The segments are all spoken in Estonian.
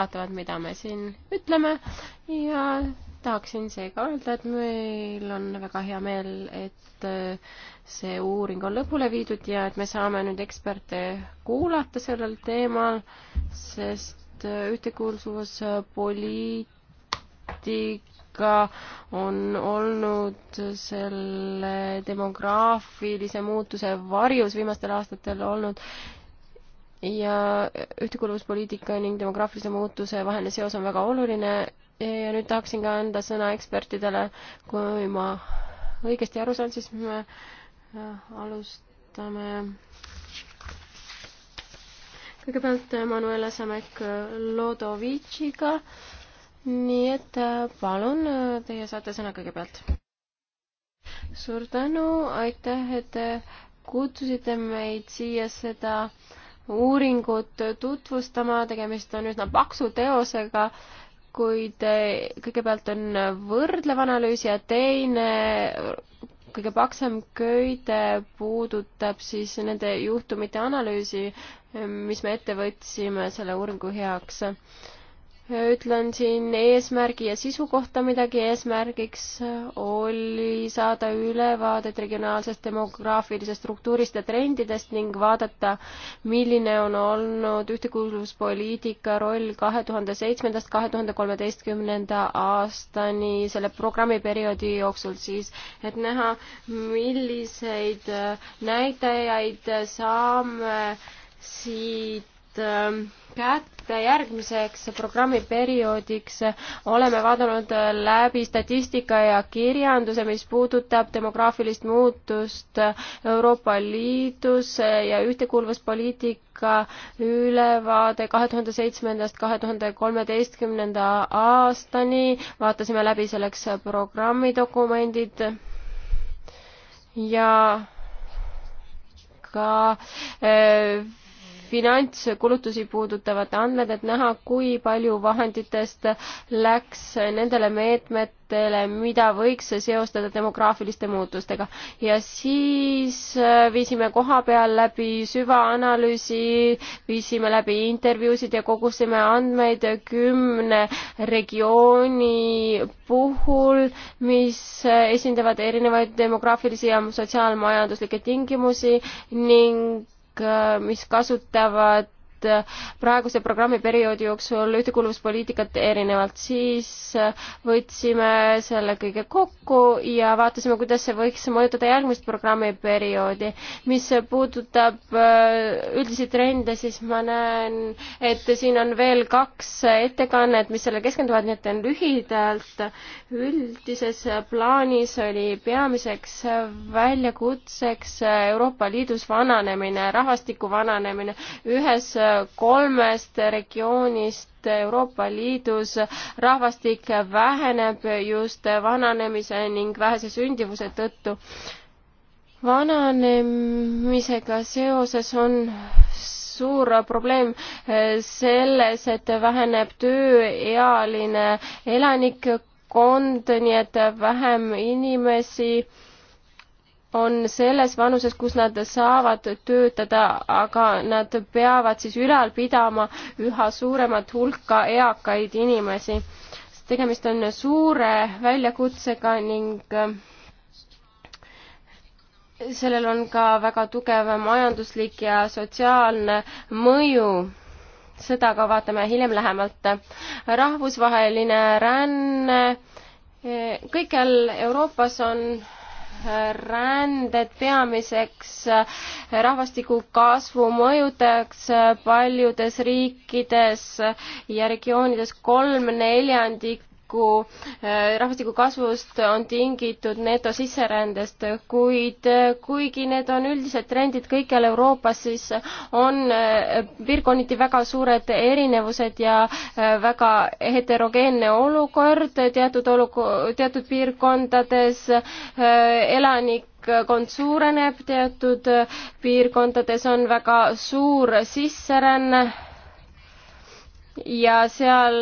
vaatavad, mida me siin ütleme ja tahaksin seega öelda, et meil on väga hea meel, et äh, see uuring on lõpule viidud ja et me saame nüüd eksperte kuulata sellel teemal, sest äh, ühtekuuluvuspoliitika äh, on olnud selle demograafilise muutuse varjus viimastel aastatel olnud ja ühtekuuluvuspoliitika ning demograafilise muutuse vaheline seos on väga oluline ja nüüd tahaksin ka anda sõna ekspertidele, kui ma õigesti aru saan, siis me äh, alustame. kõigepealt äh, Manuela Samek-Lodovitšiga. nii et äh, palun, teie saate sõna kõigepealt. suur tänu, aitäh, et kutsusite meid siia seda äh, uuringut tutvustama, tegemist on üsna paksu teosega, kuid eh, kõigepealt on võrdlev analüüs ja teine kõige paksem köide puudutab siis nende juhtumite analüüsi, mis me ette võtsime selle uuringu heaks ütlen siin eesmärgi ja sisu kohta midagi. eesmärgiks oli saada ülevaadet regionaalsest demograafilisest struktuurist ja trendidest ning vaadata, milline on olnud ühtekuuluvuspoliitika roll kahe tuhande seitsmendast kahe tuhande kolmeteistkümnenda aastani selle programmiperioodi jooksul siis, et näha, milliseid näitajaid saame siit Ähm, kätte järgmiseks programmiperioodiks oleme vaadanud läbi statistika ja kirjanduse, mis puudutab demograafilist muutust Euroopa Liidus ja ühtekuuluvuspoliitika ülevaade kahe tuhande seitsmendast kahe tuhande kolmeteistkümnenda aastani. vaatasime läbi selleks programmidokumendid ja ka öö, äh, finantskulutusi puudutavad andmed, et näha, kui palju vahenditest läks nendele meetmetele, mida võiks seostada demograafiliste muutustega. ja siis äh, viisime koha peal läbi süvaanalüüsi, viisime läbi intervjuusid ja kogusime andmeid kümne regiooni puhul, mis esindavad erinevaid demograafilisi ja sotsiaalmajanduslikke tingimusi ning Äh, mis kasutavad et äh, praeguse programmiperioodi jooksul ühtekuuluvuspoliitikat erinevalt, siis äh, võtsime selle kõige kokku ja vaatasime, kuidas see võiks mõjutada järgmist programmiperioodi. mis puudutab äh, üldisi trende, siis ma näen, et siin on veel kaks ettekannet, mis sellele keskenduvad, nii et teen lühidalt. üldises plaanis oli peamiseks väljakutseks Euroopa Liidus vananemine, rahvastiku vananemine. ühes kolmest regioonist Euroopa Liidus rahvastik väheneb just vananemise ning vähese sündivuse tõttu. vananemisega seoses on suur probleem selles, et väheneb tööealine elanikkond, nii et vähem inimesi äh, on selles vanuses, kus nad saavad töötada, aga nad peavad siis ülal pidama üha suuremat hulka eakaid inimesi. tegemist on suure väljakutsega ning äh, sellel on ka väga tugev majanduslik ja sotsiaalne mõju seda ka vaatame hiljem lähemalt. rahvusvaheline ränne, äh, kõikjal Euroopas on rändet peamiseks eh, rahvastiku kasvu mõjutajaks eh, paljudes riikides eh, ja regioonides kolm neljandikku rahvastiku, eh, rahvastiku kasvust on tingitud netosisserändest, kuid eh, kuigi need on üldised trendid kõikjal Euroopas, siis on eh, piirkonniti väga suured erinevused ja väga heterogeenne olukord teatud oluko-, teatud piirkondades elanik elanikkond suureneb, teatud piirkondades on väga suur sisseränne ja seal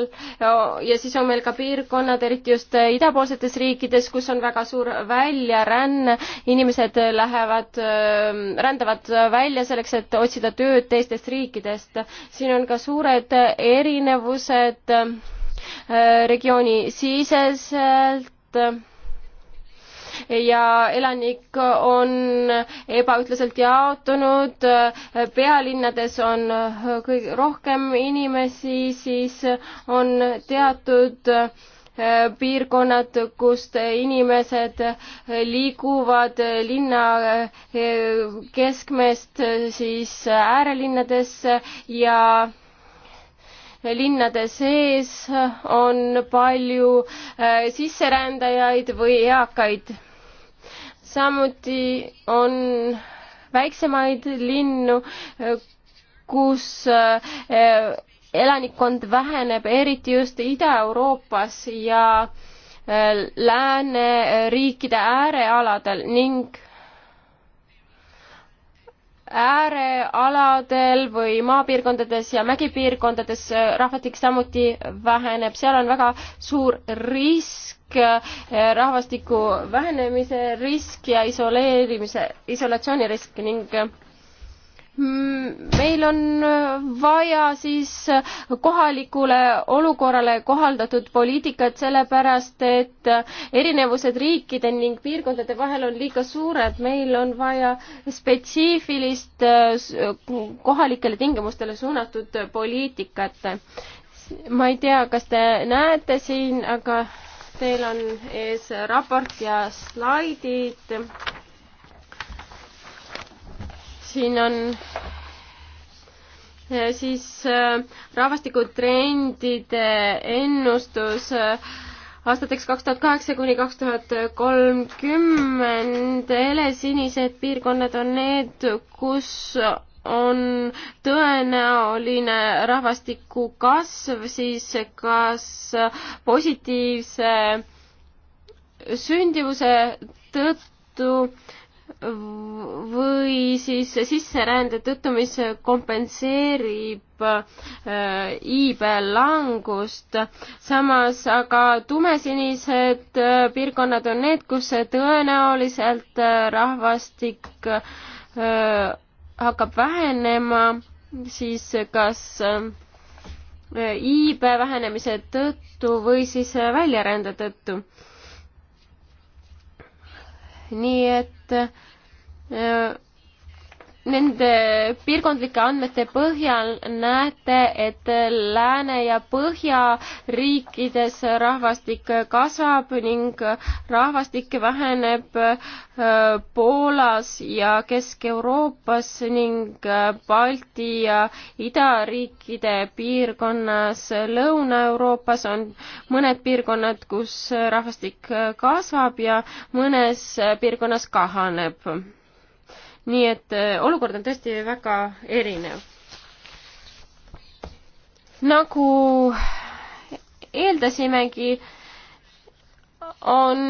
ja siis on meil ka piirkonnad, eriti just idapoolsetes riikides, kus on väga suur väljaränne, inimesed lähevad, rändavad välja selleks, et otsida tööd teistest riikidest. siin on ka suured erinevused eh, regiooni siseselt ja elanik on ebaühtlaselt jaotunud, pealinnades on kõige rohkem inimesi, siis on teatud eh, piirkonnad, kust inimesed liiguvad linna eh, keskmest siis äärelinnadesse ja linnade sees on palju äh, sisserändajaid või eakaid. samuti on väiksemaid linnu, äh, kus äh, elanikkond väheneb, eriti just Ida-Euroopas ja lääneriikide äärealadel ning äärealadel või maapiirkondades ja mägipiirkondades äh, rahvastik samuti väheneb, seal on väga suur risk, äh, rahvastiku vähenemise risk ja isoleerimise, isolatsiooni risk ning äh, Mm, meil on äh, vaja siis äh, kohalikule olukorrale kohaldatud poliitikat, sellepärast et äh, erinevused riikide ning piirkondade vahel on liiga suured. meil on vaja spetsiifilist kohalikele tingimustele suunatud poliitikat. ma ei tea, kas te näete siin, aga teil on ees raport ja slaidid siin on eh, siis eh, rahvastikutrendide ennustus eh, aastateks kaks tuhat kaheksa kuni kaks tuhat kolmkümmend. helesinised piirkonnad on need, kus on tõenäoline rahvastiku kasv, siis kas positiivse sündivuse tõttu või siis sisserände tõttu, mis kompenseerib äh, iibe langust. samas aga tumesinised äh, piirkonnad on need, kus tõenäoliselt äh, rahvastik hakkab vähenema, siis kas iibe vähenemise tõttu või siis väljarände tõttu. nii et äh, Nende piirkondlike andmete põhjal näete, et Lääne- ja Põhjariikides rahvastik kasvab ning rahvastik väheneb äh, Poolas ja Kesk-Euroopas ning äh, Balti ja idariikide piirkonnas Lõuna-Euroopas on mõned piirkonnad, kus rahvastik kasvab ja mõnes piirkonnas kahaneb nii et äh, olukord on tõesti väga erinev. nagu eeldasimegi, on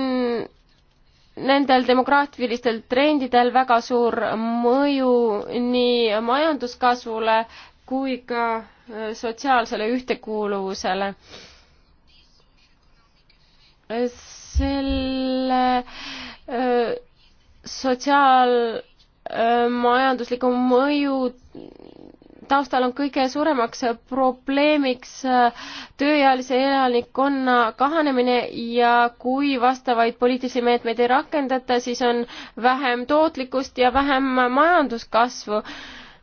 nendel demograafilistel trendidel väga suur mõju nii majanduskasvule kui ka äh, sotsiaalsele ühtekuuluvusele. selle äh, sotsiaal- majandusliku mõju taustal on kõige suuremaks probleemiks tööealise elanikkonna kahanemine ja kui vastavaid poliitilisi meetmeid ei rakendata, siis on vähem tootlikkust ja vähem majanduskasvu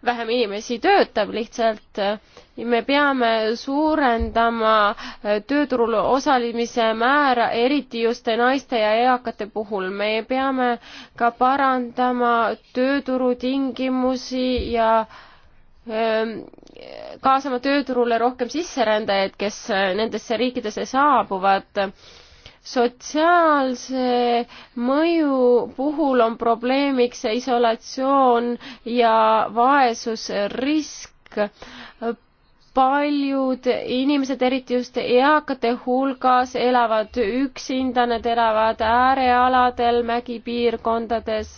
vähem inimesi töötab lihtsalt. me peame suurendama tööturul osalemise määra, eriti just naiste ja eakate puhul. me peame ka parandama tööturutingimusi ja ähm, kaasama tööturule rohkem sisserändajaid, kes nendesse riikidesse saabuvad sotsiaalse mõju puhul on probleemiks isolatsioon ja vaesusrisk paljud inimesed, eriti just eakate hulgas, elavad üksinda, nad elavad äärealadel, mägipiirkondades.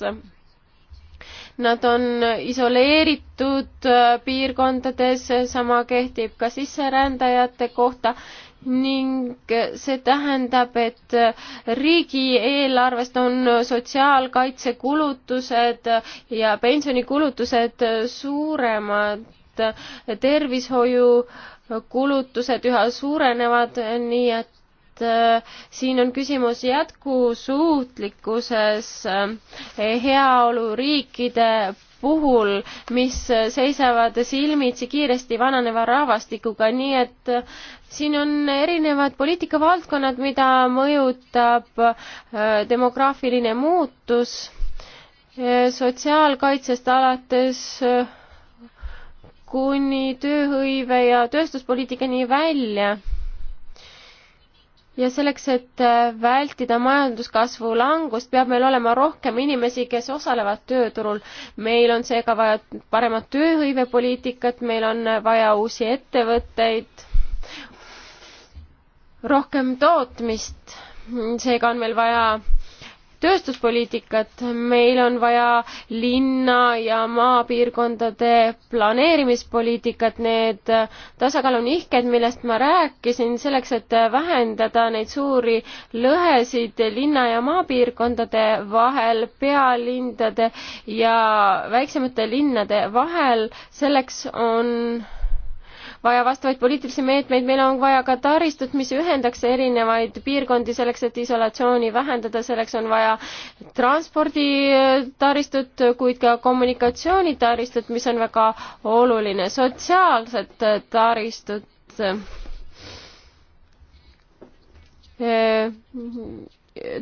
Nad on isoleeritud piirkondades, sama kehtib ka sisserändajate kohta ning see tähendab, et riigieelarvest on sotsiaalkaitsekulutused ja pensionikulutused suuremad, tervishoiukulutused üha suurenevad, nii et äh, siin on küsimus jätkusuutlikkuses äh, heaoluriikide puhul, mis seisavad silmitsi kiiresti vananeva rahvastikuga, nii et äh, siin on erinevad poliitikavaldkonnad, mida mõjutab äh, demograafiline muutus äh, sotsiaalkaitsest alates kuni tööhõive ja tööstuspoliitikani välja ja selleks, et äh, vältida majanduskasvu langust, peab meil olema rohkem inimesi, kes osalevad tööturul. meil on seega vaja paremat tööhõivepoliitikat, meil on vaja uusi ettevõtteid, rohkem tootmist, seega on meil vaja tööstuspoliitikat, meil on vaja linna ja maapiirkondade planeerimispoliitikat, need tasakaalunihked, millest ma rääkisin, selleks, et vähendada neid suuri lõhesid linna ja maapiirkondade vahel, pealindade ja väiksemate linnade vahel, selleks on vaja vastavaid poliitilisi meetmeid, meil on vaja ka taristut, mis ühendaks erinevaid piirkondi selleks, et isolatsiooni vähendada, selleks on vaja transporditaristut, kuid ka kommunikatsioonitaristut, mis on väga oluline, sotsiaalset taristut eh,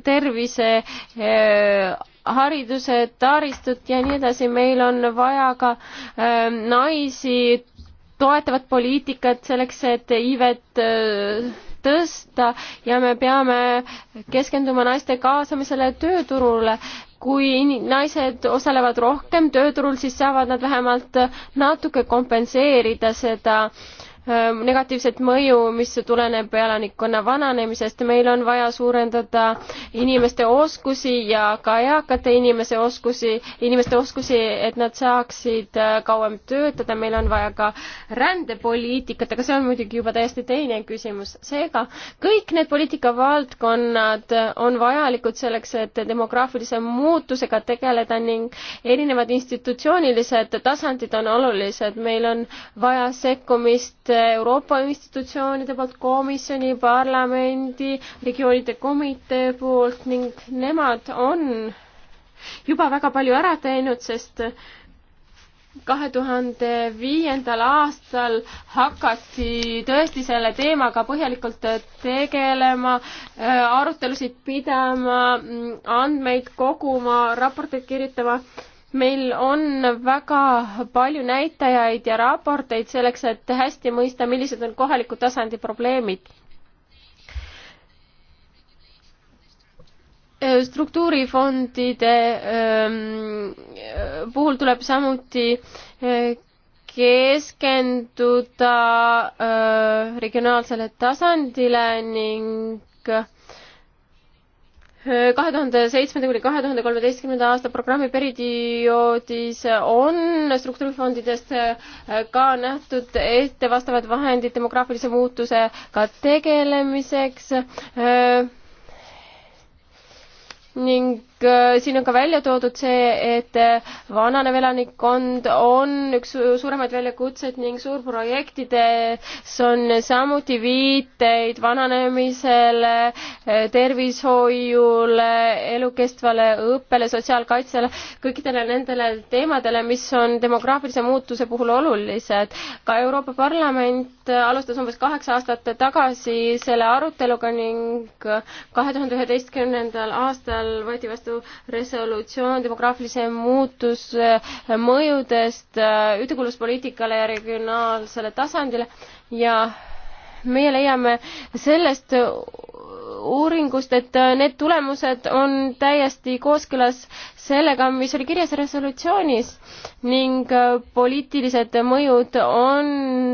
tervise, eh, hariduse taristut ja nii edasi, meil on vaja ka eh, naisi toetavat poliitikat selleks, et iivet äh, tõsta ja me peame keskenduma naiste kaasamisele tööturule. kui naised osalevad rohkem tööturul, siis saavad nad vähemalt natuke kompenseerida seda äh, Äh, negatiivset mõju, mis tuleneb elanikkonna vananemisest. meil on vaja suurendada inimeste oskusi ja ka eakate inimese oskusi, inimeste oskusi, et nad saaksid äh, kauem töötada. meil on vaja ka rändepoliitikat, aga see on muidugi juba täiesti teine küsimus. seega kõik need poliitikavaldkonnad on vajalikud selleks, et demograafilise muutusega tegeleda ning erinevad institutsioonilised tasandid on olulised. meil on vaja sekkumist Euroopa institutsioonide poolt, komisjoni, parlamendi, regioonide komitee poolt ning nemad on juba väga palju ära teinud, sest kahe tuhande viiendal aastal hakati tõesti selle teemaga põhjalikult tegelema, äh, arutelusid pidama, mm, andmeid koguma, raporteid kirjutama meil on väga palju näitajaid ja raporteid selleks, et hästi mõista, millised on kohaliku tasandi probleemid. struktuurifondide ähm, puhul tuleb samuti äh, keskenduda äh, regionaalsele tasandile ning kahe tuhande seitsmenda kuni kahe tuhande kolmeteistkümnenda aasta programmi perioodis on struktuurifondidest äh, ka nähtud ette vastavad vahendid demograafilise muutusega tegelemiseks äh, ning Äh, siin on ka välja toodud see, et äh, vananev elanikkond on üks suuremaid väljakutseid ning suurprojektides on samuti viiteid vananemisele, äh, tervishoiule, elukestvale õppele, sotsiaalkaitsele, kõikidele nendele teemadele, mis on demograafilise muutuse puhul olulised. ka Euroopa Parlament alustas umbes kaheksa aastat tagasi selle aruteluga ning kahe tuhande üheteistkümnendal aastal võeti vastu vastu resolutsioon demograafilise muutuse mõjudest äh, ühtekuuluvuspoliitikale ja regionaalsele tasandile ja meie leiame sellest uuringust, et äh, need tulemused on täiesti kooskõlas sellega, mis oli kirjas resolutsioonis ning äh, poliitilised mõjud on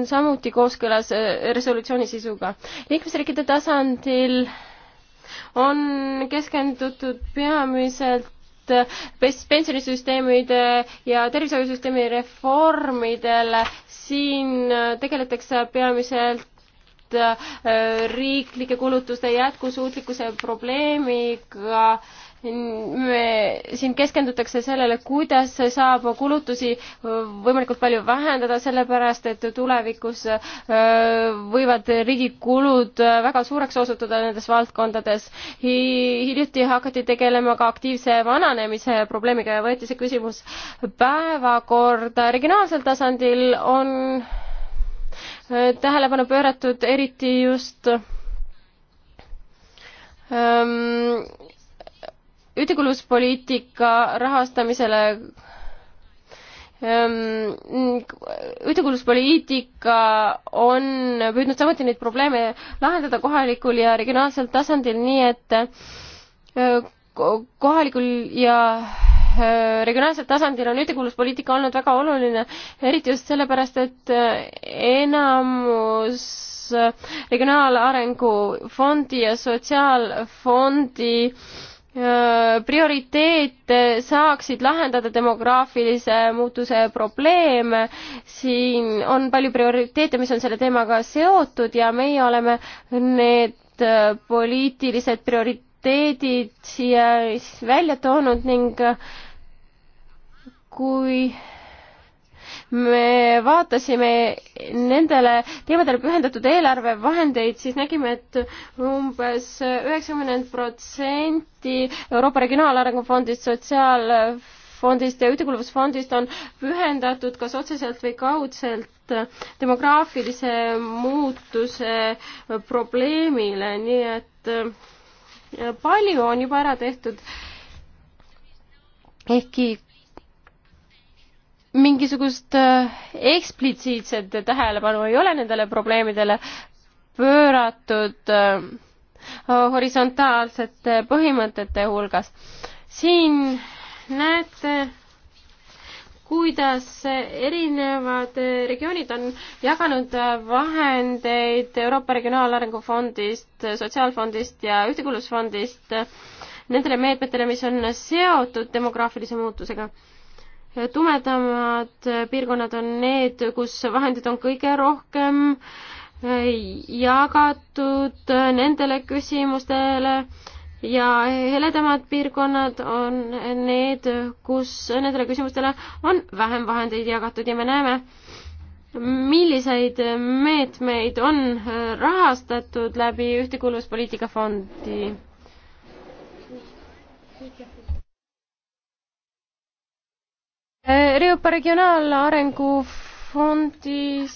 samuti kooskõlas resolutsiooni sisuga. liikmesriikide tasandil on keskendutud peamiselt pensionisüsteemide ja tervishoiusüsteemi reformidele. siin tegeletakse peamiselt äh, riiklike kulutuste jätkusuutlikkuse probleemiga me, siin keskendutakse sellele, kuidas saab kulutusi võimalikult palju vähendada, sellepärast et tulevikus äh, võivad riigi kulud väga suureks osutuda nendes valdkondades. hiljuti hakati tegelema ka aktiivse vananemise probleemiga ja võeti see küsimus päevakorda. regionaalsel tasandil on äh, tähelepanu pööratud eriti just ähm, ühtekuuluvuspoliitika rahastamisele ähm, ühtekuuluvuspoliitika on püüdnud samuti neid probleeme lahendada kohalikul ja regionaalsel tasandil, nii et äh, kohalikul ja äh, regionaalsel tasandil on ühtekuuluvuspoliitika olnud väga oluline, eriti just sellepärast, et äh, enamus regionaalarengu fondi ja sotsiaalfondi äh, prioriteete saaksid lahendada demograafilise muutuse probleeme. siin on palju prioriteete, mis on selle teemaga seotud ja meie oleme need poliitilised prioriteedid siia välja toonud ning kui me vaatasime nendele teemadele pühendatud eelarvevahendeid, siis nägime, et umbes üheksakümmend protsenti Euroopa Regionaalarengu Fondist, Sotsiaalfondist ja Ühtekuuluvusfondist on pühendatud kas otseselt või kaudselt demograafilise muutuse probleemile, nii et palju on juba ära tehtud ehkki mingisugust äh, eksplitsiitset tähelepanu ei ole nendele probleemidele pööratud äh, horisontaalsete põhimõtete hulgas. siin näete, kuidas erinevad regioonid on jaganud vahendeid Euroopa Regionaalarengu Fondist, Sotsiaalfondist ja Ühtekuuluvusfondist nendele meetmetele, mis on seotud demograafilise muutusega tumedamad piirkonnad on need, kus vahendid on kõige rohkem eh, jagatud nendele küsimustele ja heledamad piirkonnad on need, kus nendele küsimustele on vähem vahendeid jagatud ja me näeme, milliseid meetmeid on rahastatud läbi ühtekuuluvuspoliitika fondi. Eh, Euroopa Regionaalarengu Fondis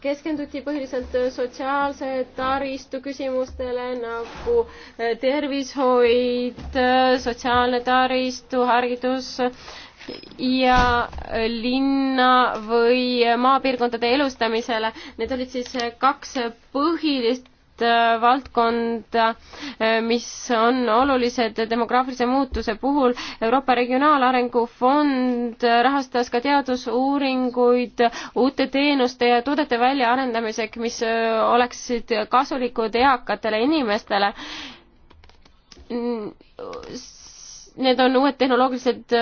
keskenduti põhiliselt eh, sotsiaalse taristu küsimustele nagu eh, tervishoid, sotsiaalne taristu, haridus ja linna või maapiirkondade elustamisele. Need olid siis kaks põhilist Äh, valdkonda, äh, mis on olulised demograafilise muutuse puhul. Euroopa Regionaalarengu Fond äh, rahastas ka teadusuuringuid uute teenuste ja toodete väljaarendamiseks, mis oleksid kasulikud eakatele inimestele need on uued tehnoloogilised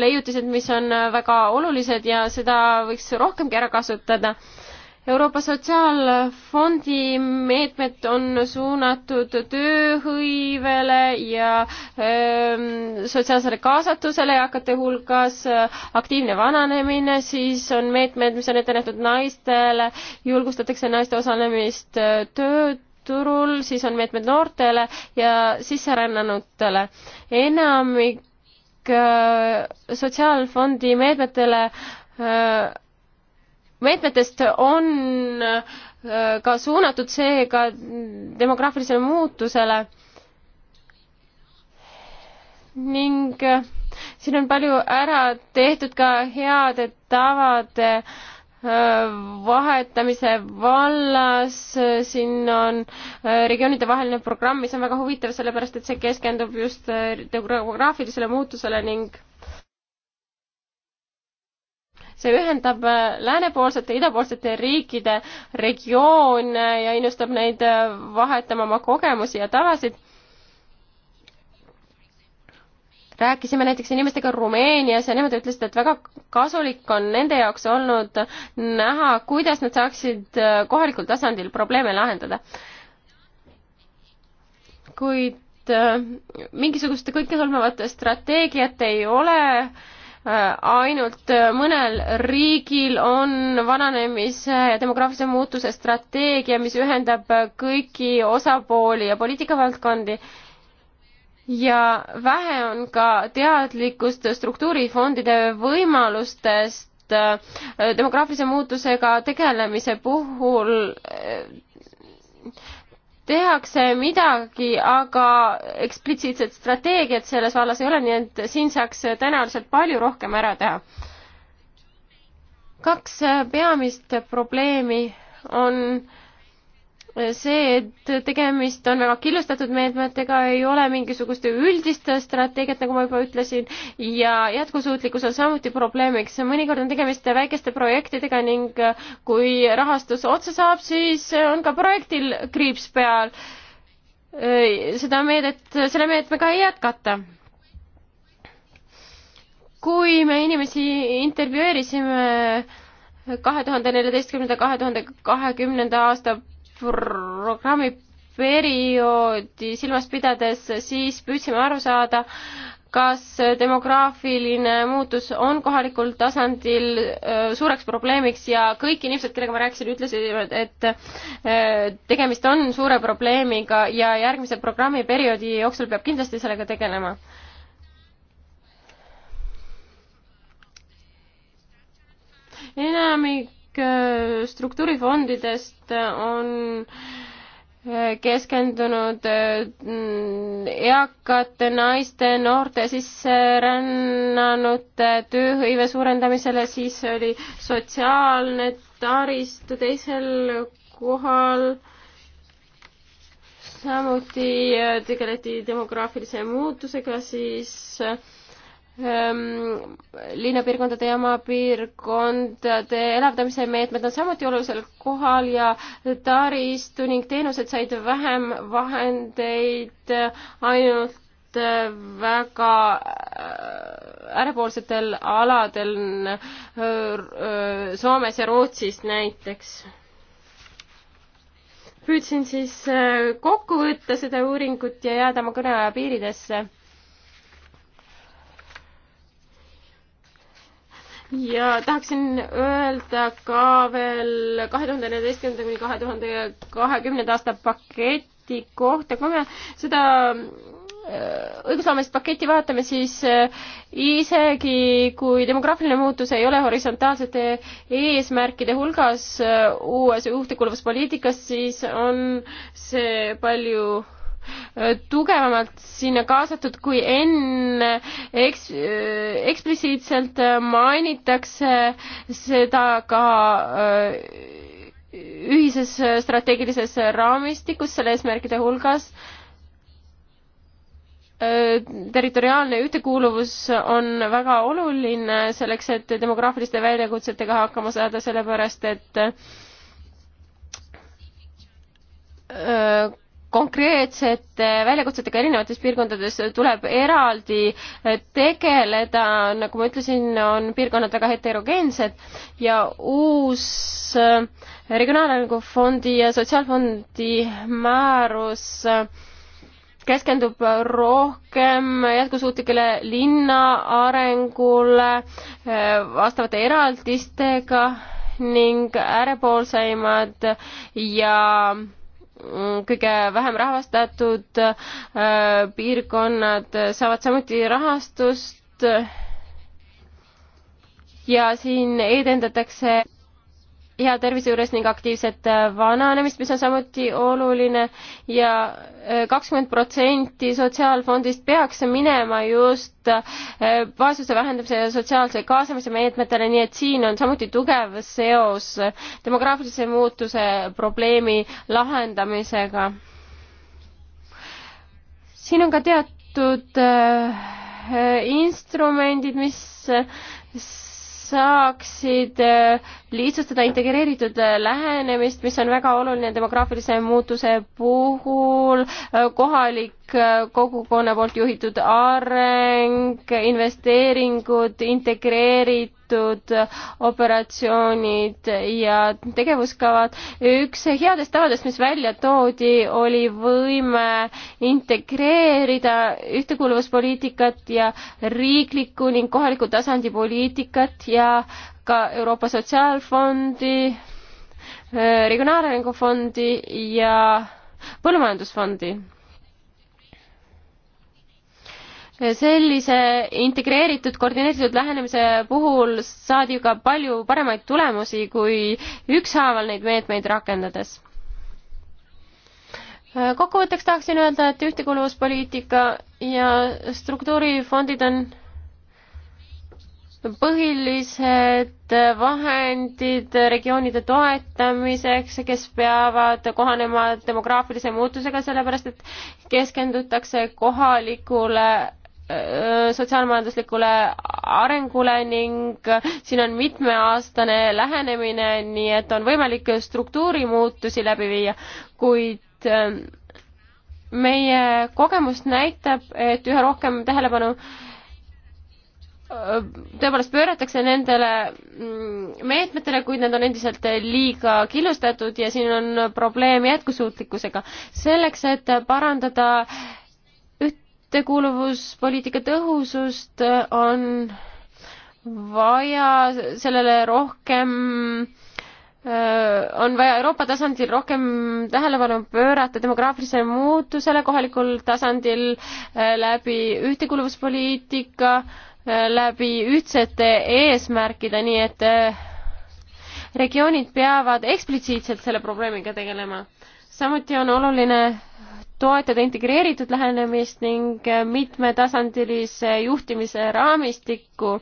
leiutised, mis on väga olulised ja seda võiks rohkemgi ära kasutada. Euroopa Sotsiaalfondi meetmed on suunatud tööhõivele ja öö, ähm, sotsiaalsele kaasatusele eakate hulgas, äh, aktiivne vananemine, siis on meetmed, mis on ette nähtud naistele, julgustatakse naiste osalemist äh, tööturul, siis on meetmed noortele ja sisserännanutele. enamik öö, äh, sotsiaalfondi meetmetele öö, meetmetest on äh, ka suunatud seega demograafilisele muutusele ning äh, siin on palju ära tehtud ka heade tavade äh, vahetamise vallas, siin on regioonide vaheline programm, mis on väga huvitav, sellepärast et see keskendub just demograafilisele muutusele ning see ühendab äh, läänepoolsete, idapoolsete riikide regioone äh, ja innustab neid äh, vahetama oma kogemusi ja tavasid rääkisime näiteks inimestega Rumeenias ja nemad ütlesid, et väga kasulik on nende jaoks olnud näha, kuidas nad saaksid kohalikul tasandil probleeme lahendada. kuid mingisugust kõikehõlmavat strateegiat ei ole äh, ainult mõnel riigil on vananemise ja demograafilise muutuse strateegia, mis ühendab kõiki osapooli ja poliitikavaldkondi ja vähe on ka teadlikkust struktuurifondide võimalustest äh, demograafilise muutusega tegelemise puhul äh, tehakse midagi, aga eksplitsiitset strateegiat selles vallas ei ole, nii et siin saaks tõenäoliselt palju rohkem ära teha. kaks peamist probleemi on äh, see, et tegemist on väga killustatud meetmetega, ei ole mingisugust üldist strateegiat, nagu ma juba ütlesin, ja jätkusuutlikkus on samuti probleemiks. mõnikord on tegemist väikeste projektidega ning kui rahastus otsa saab, siis on ka projektil kriips peal. seda meedet, selle meetmega ei jätkata kui me inimesi intervjueerisime kahe tuhande neljateistkümnenda, kahe tuhande kahekümnenda aasta programmi perioodi silmas pidades, siis püüdsime aru saada, kas demograafiline muutus on kohalikul tasandil äh, suureks probleemiks ja kõik inimesed, kellega ma rääkisin, ütlesid, et äh, tegemist on suure probleemiga ja järgmise programmiperioodi jooksul peab kindlasti sellega tegelema. enamik kõik äh, struktuurifondidest on äh, keskendunud äh, eakate naiste, noorte sisserännanute tööhõive suurendamisele, siis oli sotsiaalne taristu teisel kohal. samuti tegeleti demograafilise muutusega, siis Ehm, linnapiirkondade ja maapiirkondade elavdamise meetmed on samuti olulisel kohal ja taristu ning teenused said vähem vahendeid ainult äh, väga äärepoolsetel äh, aladel äh, Soomes ja Rootsis näiteks. püüdsin siis kokku võtta seda uuringut ja jääda oma kõneaja piiridesse ja tahaksin öelda ka veel kahe tuhande neljateistkümnenda kuni kahe tuhande kahekümnenda aasta paketi kohta, kui me seda äh, õigusloomelist paketti vaatame, siis äh, isegi kui demograafiline muutus ei ole horisontaalsete eesmärkide hulgas äh, uues juhtekuuluvuspoliitikas, siis on see palju tugevamalt sinna kaasatud kui enne eks,, eksplitsiitselt mainitakse seda ka äh, ühises strateegilises raamistikus selle eesmärkide hulgas äh, territoriaalne ühtekuuluvus on väga oluline selleks, et demograafiliste väljakutsetega hakkama saada, sellepärast et äh, konkreetsete väljakutsetega erinevates piirkondades tuleb eraldi tegeleda, nagu ma ütlesin, on piirkonnad väga heterogeensed ja uus äh, Regionaalarengu Fondi ja Sotsiaalfondi määrus äh, keskendub rohkem jätkusuutlikele linna arengule äh, vastavate eraldistega ning äärepoolseimad ja Mm, kõige vähem rahvastatud äh, piirkonnad saavad samuti rahastust ja siin edendatakse hea tervise juures ning aktiivset äh, vananemist, mis on samuti oluline ja äh, kakskümmend protsenti sotsiaalfondist peaks minema just äh, vaesuse vähendamise ja sotsiaalse kaasamise meetmetele, nii et siin on samuti tugev seos demograafilise muutuse probleemi lahendamisega. siin on ka teatud instrumendid, mis saaksid äh, lihtsustada integreeritud äh, lähenemist, mis on väga oluline demograafilise muutuse puhul, äh, kohalik kogukonna poolt juhitud areng, investeeringud, integreeritud operatsioonid ja tegevuskavad. üks headest tavadest, mis välja toodi, oli võime integreerida ühtekuuluvuspoliitikat ja riikliku ning kohaliku tasandi poliitikat ja ka Euroopa Sotsiaalfondi, Regionaalarengu Fondi ja Põllumajandusfondi sellise integreeritud koordineeritud lähenemise puhul saadi ju ka palju paremaid tulemusi kui ükshaaval neid meetmeid rakendades. kokkuvõtteks tahaksin öelda, et ühtekuuluvuspoliitika ja struktuurifondid on põhilised vahendid regioonide toetamiseks, kes peavad kohanema demograafilise muutusega, sellepärast et keskendutakse kohalikule sotsiaalmajanduslikule arengule ning siin on mitmeaastane lähenemine, nii et on võimalik struktuurimuutusi läbi viia, kuid meie kogemus näitab, et üha rohkem tähelepanu tõepoolest pööratakse nendele mm, meetmetele, kuid need on endiselt liiga killustatud ja siin on probleem jätkusuutlikkusega. selleks, et parandada ühtekuuluvuspoliitika tõhusust äh, on vaja sellele rohkem äh, on vaja Euroopa tasandil rohkem tähelepanu pöörata demograafilisele muutusele kohalikul tasandil äh, läbi ühtekuuluvuspoliitika, läbi ühtsete eesmärkide, nii et regioonid peavad eksplitsiitselt selle probleemiga tegelema. samuti on oluline toetada integreeritud lähenemist ning äh, mitmetasandilise juhtimise raamistikku,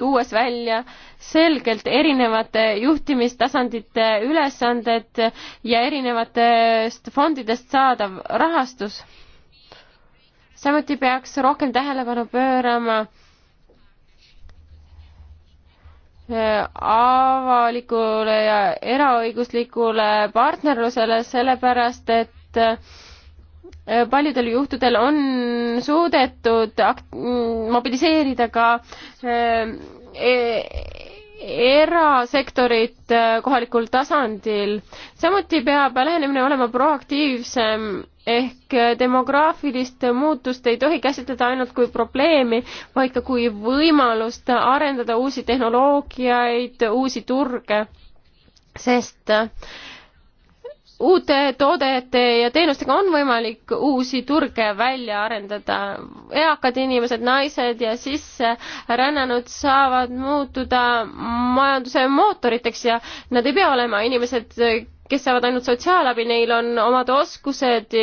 tuues välja selgelt erinevate juhtimistasandite ülesanded ja erinevatest fondidest saadav rahastus. samuti peaks rohkem tähelepanu pöörama äh, avalikule ja eraõiguslikule partnerlusele, sellepärast et et äh, paljudel juhtudel on suudetud akt-, mm, mobiliseerida ka äh, e-, erasektorit äh, kohalikul tasandil. samuti peab lähenemine olema proaktiivsem ehk demograafilist muutust ei tohi käsitleda ainult kui probleemi, vaid ka kui võimalust arendada uusi tehnoloogiaid, uusi turge, sest uute toodete ja teenustega on võimalik uusi turge välja arendada. eakad inimesed, naised ja sisserännanud saavad muutuda majanduse mootoriteks ja nad ei pea olema inimesed, kes saavad ainult sotsiaalabi, neil on omad oskused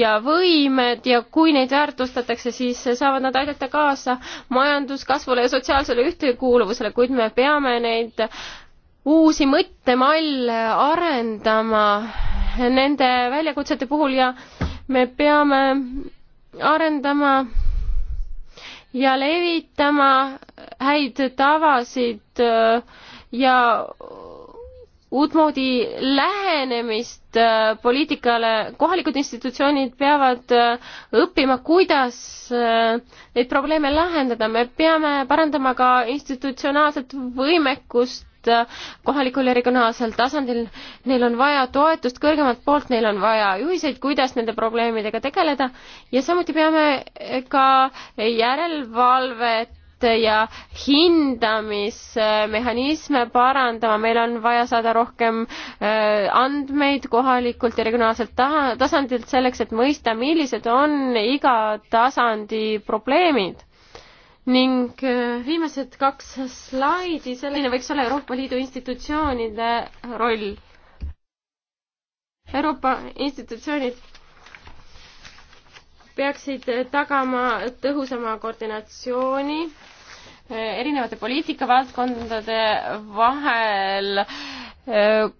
ja võimed ja kui neid väärtustatakse, siis saavad nad aidata kaasa majanduskasvule ja sotsiaalsele ühtekuuluvusele, kuid me peame neid uusi mõttemalle arendama nende väljakutsete puhul ja me peame arendama ja levitama häid tavasid äh, ja uutmoodi lähenemist äh, poliitikale. kohalikud institutsioonid peavad äh, õppima, kuidas neid probleeme lahendada. me peame parandama ka institutsionaalset võimekust Äh, kohalikul ja regionaalsel tasandil. Neil on vaja toetust kõrgemalt poolt, neil on vaja juhiseid, kuidas nende probleemidega tegeleda ja samuti peame ka järelevalvet ja hindamismehhanisme parandama, meil on vaja saada rohkem äh, andmeid kohalikult ja regionaalselt tasandilt selleks, et mõista, millised on iga tasandi probleemid ning äh, viimased kaks slaidi, selline võiks olla Euroopa Liidu institutsioonide roll. Euroopa institutsioonid peaksid tagama tõhusama koordinatsiooni äh, erinevate poliitikavaldkondade vahel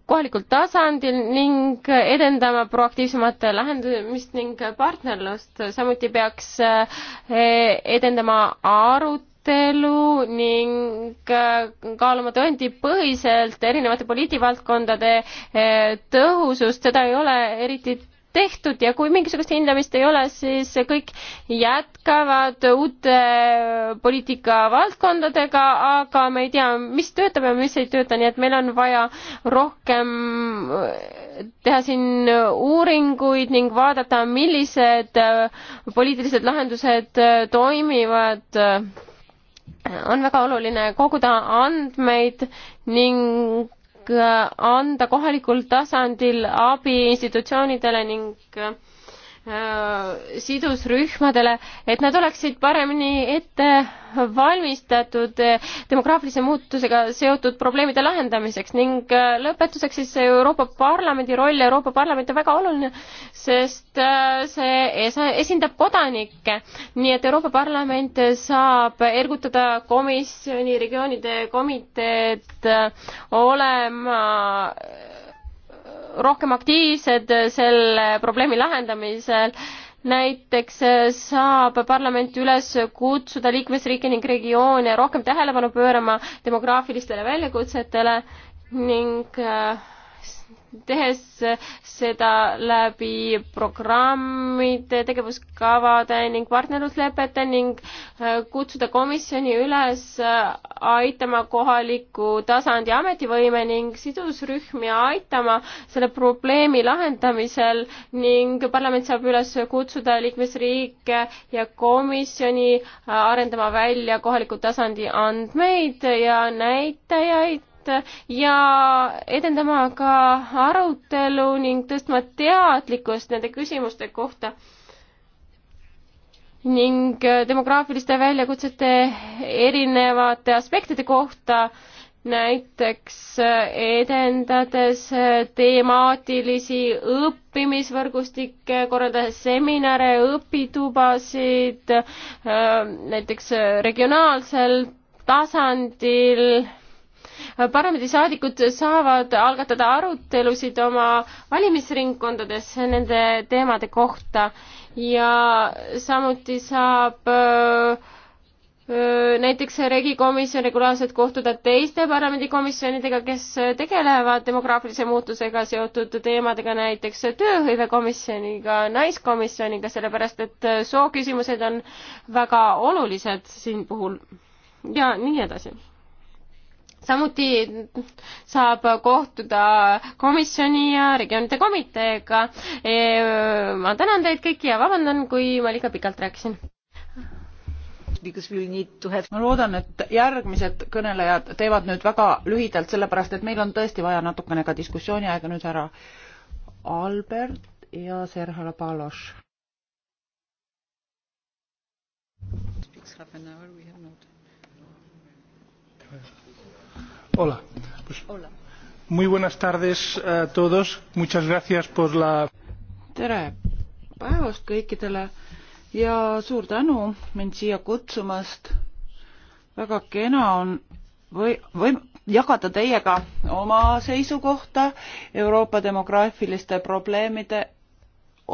kohalikul tasandil ning edendama proaktiivsemat lahendamist ning partnerlust. samuti peaks eh, edendama arutelu ning eh, kaaluma tõendipõhiselt erinevate poliitivaldkondade eh, tõhusust, seda ei ole eriti tehtud ja kui mingisugust hindamist ei ole, siis kõik jätkavad uute poliitikavaldkondadega, aga me ei tea, mis töötab ja mis ei tööta, nii et meil on vaja rohkem äh, teha siin uuringuid ning vaadata, millised äh, poliitilised lahendused äh, toimivad. on väga oluline koguda andmeid ning Äh, anda kohalikul tasandil abi institutsioonidele ning äh, Äh, sidusrühmadele, et nad oleksid paremini ette valmistatud äh, demograafilise muutusega seotud probleemide lahendamiseks ning äh, lõpetuseks siis Euroopa Parlamendi roll, Euroopa Parlament on väga oluline, sest see esindab kodanikke, nii et Euroopa Parlament saab ergutada komisjoni, regioonide komiteed olema rohkem aktiivsed selle probleemi lahendamisel. näiteks eh, saab parlament üles kutsuda liikmesriike ning regioone rohkem tähelepanu pöörama demograafilistele väljakutsetele ning äh, tehes seda läbi programmide, tegevuskavade ning partnerluslepete ning äh, kutsuda komisjoni üles äh, aitama kohaliku tasandi ametivõime ning sidusrühmi aitama selle probleemi lahendamisel ning parlament saab üles kutsuda liikmesriike ja komisjoni äh, arendama välja kohaliku tasandi andmeid ja näitajaid ja edendama ka arutelu ning tõstma teadlikkust nende küsimuste kohta ning äh, demograafiliste väljakutsete erinevate aspektide kohta, näiteks äh, edendades äh, temaatilisi õppimisvõrgustikke, korraldades seminare, õpitubasid, näiteks regionaalsel tasandil parlamendisaadikud saavad algatada arutelusid oma valimisringkondades nende teemade kohta ja samuti saab näiteks regikomisjon regulaarselt kohtuda teiste parlamendikomisjonidega, kes tegelevad demograafilise muutusega seotud teemadega, näiteks tööhõivekomisjoniga, naiskomisjoniga, sellepärast et sooküsimused on väga olulised siin puhul ja nii edasi samuti saab kohtuda komisjoni ja regioonide komiteega. E, ma tänan teid kõiki ja vabandan, kui ma liiga pikalt rääkisin. Have... ma loodan, et järgmised kõnelejad teevad nüüd väga lühidalt, sellepärast et meil on tõesti vaja natukene ka diskussiooni aega nüüd ära. Albert ja Serhala Paloš. half an hour we have not Hola. Pues, Hola. Muy buenas tardes a todos. Muchas gracias por la... tere päevast kõikidele ja suur tänu mind siia kutsumast. väga kena on või, või jagada teiega oma seisukohta Euroopa demograafiliste probleemide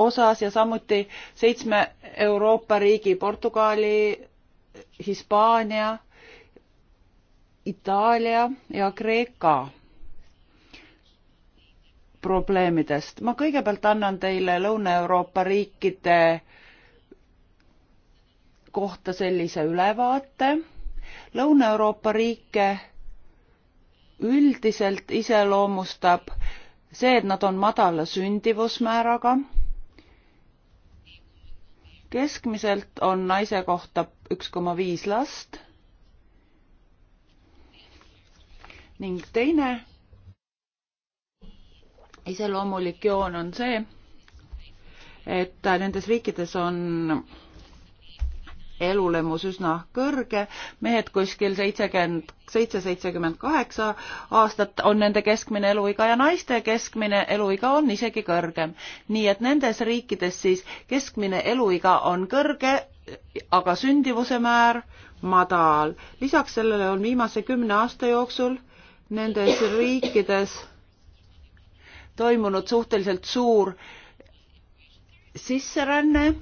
osas ja samuti seitsme Euroopa riigi Portugali, Hispaania Itaalia ja Kreeka probleemidest. ma kõigepealt annan teile Lõuna-Euroopa riikide kohta sellise ülevaate. Lõuna-Euroopa riike üldiselt iseloomustab see, et nad on madala sündivusmääraga. keskmiselt on naise kohta üks koma viis last ning teine iseloomulik joon on see, et nendes riikides on elulemus üsna kõrge, mehed kuskil seitsekümmend seitse, seitsekümmend kaheksa aastat on nende keskmine eluiga ja naiste keskmine eluiga on isegi kõrgem. nii et nendes riikides siis keskmine eluiga on kõrge, aga sündivuse määr madal. lisaks sellele on viimase kümne aasta jooksul nendes riikides toimunud suhteliselt suur sisseränne.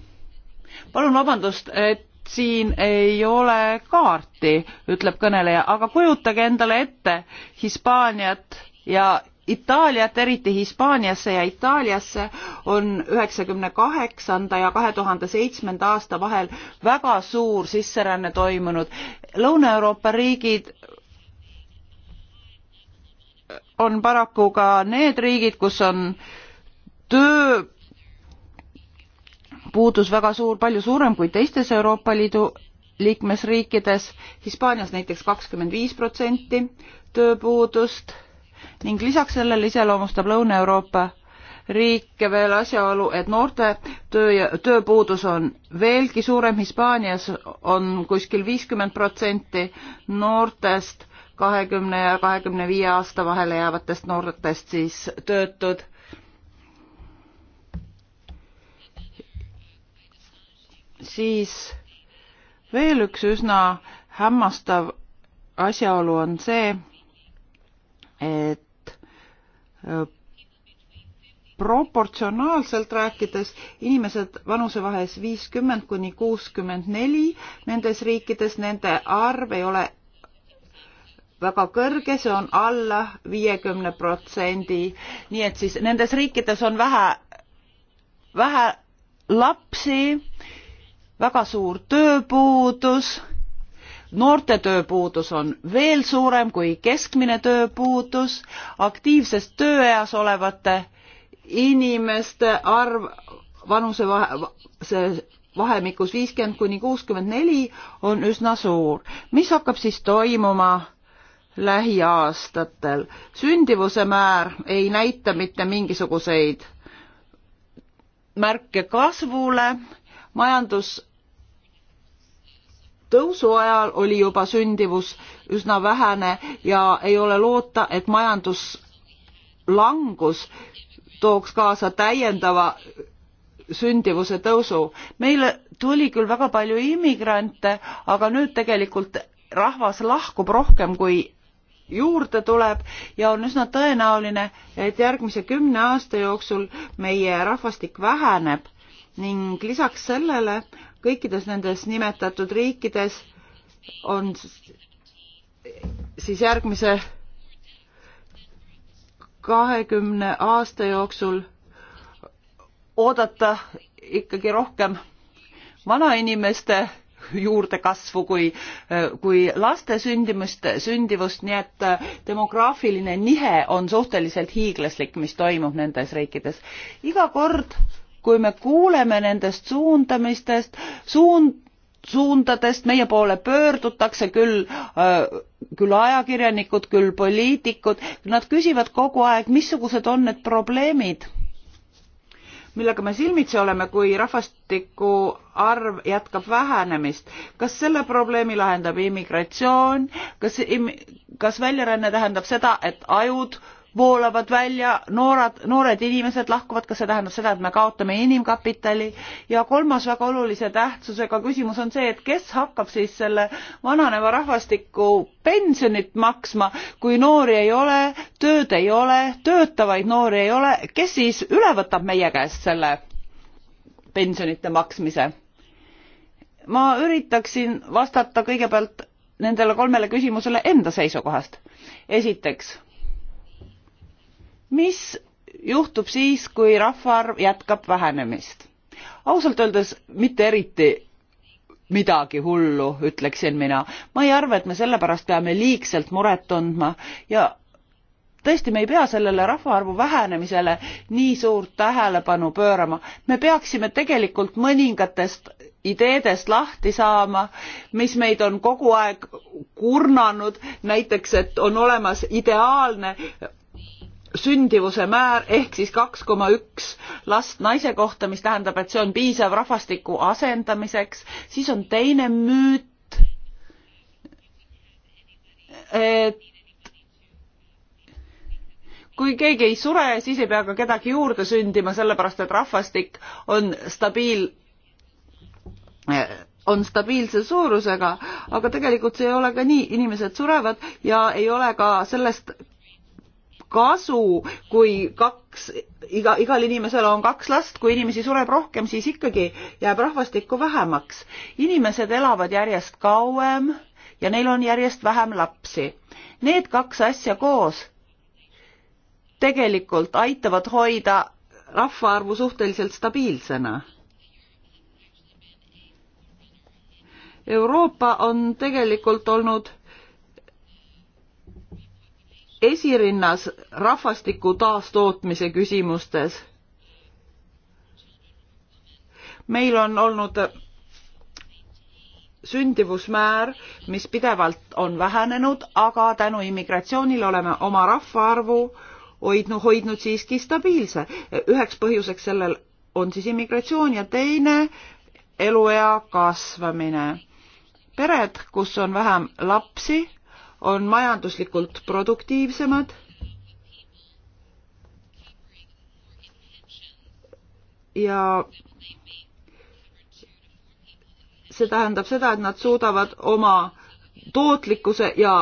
palun vabandust, et siin ei ole kaarti, ütleb kõneleja, aga kujutage endale ette Hispaaniat ja Itaaliat, eriti Hispaaniasse ja Itaaliasse on üheksakümne kaheksanda ja kahe tuhande seitsmenda aasta vahel väga suur sisseränne toimunud. Lõuna-Euroopa riigid on paraku ka need riigid, kus on tööpuudus väga suur, palju suurem kui teistes Euroopa Liidu liikmesriikides, Hispaanias näiteks kakskümmend viis protsenti tööpuudust ning lisaks sellele iseloomustab Lõuna-Euroopa riike veel asjaolu, et noorte töö, tööpuudus on veelgi suurem, Hispaanias on kuskil viiskümmend protsenti noortest kahekümne ja kahekümne viie aasta vahele jäävatest noortest siis töötud. siis veel üks üsna hämmastav asjaolu on see, et äh, proportsionaalselt rääkides inimesed vanusevahes viiskümmend kuni kuuskümmend neli nendes riikides, nende arv ei ole väga kõrge, see on alla viiekümne protsendi. nii et siis nendes riikides on vähe, vähe lapsi, väga suur tööpuudus, noorte tööpuudus on veel suurem kui keskmine tööpuudus, aktiivses tööeas olevate inimeste arv vanusevahe, see vahemikus viiskümmend kuni kuuskümmend neli on üsna suur. mis hakkab siis toimuma lähiaastatel. sündivuse määr ei näita mitte mingisuguseid märke kasvule, majandus tõusu ajal oli juba sündivus üsna vähene ja ei ole loota, et majanduslangus tooks kaasa täiendava sündivuse tõusu. meile tuli küll väga palju immigrante, aga nüüd tegelikult rahvas lahkub rohkem kui juurde tuleb ja on üsna tõenäoline, et järgmise kümne aasta jooksul meie rahvastik väheneb ning lisaks sellele kõikides nendes nimetatud riikides on siis järgmise kahekümne aasta jooksul oodata ikkagi rohkem vanainimeste juurdekasvu kui, kui laste sündimust, sündivust, nii et äh, demograafiline nihe on suhteliselt hiiglaslik, mis toimub nendes riikides. iga kord, kui me kuuleme nendest suundamistest, suund, suundadest meie poole pöördutakse küll äh, küll ajakirjanikud küll poliitikud nad küsivad kogu aeg missugused on need probleemid millega me silmitsi oleme, kui rahvastiku arv jätkab vähenemist. kas selle probleemi lahendab immigratsioon, kas im,, kas väljaränne tähendab seda, et ajud voolavad välja, noored, noored inimesed lahkuvad, kas see tähendab seda, et me kaotame inimkapitali ja kolmas väga olulise tähtsusega küsimus on see, et kes hakkab siis selle vananeva rahvastiku pensionit maksma, kui noori ei ole, tööd ei ole, töötavaid noori ei ole, kes siis üle võtab meie käest selle pensionite maksmise? ma üritaksin vastata kõigepealt nendele kolmele küsimusele enda seisukohast. esiteks mis juhtub siis, kui rahvaarv jätkab vähenemist? ausalt öeldes mitte eriti midagi hullu, ütleksin mina. ma ei arva, et me sellepärast peame liigselt muret tundma ja tõesti, me ei pea sellele rahvaarvu vähenemisele nii suurt tähelepanu pöörama. me peaksime tegelikult mõningatest ideedest lahti saama, mis meid on kogu aeg kurnanud, näiteks et on olemas ideaalne sündivuse määr ehk siis kaks koma üks last naise kohta, mis tähendab, et see on piisav rahvastiku asendamiseks, siis on teine müüt, et kui keegi ei sure, siis ei pea ka kedagi juurde sündima, sellepärast et rahvastik on stabiil, on stabiilse suurusega, aga tegelikult see ei ole ka nii, inimesed surevad ja ei ole ka sellest kasu, kui kaks, iga, igal inimesel on kaks last, kui inimesi sureb rohkem, siis ikkagi jääb rahvastikku vähemaks. inimesed elavad järjest kauem ja neil on järjest vähem lapsi. Need kaks asja koos tegelikult aitavad hoida rahvaarvu suhteliselt stabiilsena. Euroopa on tegelikult olnud esirinnas rahvastiku taastootmise küsimustes. meil on olnud sündivusmäär, mis pidevalt on vähenenud, aga tänu immigratsioonile oleme oma rahvaarvu hoidnud, hoidnud siiski stabiilse. üheks põhjuseks sellel on siis immigratsioon ja teine eluea kasvamine. pered, kus on vähem lapsi on majanduslikult produktiivsemad ja see tähendab seda, et nad suudavad oma tootlikkuse ja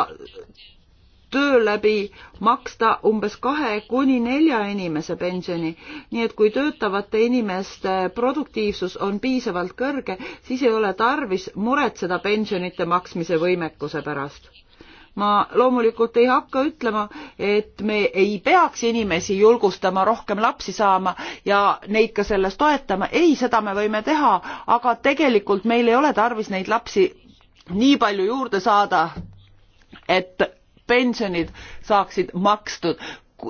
töö läbi maksta umbes kahe kuni nelja inimese pensioni. nii et kui töötavate inimeste produktiivsus on piisavalt kõrge, siis ei ole tarvis muretseda pensionite maksmise võimekuse pärast ma loomulikult ei hakka ütlema, et me ei peaks inimesi julgustama rohkem lapsi saama ja neid ka selles toetama, ei, seda me võime teha, aga tegelikult meil ei ole tarvis neid lapsi nii palju juurde saada, et pensionid saaksid makstud.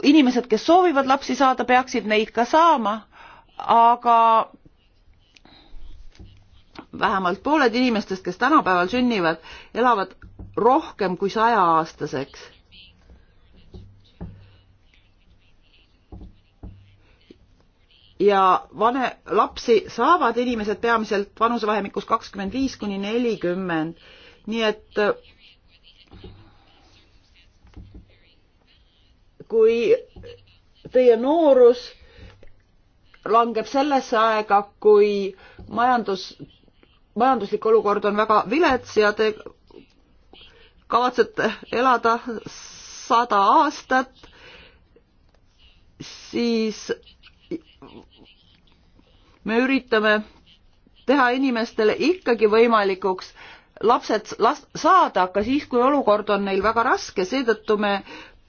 inimesed, kes soovivad lapsi saada, peaksid neid ka saama, aga vähemalt pooled inimestest, kes tänapäeval sünnivad, elavad rohkem kui sajaaastaseks. ja vane, lapsi saavad inimesed peamiselt vanusevahemikus kakskümmend viis kuni nelikümmend, nii et kui teie noorus langeb sellesse aega, kui majandus, majanduslik olukord on väga vilets ja te kavatsete elada sada aastat, siis me üritame teha inimestele ikkagi võimalikuks lapsed last saada, aga siis, kui olukord on neil väga raske, seetõttu me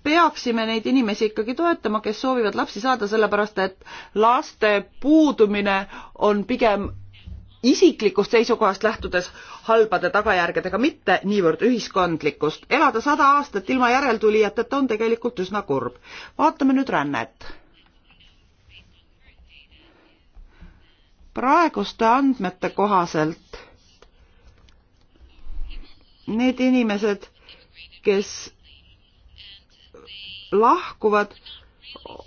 peaksime neid inimesi ikkagi toetama, kes soovivad lapsi saada, sellepärast et laste puudumine on pigem isiklikust seisukohast lähtudes halbade tagajärgedega, mitte niivõrd ühiskondlikkust. elada sada aastat ilma järeltulijateta on tegelikult üsna kurb. vaatame nüüd rännet. praeguste andmete kohaselt need inimesed, kes lahkuvad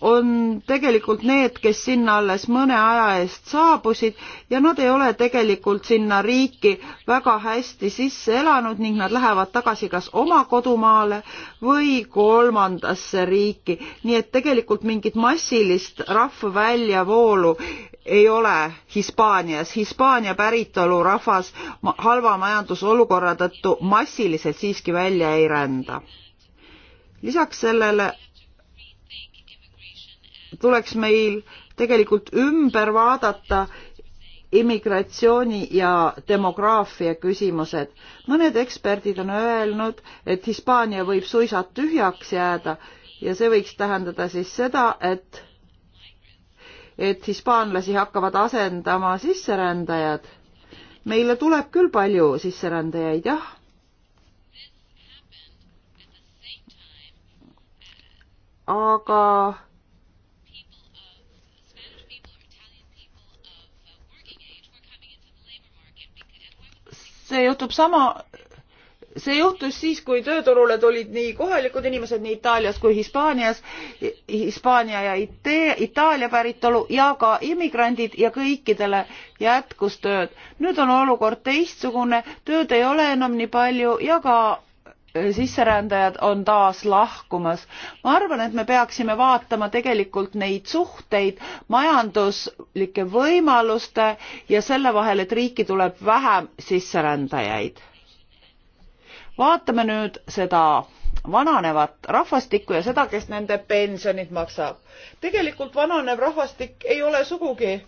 on tegelikult need, kes sinna alles mõne aja eest saabusid ja nad ei ole tegelikult sinna riiki väga hästi sisse elanud ning nad lähevad tagasi kas oma kodumaale või kolmandasse riiki. nii et tegelikult mingit massilist rahva väljavoolu ei ole Hispaanias. Hispaania päritolu rahvas halva majandusolukorra tõttu massiliselt siiski välja ei rända lisaks sellele tuleks meil tegelikult ümber vaadata immigratsiooni ja demograafia küsimused. mõned eksperdid on öelnud, et Hispaania võib suisa tühjaks jääda ja see võiks tähendada siis seda, et et hispaanlasi hakkavad asendama sisserändajad. meile tuleb küll palju sisserändajaid, jah. aga see juhtub sama, see juhtus siis, kui tööturule tulid nii kohalikud inimesed nii Itaalias kui Hispaanias, Hispaania ja Itee, Itaalia päritolu ja ka immigrandid ja kõikidele jätkus tööd. nüüd on olukord teistsugune, tööd ei ole enam nii palju ja ka sisserändajad on taas lahkumas. ma arvan, et me peaksime vaatama tegelikult neid suhteid majanduslike võimaluste ja selle vahel, et riiki tuleb vähem sisserändajaid. vaatame nüüd seda vananevat rahvastikku ja seda, kes nende pensionid maksab. tegelikult vananev rahvastik ei ole sugugi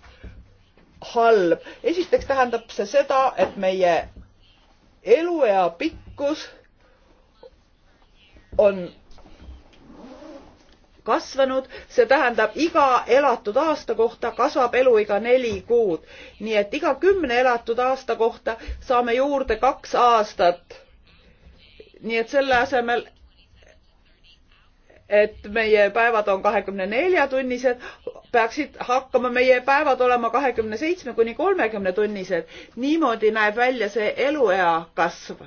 halb. esiteks tähendab see seda, et meie eluea pikkus on kasvanud see tähendab iga elatud aasta kohta kasvab eluiga neli kuud nii et iga kümne elatud aasta kohta saame juurde kaks aastat nii et selle asemel et meie päevad on kahekümne nelja tunnised peaksid hakkama meie päevad olema kahekümne seitsme kuni kolmekümne tunnised niimoodi näeb välja see eluea kasv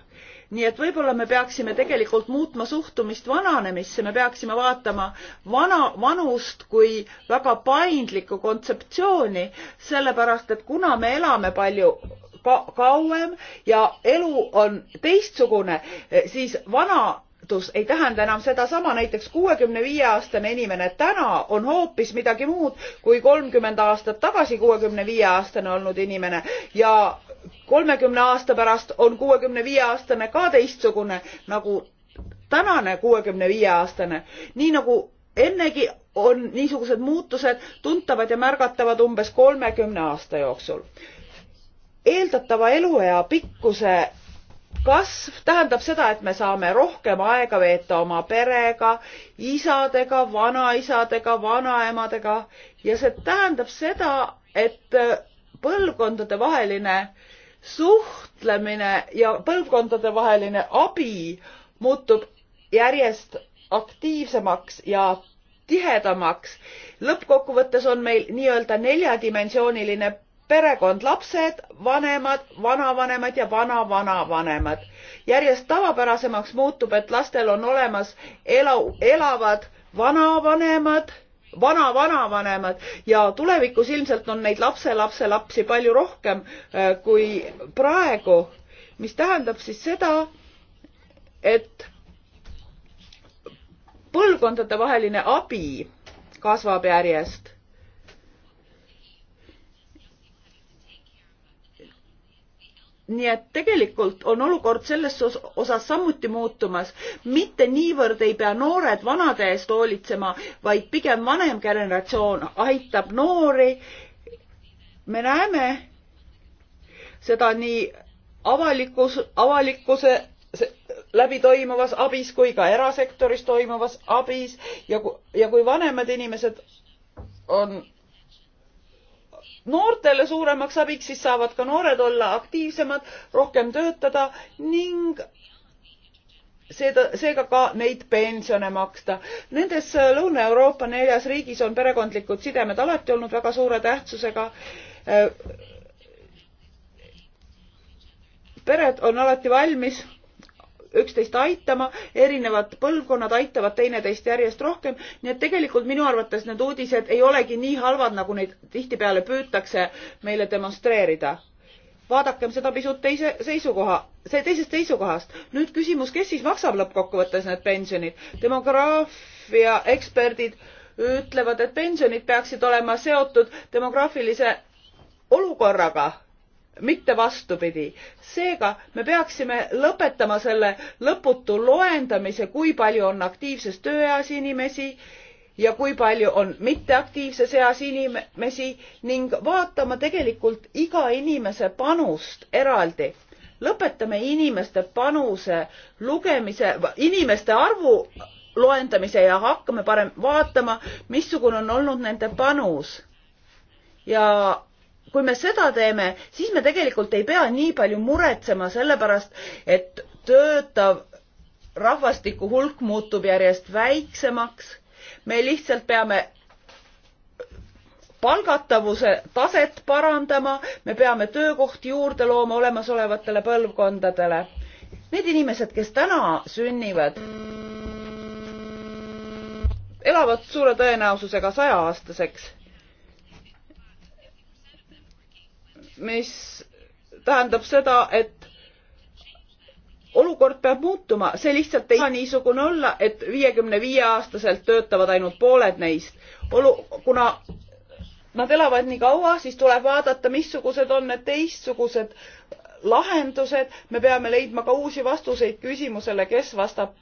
nii et võib-olla me peaksime tegelikult muutma suhtumist vananemisse, me peaksime vaatama vana, vanust kui väga paindlikku kontseptsiooni, sellepärast et kuna me elame palju ka kauem ja elu on teistsugune, siis vana ei tähenda enam sedasama näiteks kuuekümne viie aastane inimene täna on hoopis midagi muud kui kolmkümmend aastat tagasi kuuekümne viie aastane olnud inimene ja kolmekümne aasta pärast on kuuekümne viie aastane ka teistsugune nagu tänane kuuekümne viie aastane nii nagu ennegi on niisugused muutused tuntavad ja märgatavad umbes kolmekümne aasta jooksul eeldatava eluea pikkuse kasv tähendab seda, et me saame rohkem aega veeta oma perega, isadega, vanaisadega, vanaemadega ja see tähendab seda, et põlvkondadevaheline äh, suhtlemine ja põlvkondade vaheline abi muutub järjest aktiivsemaks ja tihedamaks. lõppkokkuvõttes on meil nii-öelda neljadimensiooniline perekond, lapsed, vanemad, vanavanemad ja vanavanavanemad. järjest tavapärasemaks muutub, et lastel on olemas elu, elavad vanavanemad vana-vanavanemad ja tulevikus ilmselt on neid lapselapselapsi palju rohkem äh, kui praegu, mis tähendab siis seda, et põlvkondadevaheline abi kasvab järjest nii et tegelikult on olukord selles osas samuti muutumas. mitte niivõrd ei pea noored vanade eest hoolitsema, vaid pigem vanem generatsioon aitab noori. me näeme seda nii avalikus, avalikkuse läbi toimuvas abis kui ka erasektoris toimuvas abis ja, ja kui vanemad inimesed on noortele suuremaks abiks, siis saavad ka noored olla aktiivsemad, rohkem töötada ning seega, seega ka neid pensione maksta. Nendes Lõuna-Euroopa neljas riigis on perekondlikud sidemed alati olnud väga suure tähtsusega. pered on alati valmis üksteist aitama, erinevad põlvkonnad aitavad teineteist järjest rohkem, nii et tegelikult minu arvates need uudised ei olegi nii halvad, nagu neid tihtipeale püütakse meile demonstreerida. vaadakem seda pisut teise seisukoha, see teisest seisukohast. nüüd küsimus, kes siis maksab lõppkokkuvõttes need pensionid? demograafia eksperdid ütlevad, et pensionid peaksid olema seotud demograafilise olukorraga mitte vastupidi. seega me peaksime lõpetama selle lõputu loendamise, kui palju on aktiivses tööeas inimesi ja kui palju on mitteaktiivses eas inimesi ning vaatama tegelikult iga inimese panust eraldi. lõpetame inimeste panuse lugemise, inimeste arvu loendamise ja hakkame parem vaatama, missugune on olnud nende panus. ja kui me seda teeme, siis me tegelikult ei pea nii palju muretsema selle pärast, et töötav rahvastiku hulk muutub järjest väiksemaks. me lihtsalt peame palgatavuse taset parandama, me peame töökohti juurde looma olemasolevatele põlvkondadele. Need inimesed, kes täna sünnivad, elavad suure tõenäosusega sajaaastaseks mis tähendab seda, et olukord peab muutuma, see lihtsalt ei saa niisugune olla, et viiekümne viie aastaselt töötavad ainult pooled neist. olu-, kuna nad elavad nii kaua, siis tuleb vaadata, missugused on need teistsugused lahendused, me peame leidma ka uusi vastuseid küsimusele, kes vastab,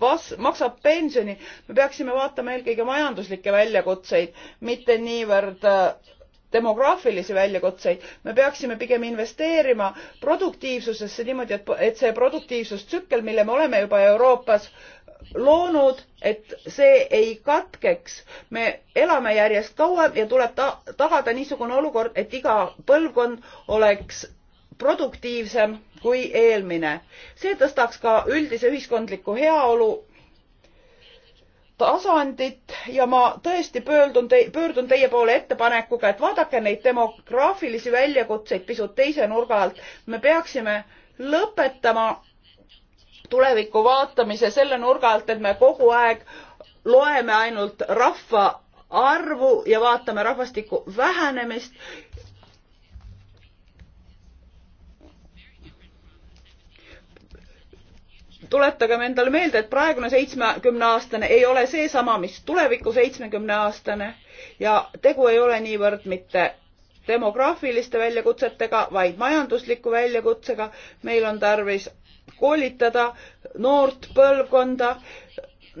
vas-, maksab pensioni. me peaksime vaatama eelkõige majanduslikke väljakutseid, mitte niivõrd äh, demograafilisi väljakutseid me peaksime pigem investeerima produktiivsusesse niimoodi et, et see produktiivsustsükkel mille me oleme juba euroopas loonud et see ei katkeks me elame järjest kauem ja tuleb ta tagada niisugune olukord et iga põlvkond oleks produktiivsem kui eelmine see tõstaks ka üldise ühiskondliku heaolu tasandit ja ma tõesti pöördun, te, pöördun teie poole ettepanekuga, et vaadake neid demograafilisi väljakutseid pisut teise nurga alt. me peaksime lõpetama tuleviku vaatamise selle nurga alt, et me kogu aeg loeme ainult rahvaarvu ja vaatame rahvastiku vähenemist tuletagem endale meelde, et praegune seitsmekümneaastane ei ole seesama, mis tuleviku seitsmekümneaastane ja tegu ei ole niivõrd mitte demograafiliste väljakutsetega, vaid majandusliku väljakutsega. meil on tarvis koolitada noort põlvkonda,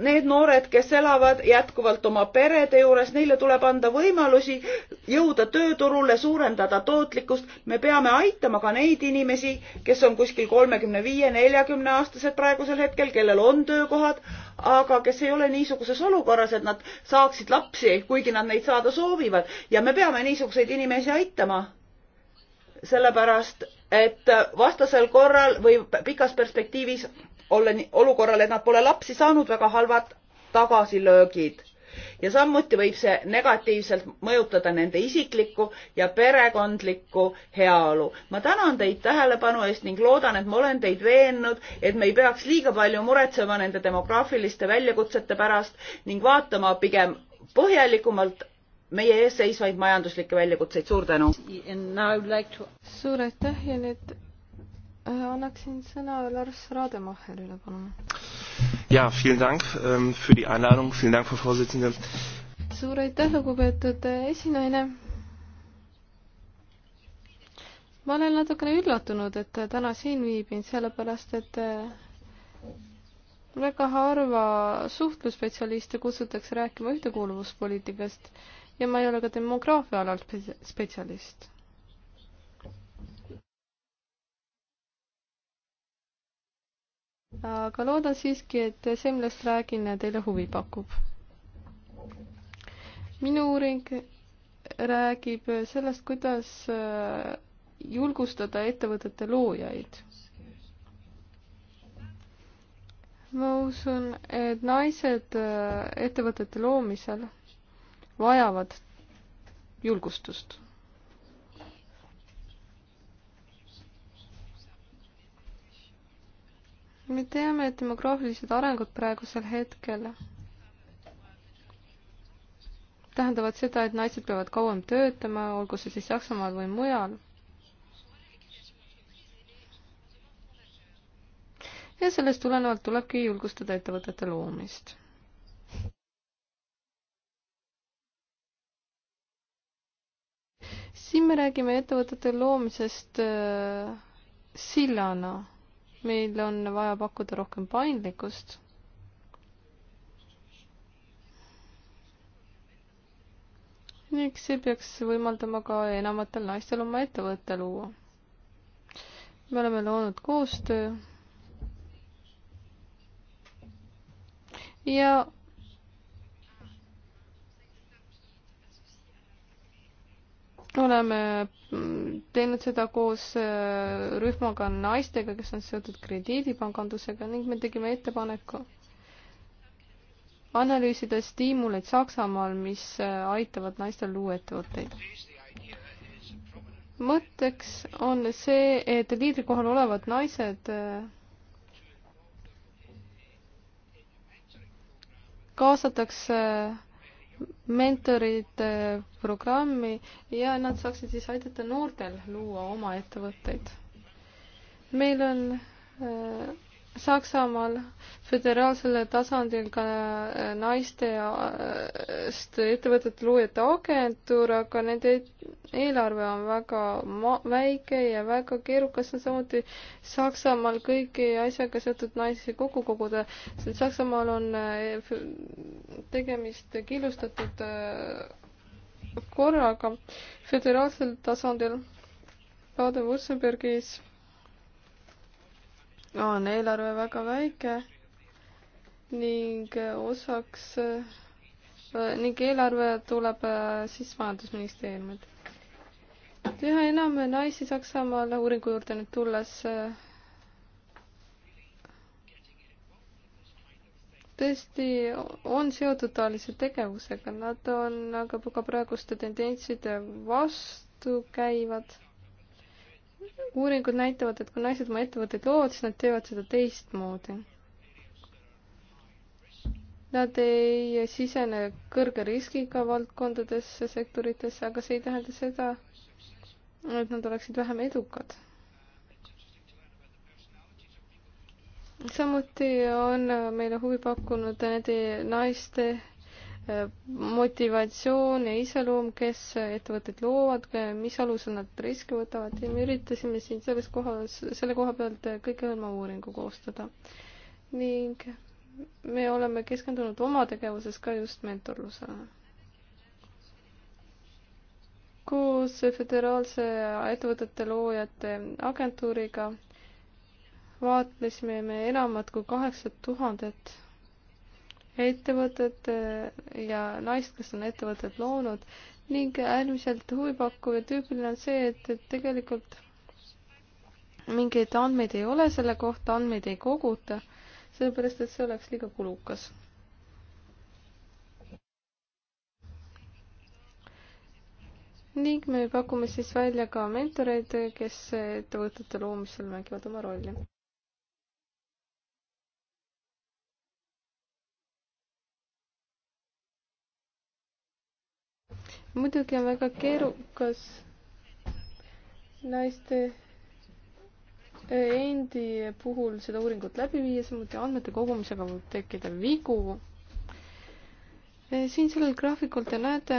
need noored, kes elavad jätkuvalt oma perede juures, neile tuleb anda võimalusi jõuda tööturule, suurendada tootlikkust. me peame aitama ka neid inimesi, kes on kuskil kolmekümne viie, neljakümne aastased praegusel hetkel, kellel on töökohad, aga kes ei ole niisuguses olukorras, et nad saaksid lapsi, kuigi nad neid saada soovivad ja me peame niisuguseid inimesi aitama. sellepärast, et vastasel korral või pikas perspektiivis olla olukorral et nad pole lapsi saanud väga halvad tagasilöögid ja samuti võib see negatiivselt mõjutada nende isiklikku ja perekondlikku heaolu. ma tänan teid tähelepanu eest ning loodan, et ma olen teid veennud, et me ei peaks liiga palju muretsema nende demograafiliste väljakutsete pärast ning vaatama pigem põhjalikumalt meie ees seisvaid majanduslikke väljakutseid. suur tänu! Like to... suur aitäh ja nüüd Äh, annaksin sõna Lars Rademacherile, palun. jaa, vielen Dank ähm, für die Einladung, vielen Dank, Frau Vorsitzende. suur aitäh, lugupeetud äh, esinaine. ma olen natukene üllatunud, et äh, täna siin viibin, sellepärast et väga harva suhtlusspetsialiste kutsutakse rääkima ühtekuuluvuspoliitikast ja ma ei ole ka demograafia alal spetsialist aga loodan siiski, et see, millest räägin, teile huvi pakub. minu uuring räägib sellest, kuidas äh, julgustada ettevõtete loojaid. ma usun, et naised äh, ettevõtete loomisel vajavad julgustust me teame, et demograafilised arengud praegusel hetkel tähendavad seda, et naised peavad kauem töötama, olgu see siis Saksamaal või mujal. ja sellest tulenevalt tulebki julgustada ettevõtete loomist siin me räägime ettevõtete loomisest äh, sillana meil on vaja pakkuda rohkem paindlikkust. ning see peaks võimaldama ka enamatel naistel oma ettevõtte luua. me oleme loonud koostöö ja oleme mm, teinud seda koos äh, rühmaga naistega, kes on seotud krediidipangandusega ning me tegime ettepaneku analüüsida stiimuleid Saksamaal, mis äh, aitavad naistel luua ettevõtteid. mõtteks on see, et liidrikohal olevad naised äh, kaasatakse mentorite programmi ja nad saaksid siis aidata noortel luua oma ettevõtteid. meil on äh, Saksamaal föderaalsel tasandil ka äh, naistest äh, ettevõtete luujate agentuur, aga nende eelarve on väga ma-, väike ja väga keerukas on samuti Saksamaal kõiki asjaga seotud naisi kokku koguda, sest Saksamaal on äh, tegemist killustatud korraga föderaalsel tasandil Baden-Württembergis on eelarve väga väike ning osaks ning eelarve tuleb äh, siis majandusministeeriumilt. üha enam naisi Saksamaal uuringu juurde nüüd tulles äh, tõesti on seotud taolise tegevusega, nad on aga ka praeguste tendentside vastukäivad uuringud näitavad, et kui naised oma ettevõtteid loovad, siis nad teevad seda teistmoodi. Nad ei sisene kõrge riskiga valdkondadesse, sektoritesse, aga see ei tähenda seda, et nad oleksid vähem edukad. samuti on meile huvi pakkunud nende naiste motivatsioon ja iseloom, kes ettevõtteid loovad, mis alusel nad riske võtavad ja me üritasime siin selles kohas, selle koha pealt kõikehõlma uuringu koostada. ning me oleme keskendunud oma tegevuses ka just mentorlusele. koos Föderaalse Ettevõtete Loojate Agentuuriga vaatlesime me enamat kui kaheksat tuhandet ettevõtet ja naist, kes on ettevõtet loonud ning äärmiselt huvipakkuv ja tüüpiline on see, et, et tegelikult mingeid andmeid ei ole selle kohta, andmeid ei koguta, sellepärast et see oleks liiga kulukas. ning me pakume siis välja ka mentoreid, kes ettevõtete loomisel mängivad oma rolli muidugi on väga keerukas naiste äh, endi puhul seda uuringut läbi viia, samuti andmete kogumisega võib tekkida vigu. Äh, siin sellel graafikul te näete,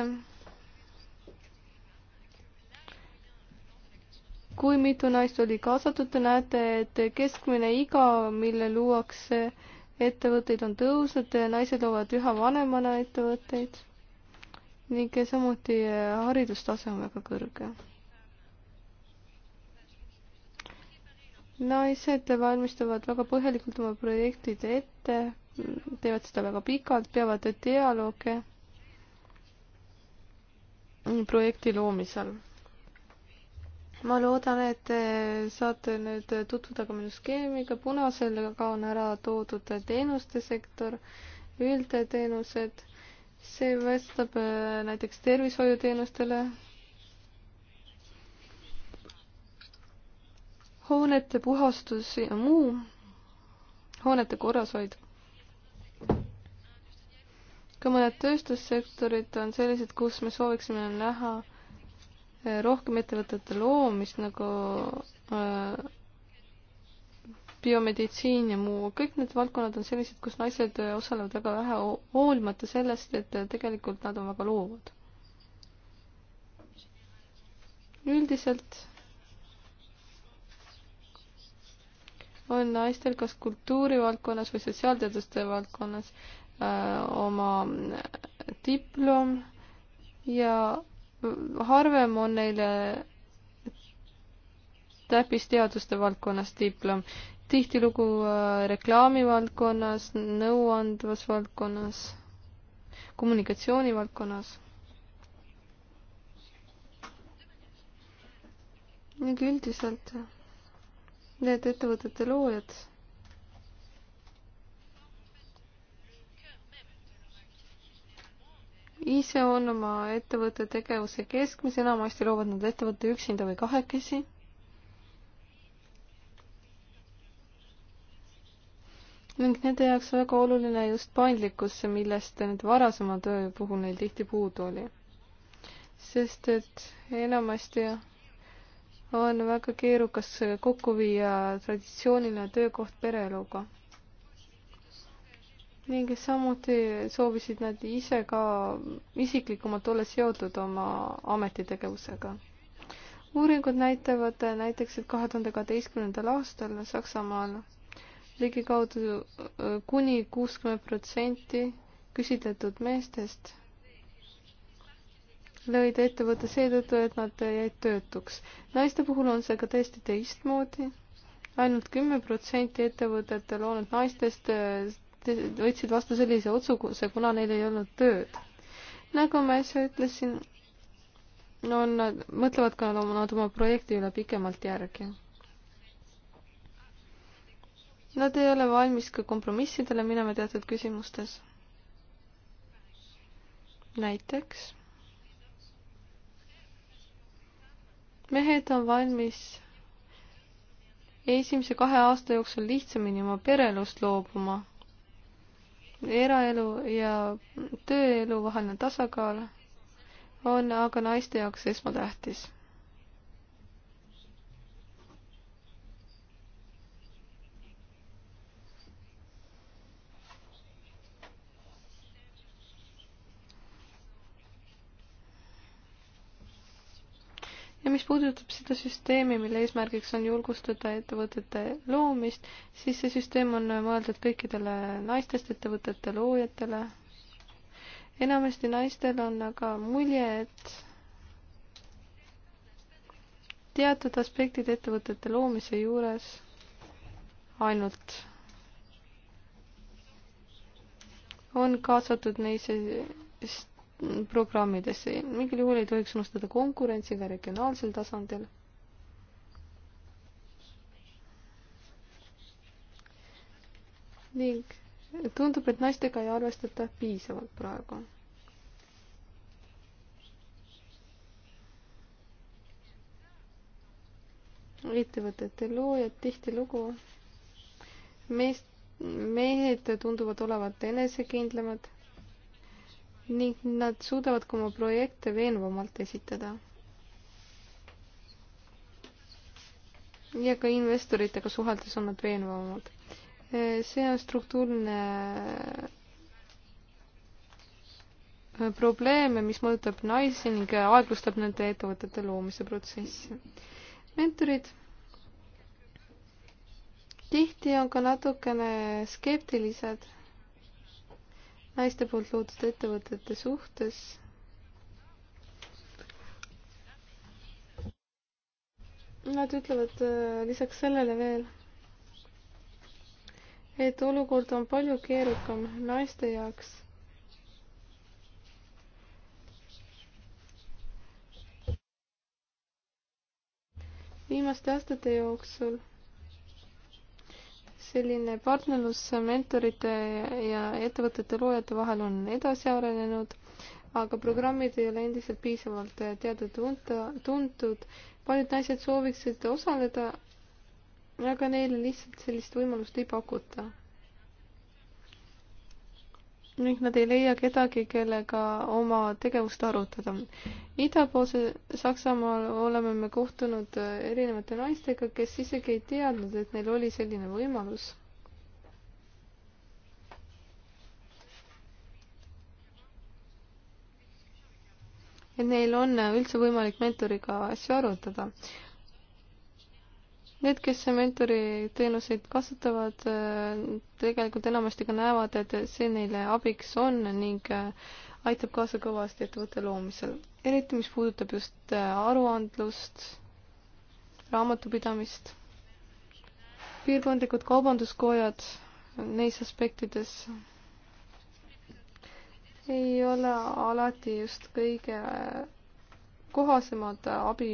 kui mitu naist oli kaasatud, te näete, et keskmine iga, mille luuakse ettevõtteid, on tõusnud, naised loovad üha vanemana ettevõtteid ning samuti eh, haridustase on väga kõrge. naised valmistuvad väga põhjalikult oma projektid ette, teevad seda väga pikalt, peavad dialoog projekti loomisel. ma loodan, et te eh, saate nüüd tutvuda ka minu skeemiga, punasel ka on ära toodud teenuste sektor, üldteenused see vastab äh, näiteks tervishoiuteenustele, hoonete puhastus ja muu, hoonete korrashoid. ka mõned tööstussektorid on sellised, kus me sooviksime näha äh, rohkem ettevõtete loomist nagu äh, biomeditsiin ja muu, kõik need valdkonnad on sellised, kus naised äh, osalevad väga vähe, hoolimata sellest, et äh, tegelikult nad on väga loovad. üldiselt on naistel kas kultuurivaldkonnas või sotsiaalteaduste valdkonnas öö, äh, oma diplom ja harvem on neile täppisteaduste valdkonnas diplom tihtilugu äh, reklaamivaldkonnas, nõuandvas valdkonnas, kommunikatsioonivaldkonnas. ning üldiselt need ettevõtete loojad ise on oma ettevõtte tegevuse keskmes, enamasti loovad nad ettevõtte üksinda või kahekesi ning nende jaoks väga oluline just paindlikkus, millest nüüd varasema töö puhul neil tihti puudu oli. sest et enamasti on väga keerukas kokku viia traditsiooniline töökoht pereeluga. ning samuti soovisid nad ise ka isiklikumalt olla seotud oma ametitegevusega. uuringud näitavad näiteks, et kahe tuhande kaheteistkümnendal aastal Saksamaal ligikaudu kuni kuuskümmend protsenti küsitletud meestest lõid ettevõtte seetõttu, et nad jäid töötuks. naiste puhul on see ka täiesti teistmoodi ainult. ainult kümme protsenti ettevõtetel olnud naistest võtsid vastu sellise otsuse, kuna neil ei olnud tööd. nagu ma äsja ütlesin, no nad mõtlevad ka nad oma projekti üle pikemalt järgi Nad ei ole valmis ka kompromissidele minema teatud küsimustes. näiteks mehed on valmis esimese kahe aasta jooksul lihtsamini oma pereelust loobuma. eraelu ja tööelu vaheline tasakaal on aga naiste jaoks esmatähtis mis puudutab seda süsteemi, mille eesmärgiks on julgustada ettevõtete loomist, siis see süsteem on mõeldud kõikidele naistest ettevõtete loojatele. enamasti naistel on aga mulje, et teatud aspektid ettevõtete loomise juures ainult on kaasatud neisse programmidesse. mingil juhul ei tohiks unustada konkurentsi ka regionaalsel tasandil. ning tundub, et naistega ei arvestata piisavalt praegu. ettevõtete loojad tihtilugu meest, mehed tunduvad olevat enesekindlamad ning nad suudavad ka oma projekte veenvamalt esitada. ja ka investoritega suheldes on nad veenvamad. see on struktuurne e, probleeme, mis mõjutab naisi ning aeglustab nende ettevõtete loomise protsessi. mentorid tihti on ka natukene skeptilised naiste poolt loodud ettevõtete suhtes. Nad ütlevad äh, lisaks sellele veel, et olukord on palju keerukam naiste jaoks viimaste aastate jooksul selline partnerlus mentorite ja ettevõtete loojate vahel on edasi arenenud, aga programmid ei ole endiselt piisavalt teada-tuntud. paljud naised sooviksid osaleda, aga neile lihtsalt sellist võimalust ei pakuta ning nad ei leia kedagi, kellega oma tegevust arutada. idapoolse Saksamaal oleme me kohtunud erinevate naistega, kes isegi ei teadnud, et neil oli selline võimalus. et neil on üldse võimalik mentoriga asju arutada. Need, kes mentori teenuseid kasutavad, äh, tegelikult enamasti ka näevad, et see neile abiks on ning äh, aitab kaasa kõvasti ettevõtte loomisel. eriti, mis puudutab just äh, aruandlust, raamatupidamist, piirkondlikud kaubanduskojad neis aspektides ei ole alati just kõige kohasemad abi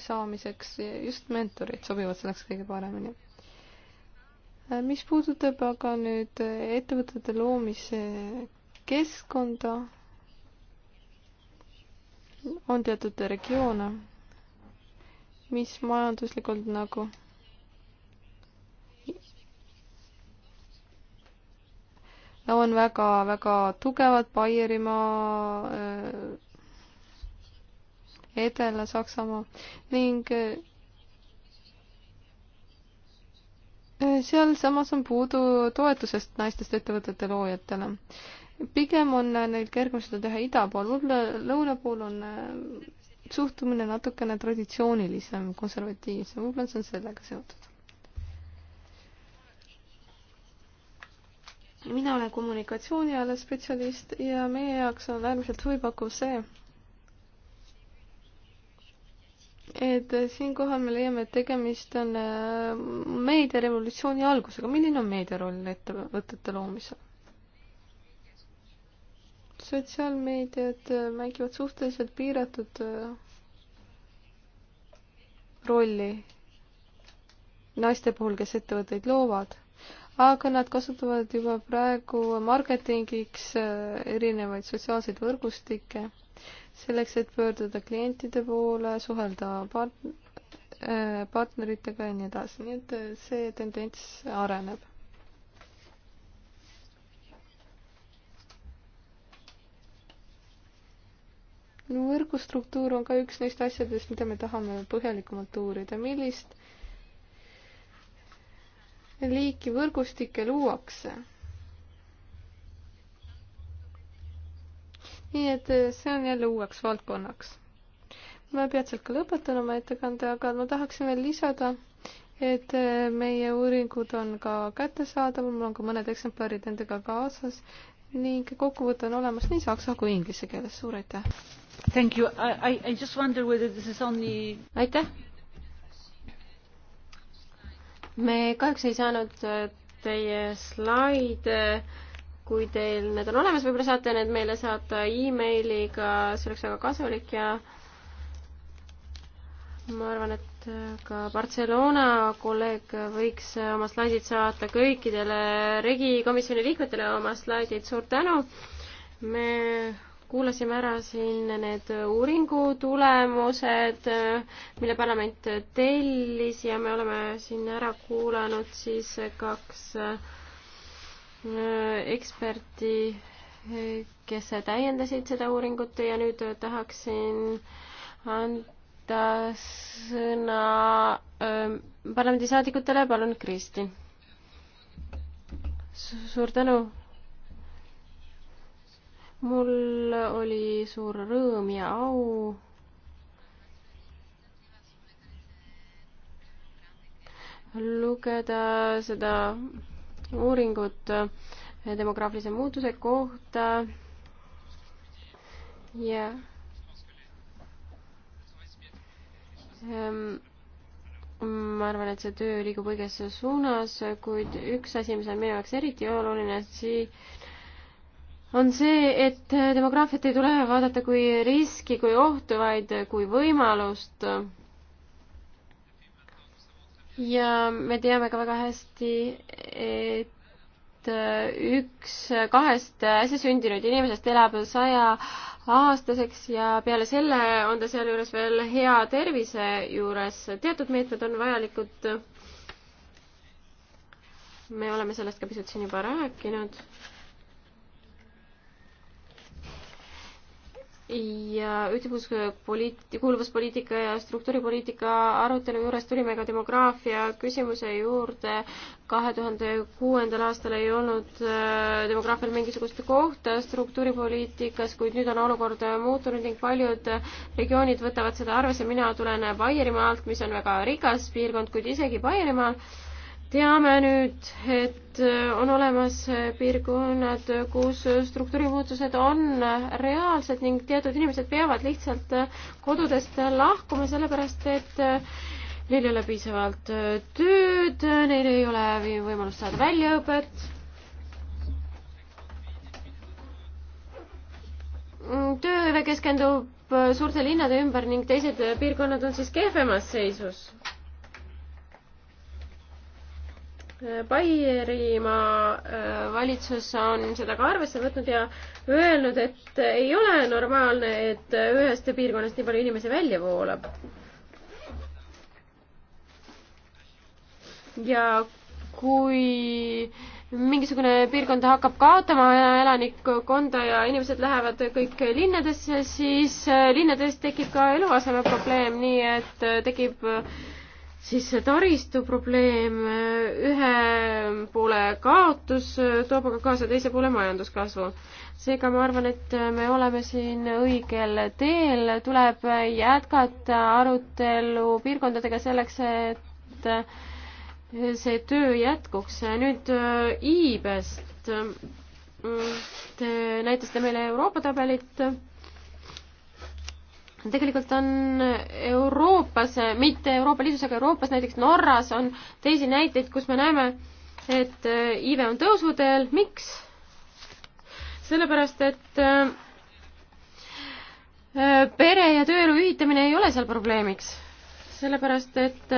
saamiseks just mentorid sobivad selleks kõige paremini. mis puudutab aga nüüd ettevõtete loomise keskkonda, on teatud regioone, mis majanduslikult nagu no on väga-väga tugevad, Baierimaa äh,, Edela-Saksamaa ning äh, äh, sealsamas on puudu toetusest naistest ettevõtete loojatele. pigem on äh, neil kergem seda teha ida pool, lõuna pool on suhtumine natukene traditsioonilisem, konservatiivsem, võib-olla see on sellega seotud. mina olen kommunikatsiooniala spetsialist ja meie jaoks on äärmiselt huvipakkuv see, et siinkohal me leiame, et tegemist on äh, meediarevolutsiooni algusega. milline on meedia roll ettevõtete loomisel? sotsiaalmeediad äh, mängivad suhteliselt piiratud äh, rolli naiste puhul, kes ettevõtteid loovad, aga nad kasutavad juba praegu marketingiks erinevaid sotsiaalseid võrgustikke selleks, et pöörduda klientide poole, suhelda part-, äh, partneritega ja nii edasi, nii et äh, see tendents areneb. no võrgustruktuur on ka üks neist asjadest, mida me tahame põhjalikumalt uurida, millist liiki võrgustikke luuakse nii et äh, see on jälle uueks valdkonnaks. ma peatselt ka lõpetan oma ettekande, aga ma tahaksin veel lisada, et äh, meie uuringud on ka kättesaadavad, mul on ka mõned eksemplarid nendega kaasas ning kokkuvõte on olemas nii saksa kui inglise keeles, suur aitäh! Thank you, I, I just wonder whether this is only aitäh! me kahjuks ei saanud äh, teie slaide kui teil need on olemas, võib-olla saate need meile saata emailiga, see oleks väga kasulik ja ma arvan, et äh, ka Barcelona kolleeg võiks äh, oma slaidid saata kõikidele regikomisjoni liikmetele oma slaidid, suur tänu. me kuulasime ära siin need uuringu tulemused, äh, mille parlament tellis ja me oleme siin ära kuulanud siis kaks eksperti, kes täiendasid seda uuringut ja nüüd tahaksin anda sõna ähm, parlamendisaadikutele, palun, Kristin. suur tänu. mul oli suur rõõm ja au lugeda seda uuringut äh, demograafilise muutuse kohta ja ähm, ma arvan, et see töö liigub õiges suunas, kuid üks asi, mis on minu jaoks eriti oluline, sii-, on see, et demograafiat ei tule vaadata kui riski, kui ohtu, vaid kui võimalust ja me teame ka väga hästi, et äh, üks kahest äsja sündinud inimesest elab saja aastaseks ja peale selle on ta sealjuures veel hea tervise juures. teatud meetmed on vajalikud. me oleme sellest ka pisut siin juba rääkinud ja ühtekuuluvuspoliit-, kuuluvuspoliitika ja struktuuripoliitika arutelu juures tulime ka demograafia küsimuse juurde. kahe tuhande kuuendal aastal ei olnud äh, demograafial mingisugust kohta struktuuripoliitikas, kuid nüüd on olukord muutunud ning paljud regioonid võtavad seda arvesse. mina tulen Baierimaalt, mis on väga rikas piirkond, kuid isegi Baierimaal teame nüüd, et äh, on olemas äh, piirkonnad, äh, kus struktuurimuutused on reaalsed ning teatud inimesed peavad lihtsalt kodudest lahkuma, sellepärast et neil ei ole piisavalt tööd, neil ei ole võimalust saada väljaõpet. Mm, tööhõive keskendub suurte linnade ümber ning teised piirkonnad on siis kehvemas seisus Baierimaa äh, valitsus on seda ka arvesse võtnud ja öelnud, et ei ole normaalne, et äh, ühest piirkonnast nii palju inimesi välja voolab. ja kui mingisugune piirkond hakkab kaotama elanikkonda ja inimesed lähevad kõik linnadesse, siis äh, linnades tekib ka eluasemeprobleem, nii et tekib äh, siis see taristu probleem, ühe poole kaotus toob aga kaasa teise poole majanduskasvu. seega ma arvan, et me oleme siin õigel teel, tuleb jätkata arutelu piirkondadega selleks, et see töö jätkuks. nüüd iibest. Te näitasite meile Euroopa tabelit tegelikult on Euroopas, mitte Euroopa Liidus, aga Euroopas, näiteks Norras on teisi näiteid, kus me näeme, et äh, iive on tõusuteel, miks? sellepärast, et äh, äh, pere ja tööelu ühitamine ei ole seal probleemiks. sellepärast, et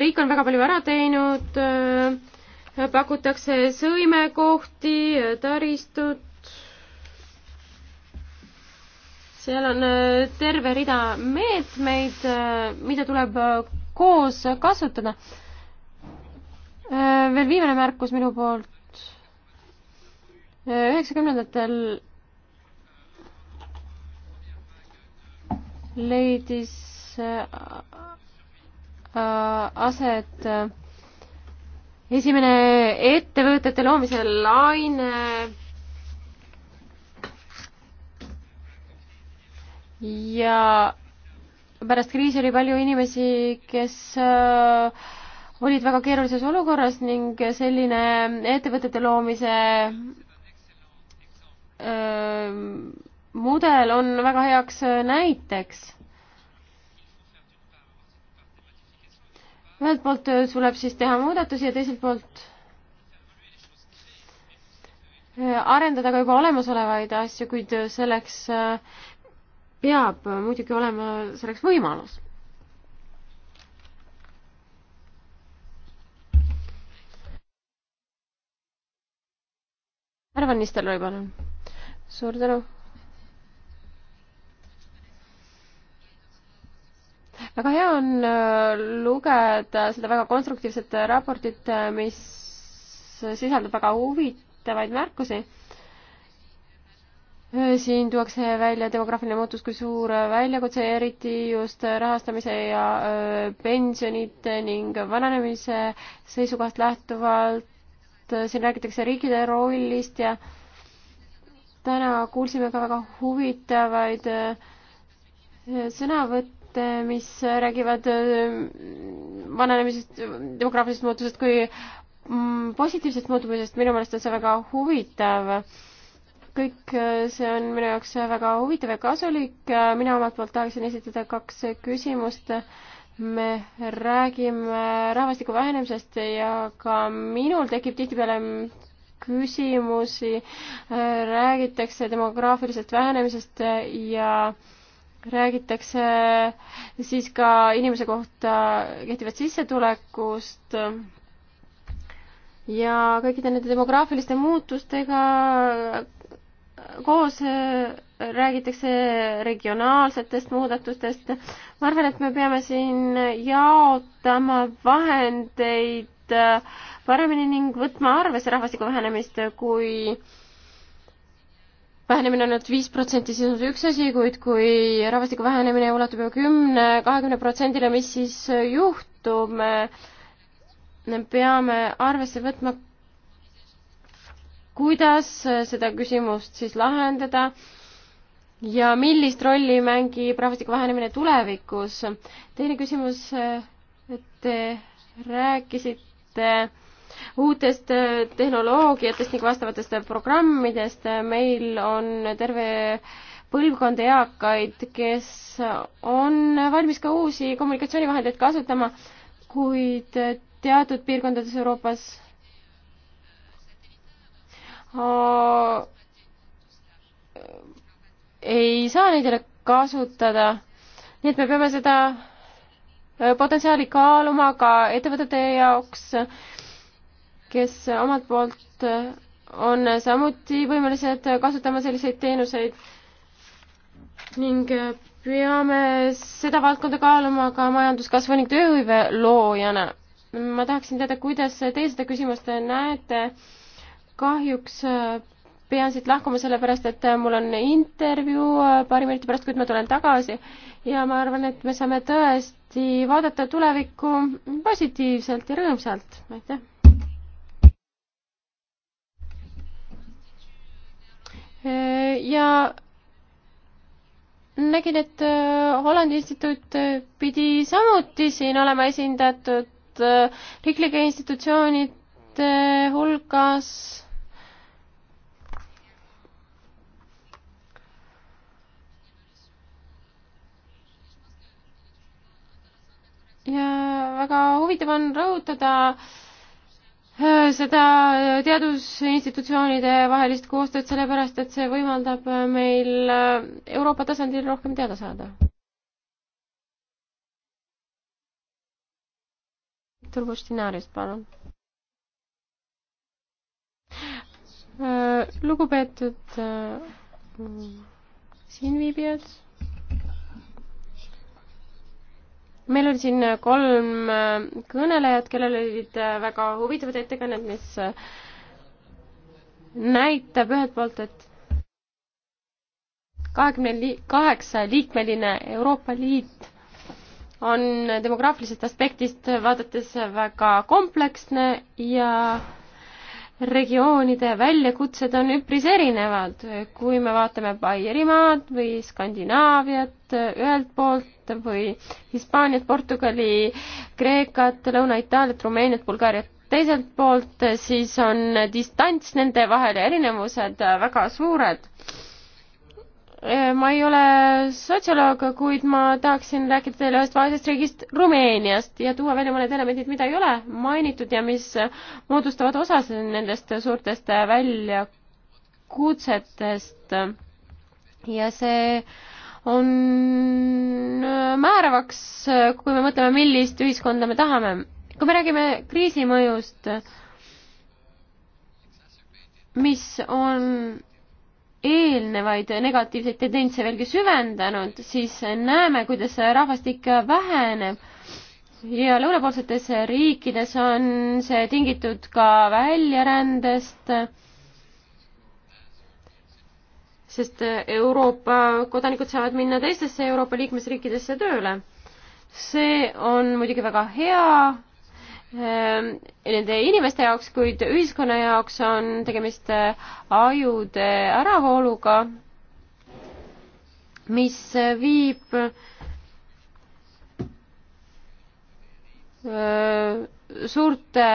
riik on väga palju ära teinud, pakutakse sõimekohti, taristut, seal on äh, terve rida meetmeid, äh, mida tuleb äh, koos kasutada. veel viimane märkus minu poolt. üheksakümnendatel leidis aset esimene ettevõtete loomise laine ja pärast kriisi oli palju inimesi, kes äh, olid väga keerulises olukorras ning selline ettevõtete loomise äh, mudel on väga heaks äh, näiteks. ühelt poolt tuleb siis teha muudatusi ja teiselt poolt arendada ka juba olemasolevaid asju, kuid selleks peab muidugi olema selleks võimalus. härra Van Nistelrooy, palun. suur tänu. väga hea on äh, lugeda seda väga konstruktiivset raportit, äh, mis sisaldab väga huvitavaid märkusi siin tuuakse välja demograafiline muutus kui suur väljakutse, eriti just rahastamise ja pensionite ning vananemise seisukohast lähtuvalt. siin räägitakse riikide rollist ja täna kuulsime ka väga huvitavaid sõnavõtte, mis räägivad vananemisest, demograafilisest muutusest kui mm, positiivsest muutumisest. minu meelest on see väga huvitav kõik see on minu jaoks väga huvitav ja kasulik. mina omalt poolt tahaksin esitada kaks küsimust. me räägime rahvastiku vähenemisest ja ka minul tekib tihtipeale küsimusi, räägitakse demograafilisest vähenemisest ja räägitakse siis ka inimese kohta kehtivat sissetulekust ja kõikide nende demograafiliste muutustega koos äh, räägitakse regionaalsetest muudatustest. ma arvan, et me peame siin jaotama vahendeid äh, paremini ning võtma arvesse rahvastiku vähenemist, kui vähenemine on ainult viis protsenti, siis on see üks asi, kuid kui rahvastiku vähenemine ulatub juba kümne, kahekümne protsendile, mis siis juhtub? me peame arvesse võtma kuidas seda küsimust siis lahendada ja millist rolli mängib rahvastiku vähenemine tulevikus? teine küsimus, et te rääkisite uutest tehnoloogiatest ning vastavatest programmidest, meil on terve põlvkond eakaid, kes on valmis ka uusi kommunikatsioonivahendeid kasutama, kuid teatud piirkondades Euroopas ei saa neid jälle kasutada. nii et me peame seda äh, potentsiaali kaaluma ka ettevõtete jaoks, kes omalt poolt äh, on samuti võimelised kasutama selliseid teenuseid ning äh, peame seda valdkonda kaaluma ka majanduskasvu ning tööhõive loojana. ma tahaksin teada, kuidas teie seda küsimust näete kahjuks äh, pean siit lahkuma sellepärast, et äh, mul on intervjuu äh, paari minuti pärast, kuid ma tulen tagasi ja ma arvan, et me saame tõesti vaadata tulevikku positiivselt ja rõõmsalt, aitäh. ja nägin, et Hollandi instituut pidi samuti siin olema esindatud riiklike institutsioonide hulgas ja väga huvitav on rõhutada äh, seda äh, teadusinstitutsioonide vahelist koostööd, sellepärast et see võimaldab äh, meil Euroopa tasandil rohkem teada saada. turbustinaarius, palun. lugupeetud siinviibijad meil oli siin kolm äh, kõnelejat, kellel olid äh, väga huvitavad ettekanded, mis äh, näitab ühelt poolt, et kahekümne kaheksa liikmeline Euroopa Liit on demograafilisest aspektist vaadates väga kompleksne ja regioonide väljakutsed on üpris erinevad, kui me vaatame Baierimaad või Skandinaaviat ühelt poolt või Hispaaniat, Portugali, Kreekat, Lõuna-Itaaliat, Rumeeniat, Bulgaariat teiselt poolt, siis on distants nende vahel ja erinevused väga suured Äh, ma ei ole sotsioloog, kuid ma tahaksin rääkida teile ühest vaesest riigist, Rumeeniast, ja tuua välja mõned elemendid, mida ei ole mainitud ja mis moodustavad osa nendest suurtest väljakutsetest. ja see on määravaks, kui me mõtleme, millist ühiskonda me tahame. kui me räägime kriisi mõjust, mis on eelnevaid negatiivseid tendentse veelgi süvendanud, siis näeme, kuidas rahvastik väheneb ja lõunapoolsetes riikides on see tingitud ka väljarändest, sest Euroopa kodanikud saavad minna teistesse Euroopa liikmesriikidesse tööle. see on muidugi väga hea Ehm, nende inimeste jaoks, kuid ühiskonna jaoks on tegemist eh, ajude äravooluga, mis viib eh, suurte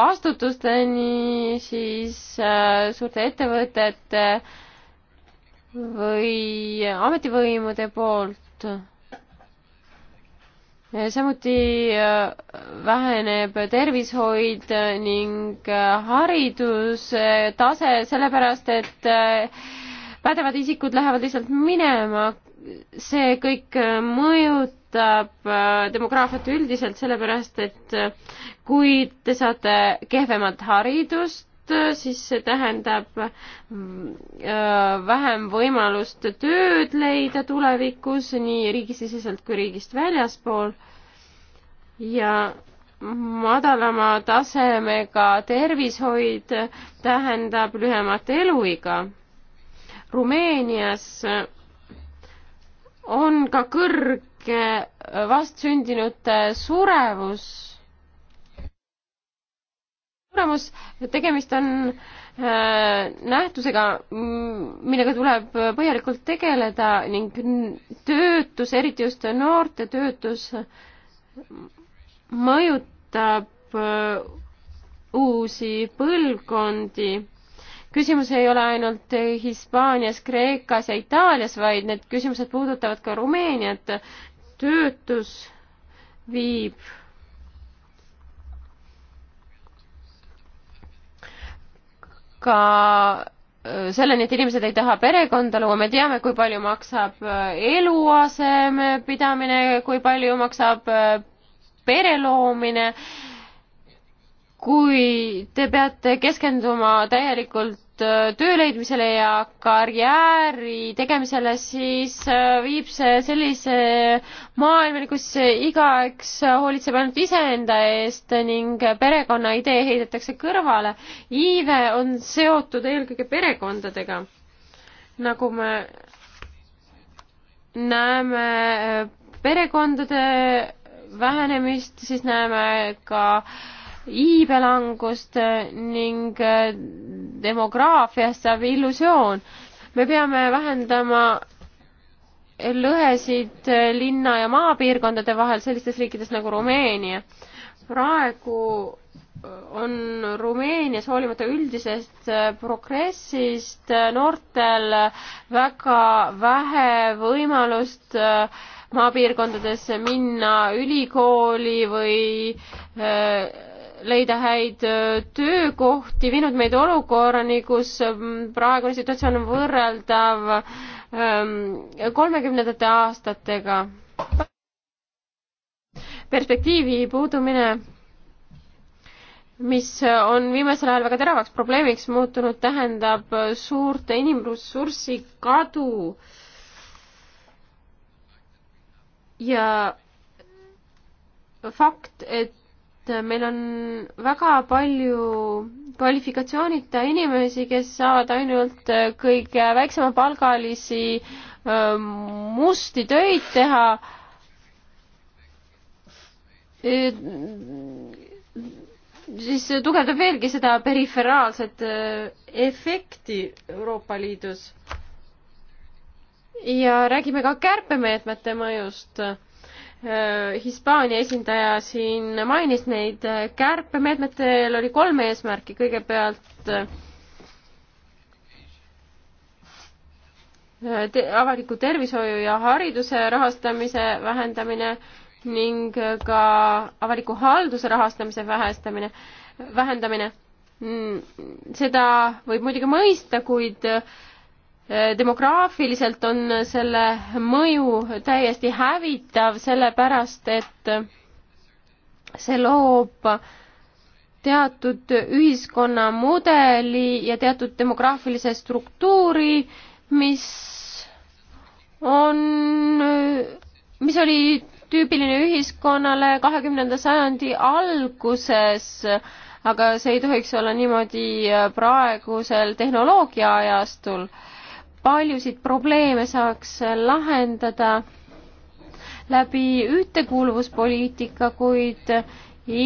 vastutusteni siis eh, suurte ettevõtete või ametivõimude poolt samuti äh, väheneb tervishoid äh, ning äh, haridustase, sellepärast et pädevad isikud lähevad lihtsalt minema. see kõik mõjutab demograafiat üldiselt, sellepärast et kui te saate kehvemat haridust, Äh, siis see tähendab äh, vähem võimalust tööd leida tulevikus nii riigisiseselt kui riigist väljaspool ja madalama tasemega tervishoid tähendab lühemat eluiga. Rumeenias on ka kõrge vastsündinute surevus tulemus, tegemist on äh, nähtusega, millega tuleb põhjalikult tegeleda ning töötus, eriti just noorte töötus, mõjutab äh, uusi põlvkondi. küsimus ei ole ainult Hispaanias, Kreekas ja Itaalias, vaid need küsimused puudutavad ka Rumeeniat. töötus viib ka äh, selleni, et inimesed ei taha perekonda luua, me teame, kui palju maksab äh, eluaseme pidamine, kui palju maksab äh, pere loomine, kui te peate keskenduma täielikult suunatud äh, töö leidmisele ja karjääri tegemisele, siis äh, viib see sellise maailmani, kus igaüks hoolitseb ainult iseenda eest ning perekonna idee heidetakse kõrvale. iive on seotud eelkõige perekondadega, nagu me näeme äh, perekondade vähenemist, siis näeme ka iibelangust ning demograafiast saab illusioon. me peame vähendama lõhesid linna ja maapiirkondade vahel sellistes riikides nagu Rumeenia. praegu on Rumeenias hoolimata üldisest progressist noortel väga vähe võimalust maapiirkondadesse minna ülikooli või leida häid töökohti, viinud meid olukorrani, kus praegune situatsioon on võrreldav kolmekümnendate aastatega. perspektiivi puudumine, mis on viimasel ajal väga teravaks probleemiks muutunud, tähendab suurte inimressurssi kadu ja fakt, et et meil on väga palju kvalifikatsioonita inimesi, kes saavad ainult kõige väiksemapalgalisi ähm, musti töid teha. siis tugevdab veelgi seda periferaalset äh, efekti Euroopa Liidus. ja räägime ka kärpemeetmete mõjust Äh, Hispaania esindaja siin mainis neid äh, kärpemeetmetel oli kolm eesmärki, kõigepealt äh, te avaliku tervishoiu ja hariduse rahastamise vähendamine ning ka avaliku halduse rahastamise vähestamine, vähendamine. Mm, seda võib muidugi mõista, kuid demograafiliselt on selle mõju täiesti hävitav, sellepärast et see loob teatud ühiskonnamudeli ja teatud demograafilise struktuuri, mis on, mis oli tüüpiline ühiskonnale kahekümnenda sajandi alguses, aga see ei tohiks olla niimoodi praegusel tehnoloogia ajastul paljusid probleeme saaks lahendada läbi ühtekuuluvuspoliitika, kuid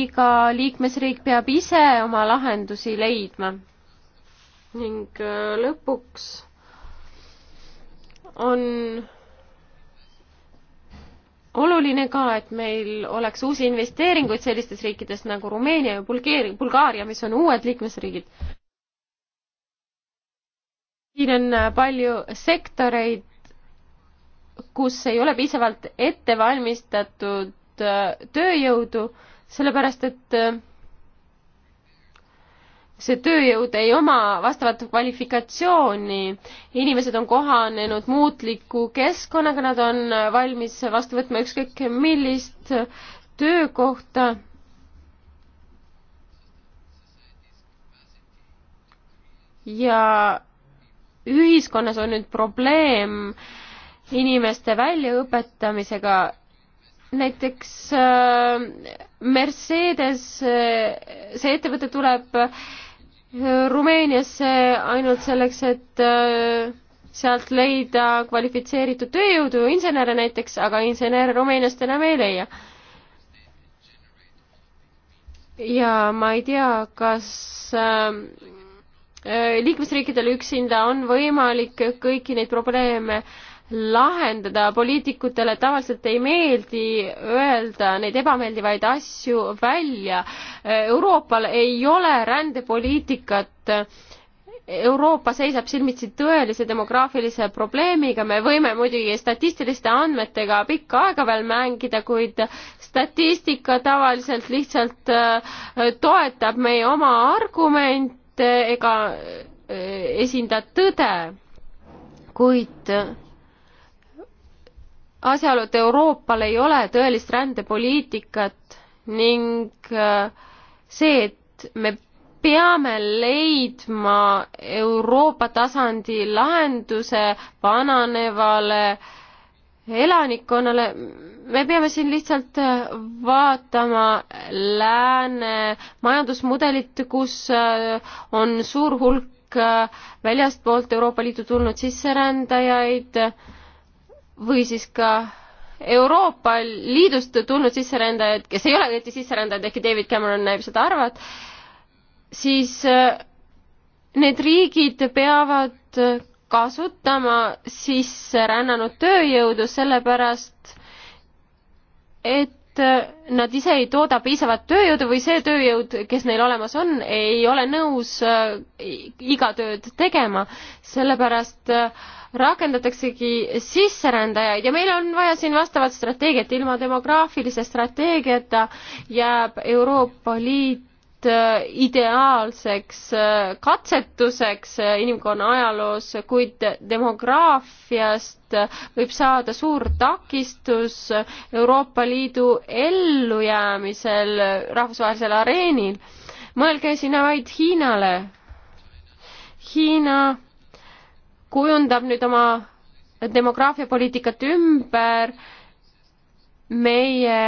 iga liikmesriik peab ise oma lahendusi leidma. ning äh, lõpuks on oluline ka, et meil oleks uusi investeeringuid sellistes riikides nagu Rumeenia ja Bulgeeria, Bulgaaria, mis on uued liikmesriigid siin on äh, palju sektoreid, kus ei ole piisavalt ettevalmistatud äh, tööjõudu, sellepärast et äh, see tööjõud ei oma vastavat kvalifikatsiooni. inimesed on kohanenud muutliku keskkonnaga, nad on valmis vastu võtma ükskõik millist töökohta. ja ühiskonnas on nüüd probleem inimeste väljaõpetamisega. näiteks äh, Mercedes, äh, see ettevõte tuleb äh, Rumeeniasse ainult selleks, et äh, sealt leida kvalifitseeritud tööjõudu, insenere näiteks, aga insenere Rumeeniast enam ei leia. ja ma ei tea, kas äh, Äh, liikmesriikidel üksinda on võimalik kõiki neid probleeme lahendada, poliitikutele tavaliselt ei meeldi öelda neid ebameeldivaid asju välja. Äh, Euroopal ei ole rändepoliitikat. Euroopa seisab silmitsi tõelise demograafilise probleemiga, me võime muidugi statistiliste andmetega pikka aega veel mängida, kuid statistika tavaliselt lihtsalt äh, toetab meie oma argumente ega eh, esinda tõde, kuid asjaolu, et Euroopal ei ole tõelist rändepoliitikat ning eh, see, et me peame leidma Euroopa tasandi lahenduse vananevale äh, elanikkonnale, me peame siin lihtsalt äh, vaatama lääne majandusmudelit, kus äh, on suur hulk äh, väljastpoolt Euroopa Liitu tulnud sisserändajaid või siis ka Euroopa Liidust tulnud sisserändajaid, kes ei ole õieti sisserändajad, ehkki David Cameron näib seda arvat, siis need riigid peavad kasutama sisserännanud tööjõudu, sellepärast et nad ise ei tooda piisavat tööjõudu või see tööjõud, kes neil olemas on, ei ole nõus äh, iga tööd tegema, sellepärast äh, rakendataksegi sisserändajaid ja meil on vaja siin vastavat strateegiat, ilma demograafilise strateegiata jääb Euroopa Liit Äh, ideaalseks äh, katsetuseks äh, inimkonna ajaloos, kuid demograafiast võib saada suur takistus Euroopa Liidu ellujäämisel rahvusvahelisel areenil. mõelge sinna vaid Hiinale. Hiina kujundab nüüd oma demograafiapoliitikat ümber, meie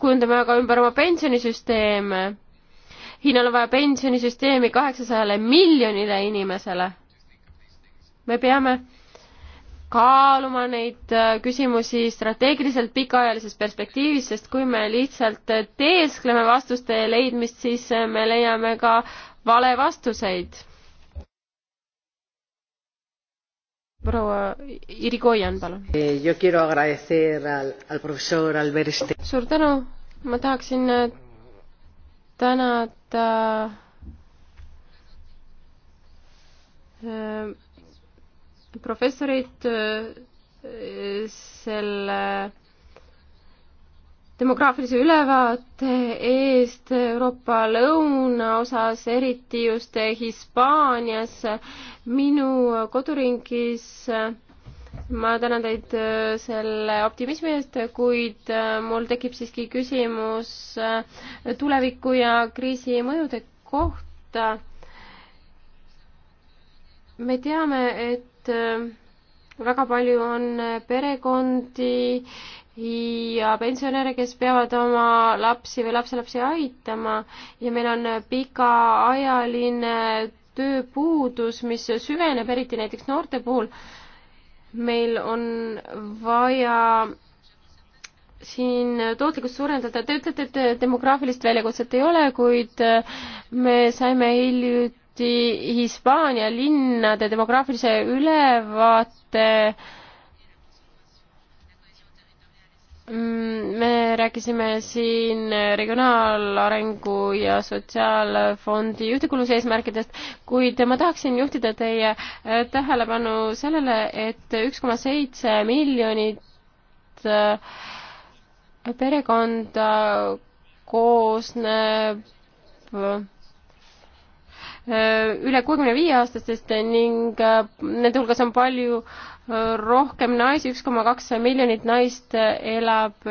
kujundame aga ümber oma pensionisüsteeme Hiinal on vaja pensionisüsteemi kaheksasajale miljonile inimesele. me peame kaaluma neid äh, küsimusi strateegiliselt pikaajalises perspektiivis, sest kui me lihtsalt äh, teeskleme vastuste leidmist, siis äh, me leiame ka vale vastuseid. proua Irigoyan, palun. Eh, suur tänu, ma tahaksin tänada äh, äh, professorit äh, selle demograafilise ülevaate eest Euroopa lõunaosas, eriti just Hispaanias. minu koduringis ma tänan teid äh, selle optimismi eest, kuid äh, mul tekib siiski küsimus äh, tuleviku ja kriisi mõjude kohta. me teame, et väga palju on perekondi ja pensionäre, kes peavad oma lapsi või lapselapsi aitama ja meil on pikaajaline tööpuudus, mis süveneb, eriti näiteks noorte puhul meil on vaja siin tootlikkust suurendada, te ütlete, et demograafilist väljakutset ei ole, kuid äh, me saime hiljuti Hispaania linnade demograafilise ülevaate äh, Mm, me rääkisime siin regionaalarengu ja sotsiaalfondi juhtikuluse eesmärkidest, kuid ma tahaksin juhtida teie äh, tähelepanu sellele, et üks koma seitse miljonit äh, perekonda koosneb üle kuuekümne viie aastastest ning äh, nende hulgas on palju äh, rohkem naisi, üks koma kaks miljonit naist äh, elab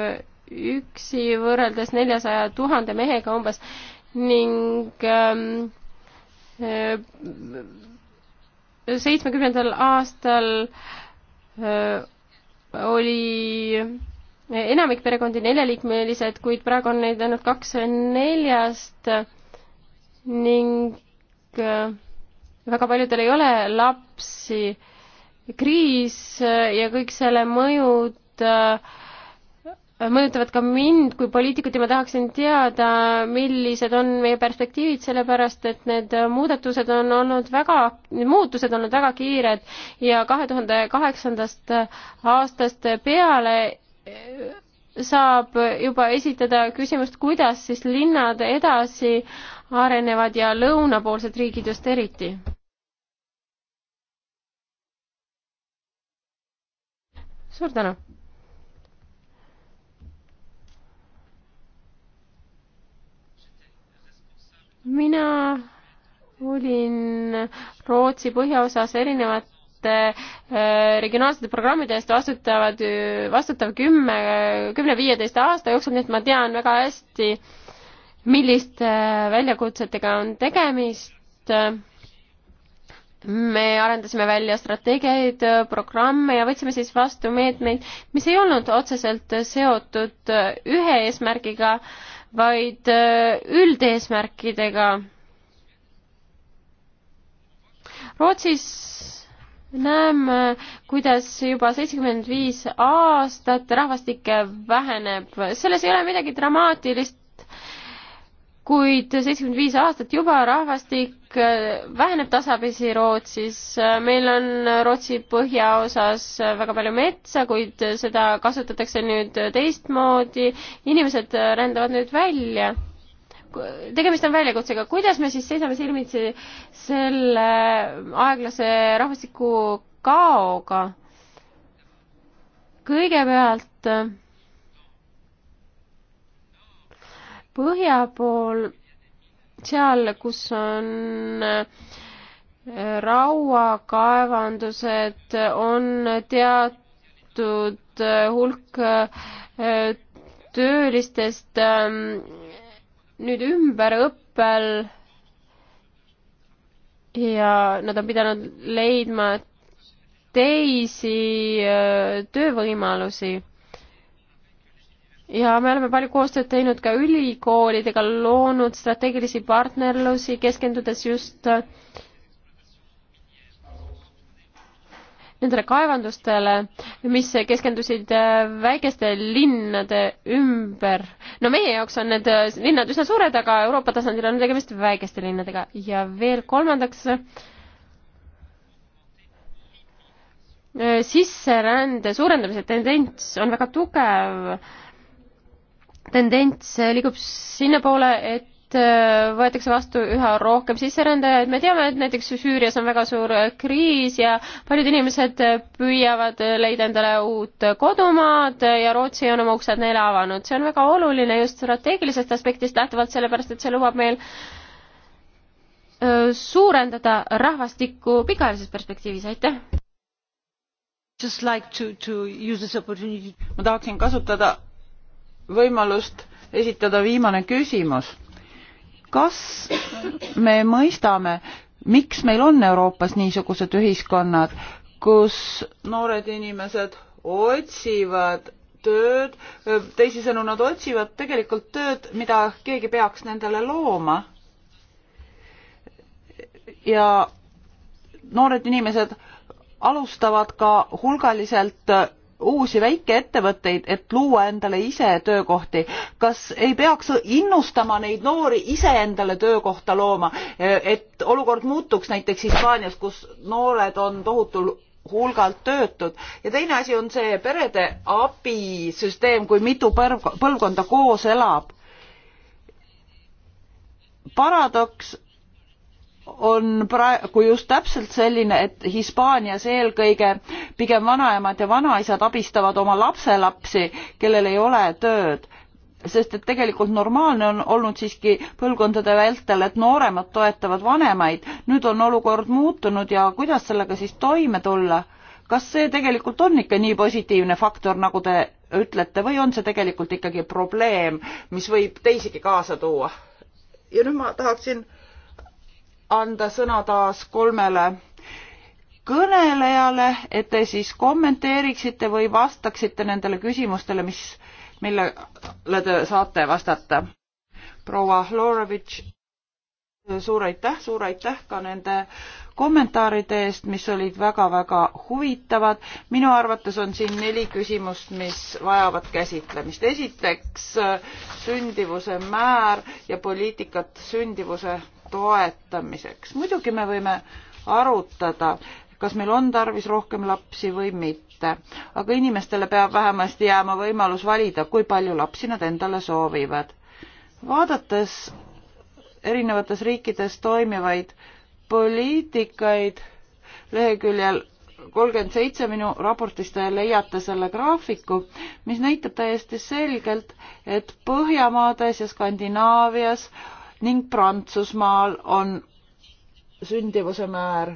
üksi võrreldes neljasaja tuhande mehega umbes ning ähm, seitsmekümnendal aastal oli enamik perekondi neljaliikmelised, kuid praegu on neid ainult kaks neljast ning Äh, väga paljudel ei ole lapsi. kriis äh, ja kõik selle mõjud äh, mõjutavad ka mind kui poliitikut ja ma tahaksin teada, millised on meie perspektiivid, sellepärast et need muudatused on olnud väga, need muutused on olnud väga kiired ja kahe tuhande kaheksandast aastast peale saab juba esitada küsimust, kuidas siis linnad edasi arenevad ja lõunapoolsed riigid just eriti. suur tänu. mina olin Rootsi põhjaosas erinevat erinevate äh, regionaalsete programmide eest vastutavad, vastutav kümme, kümne-viieteist aasta jooksul, nii et ma tean väga hästi, milliste äh, väljakutsetega on tegemist. me arendasime välja strateegiaid, programme ja võtsime siis vastu meetmeid, mis ei olnud otseselt seotud äh, ühe eesmärgiga, vaid üldeesmärkidega. Rootsis näeme, kuidas juba seitsekümmend viis aastat rahvastik väheneb. selles ei ole midagi dramaatilist, kuid seitsekümmend viis aastat juba rahvastik äh, väheneb tasapisi Rootsis. meil on Rootsi põhjaosas väga palju metsa, kuid seda kasutatakse nüüd teistmoodi. inimesed rändavad nüüd välja tegemist on väljakutsega, kuidas me siis seisame silmitsi selle aeglase rahvastiku kaoga? kõigepealt põhja pool, seal, kus on äh, rauakaevandused, on teatud äh, hulk äh, töölistest ähm, nüüd ümberõppel ja nad on pidanud leidma teisi äh, töövõimalusi. ja me oleme palju koostööd teinud ka ülikoolidega, loonud strateegilisi partnerlusi, keskendudes just nendele kaevandustele, mis keskendusid äh, väikeste linnade ümber. no meie jaoks on need äh, linnad üsna suured, aga Euroopa tasandil on tegemist väikeste linnadega ja veel kolmandaks äh, sisserände suurendamise tendents on väga tugev tendents liigub sinnapoole, et et äh, võetakse vastu üha rohkem sisserändajaid, me teame, et näiteks Süürias on väga suur äh, kriis ja paljud inimesed äh, püüavad leida endale uut kodumaad ja Rootsi on oma uksed neile avanud. see on väga oluline just strateegilisest aspektist lähtuvalt, sellepärast et see lubab meil suurendada rahvastikku pikaajalises perspektiivis, aitäh! Like to, to ma tahaksin kasutada võimalust esitada viimane küsimus kas me mõistame, miks meil on Euroopas niisugused ühiskonnad, kus noored inimesed otsivad tööd, teisisõnu nad otsivad tegelikult tööd, mida keegi peaks nendele looma. ja noored inimesed alustavad ka hulgaliselt uusi väikeettevõtteid, et luua endale ise töökohti. kas ei peaks innustama neid noori ise endale töökohta looma, et olukord muutuks näiteks Hispaanias, kus noored on tohutul hulgalt töötud ja teine asi on see perede abisüsteem, kui mitu põlvkonda koos elab. paradoks on praegu just täpselt selline, et Hispaanias eelkõige pigem vanaemad ja vanaisad abistavad oma lapselapsi, kellel ei ole tööd, sest et tegelikult normaalne on olnud siiski põlvkondade vältel, et nooremad toetavad vanemaid. nüüd on olukord muutunud ja kuidas sellega siis toime tulla? kas see tegelikult on ikka nii positiivne faktor, nagu te ütlete, või on see tegelikult ikkagi probleem, mis võib teisigi kaasa tuua? ja nüüd ma tahaksin äh, anda sõna taas kolmele kõnelejale, et te siis kommenteeriksite või vastaksite nendele küsimustele, mis, millele te saate vastata. proua Hlorovitš, suur aitäh, suur aitäh ka nende äh, kommentaaride eest, mis olid väga-väga huvitavad. minu arvates on siin neli küsimust, mis vajavad käsitlemist. esiteks sündivuse määr ja poliitikat sündivuse toetamiseks. muidugi me võime arutada, kas meil on tarvis rohkem lapsi või mitte, aga inimestele peab vähemasti jääma võimalus valida, kui palju lapsi nad endale soovivad. vaadates erinevates riikides toimivaid poliitikaid leheküljel kolmkümmend seitse minu raportist te leiate selle graafiku, mis näitab täiesti selgelt, et Põhjamaades ja Skandinaavias ning Prantsusmaal on sündivuse määr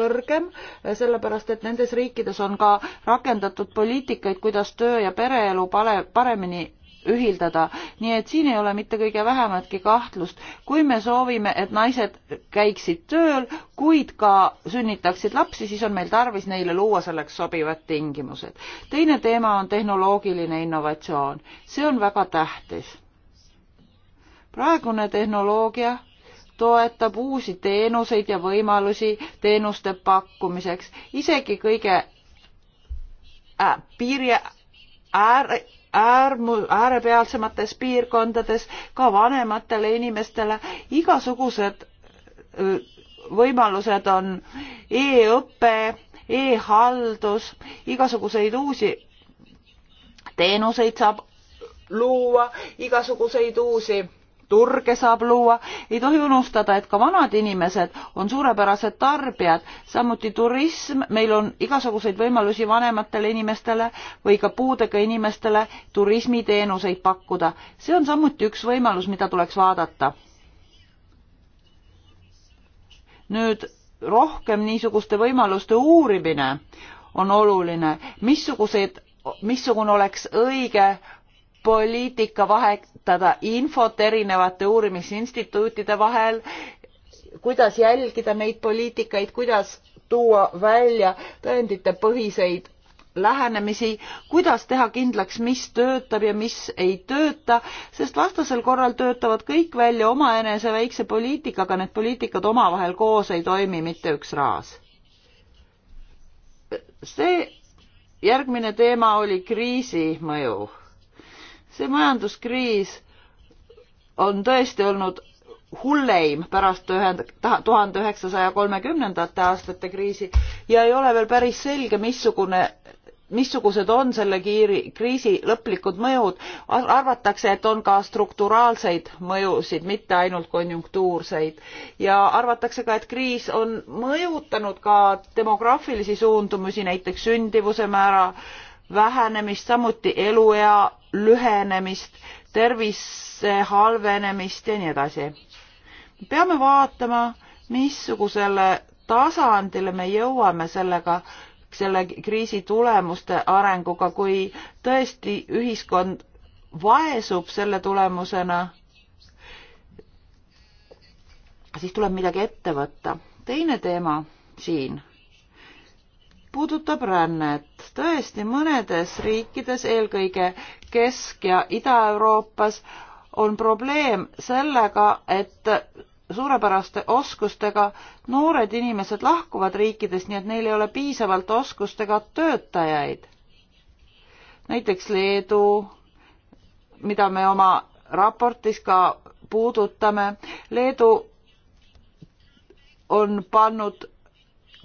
kõrgem, sellepärast et nendes riikides on ka rakendatud poliitikaid, kuidas töö ja pereelu pale, paremini ühildada, nii et siin ei ole mitte kõige vähematki kahtlust. kui me soovime, et naised käiksid tööl, kuid ka sünnitaksid lapsi, siis on meil tarvis neile luua selleks sobivad tingimused. teine teema on tehnoloogiline innovatsioon, see on väga tähtis. praegune tehnoloogia toetab uusi teenuseid ja võimalusi teenuste pakkumiseks, isegi kõige äh, piiri äär, äärmu-, äärepealsemates piirkondades, ka vanematele inimestele, igasugused võimalused on e-õpe e, e-haldus, igasuguseid uusi teenuseid saab luua, igasuguseid uusi turge saab luua, ei tohi unustada, et ka vanad inimesed on suurepärased tarbijad, samuti turism, meil on igasuguseid võimalusi vanematele inimestele või ka puudega inimestele turismiteenuseid pakkuda. see on samuti üks võimalus, mida tuleks vaadata. nüüd rohkem niisuguste võimaluste uurimine on oluline, missugused, missugune oleks õige poliitika vahetada infot erinevate uurimisinstituutide vahel, kuidas jälgida neid poliitikaid, kuidas tuua välja tõenditepõhiseid lähenemisi, kuidas teha kindlaks, mis töötab ja mis ei tööta, sest vastasel korral töötavad kõik välja omaenese väikse poliitikaga, need poliitikad omavahel koos ei toimi mitte üks raas. see järgmine teema oli kriisi mõju see majanduskriis on tõesti olnud hulleim pärast tuhande üheksasaja kolmekümnendate aastate kriisi ja ei ole veel päris selge, missugune missugused on selle kiiri, kriisi lõplikud mõjud. arvatakse, et on ka strukturaalseid mõjusid, mitte ainult konjunktuurseid ja arvatakse ka, et kriis on mõjutanud ka demograafilisi suundumusi, näiteks sündivuse määra vähenemist, samuti eluea lühenemist, tervise halvenemist ja nii edasi. peame vaatama, missugusele tasandile me jõuame sellega, selle kriisi tulemuste arenguga, kui tõesti ühiskond vaesub selle tulemusena, siis tuleb midagi ette võtta. teine teema siin puudutab rännet. tõesti, mõnedes riikides, eelkõige Kesk- ja Ida-Euroopas, on probleem sellega, et suurepäraste oskustega noored inimesed lahkuvad riikidest, nii et neil ei ole piisavalt oskustega töötajaid. näiteks Leedu, mida me oma raportis ka puudutame, Leedu on pannud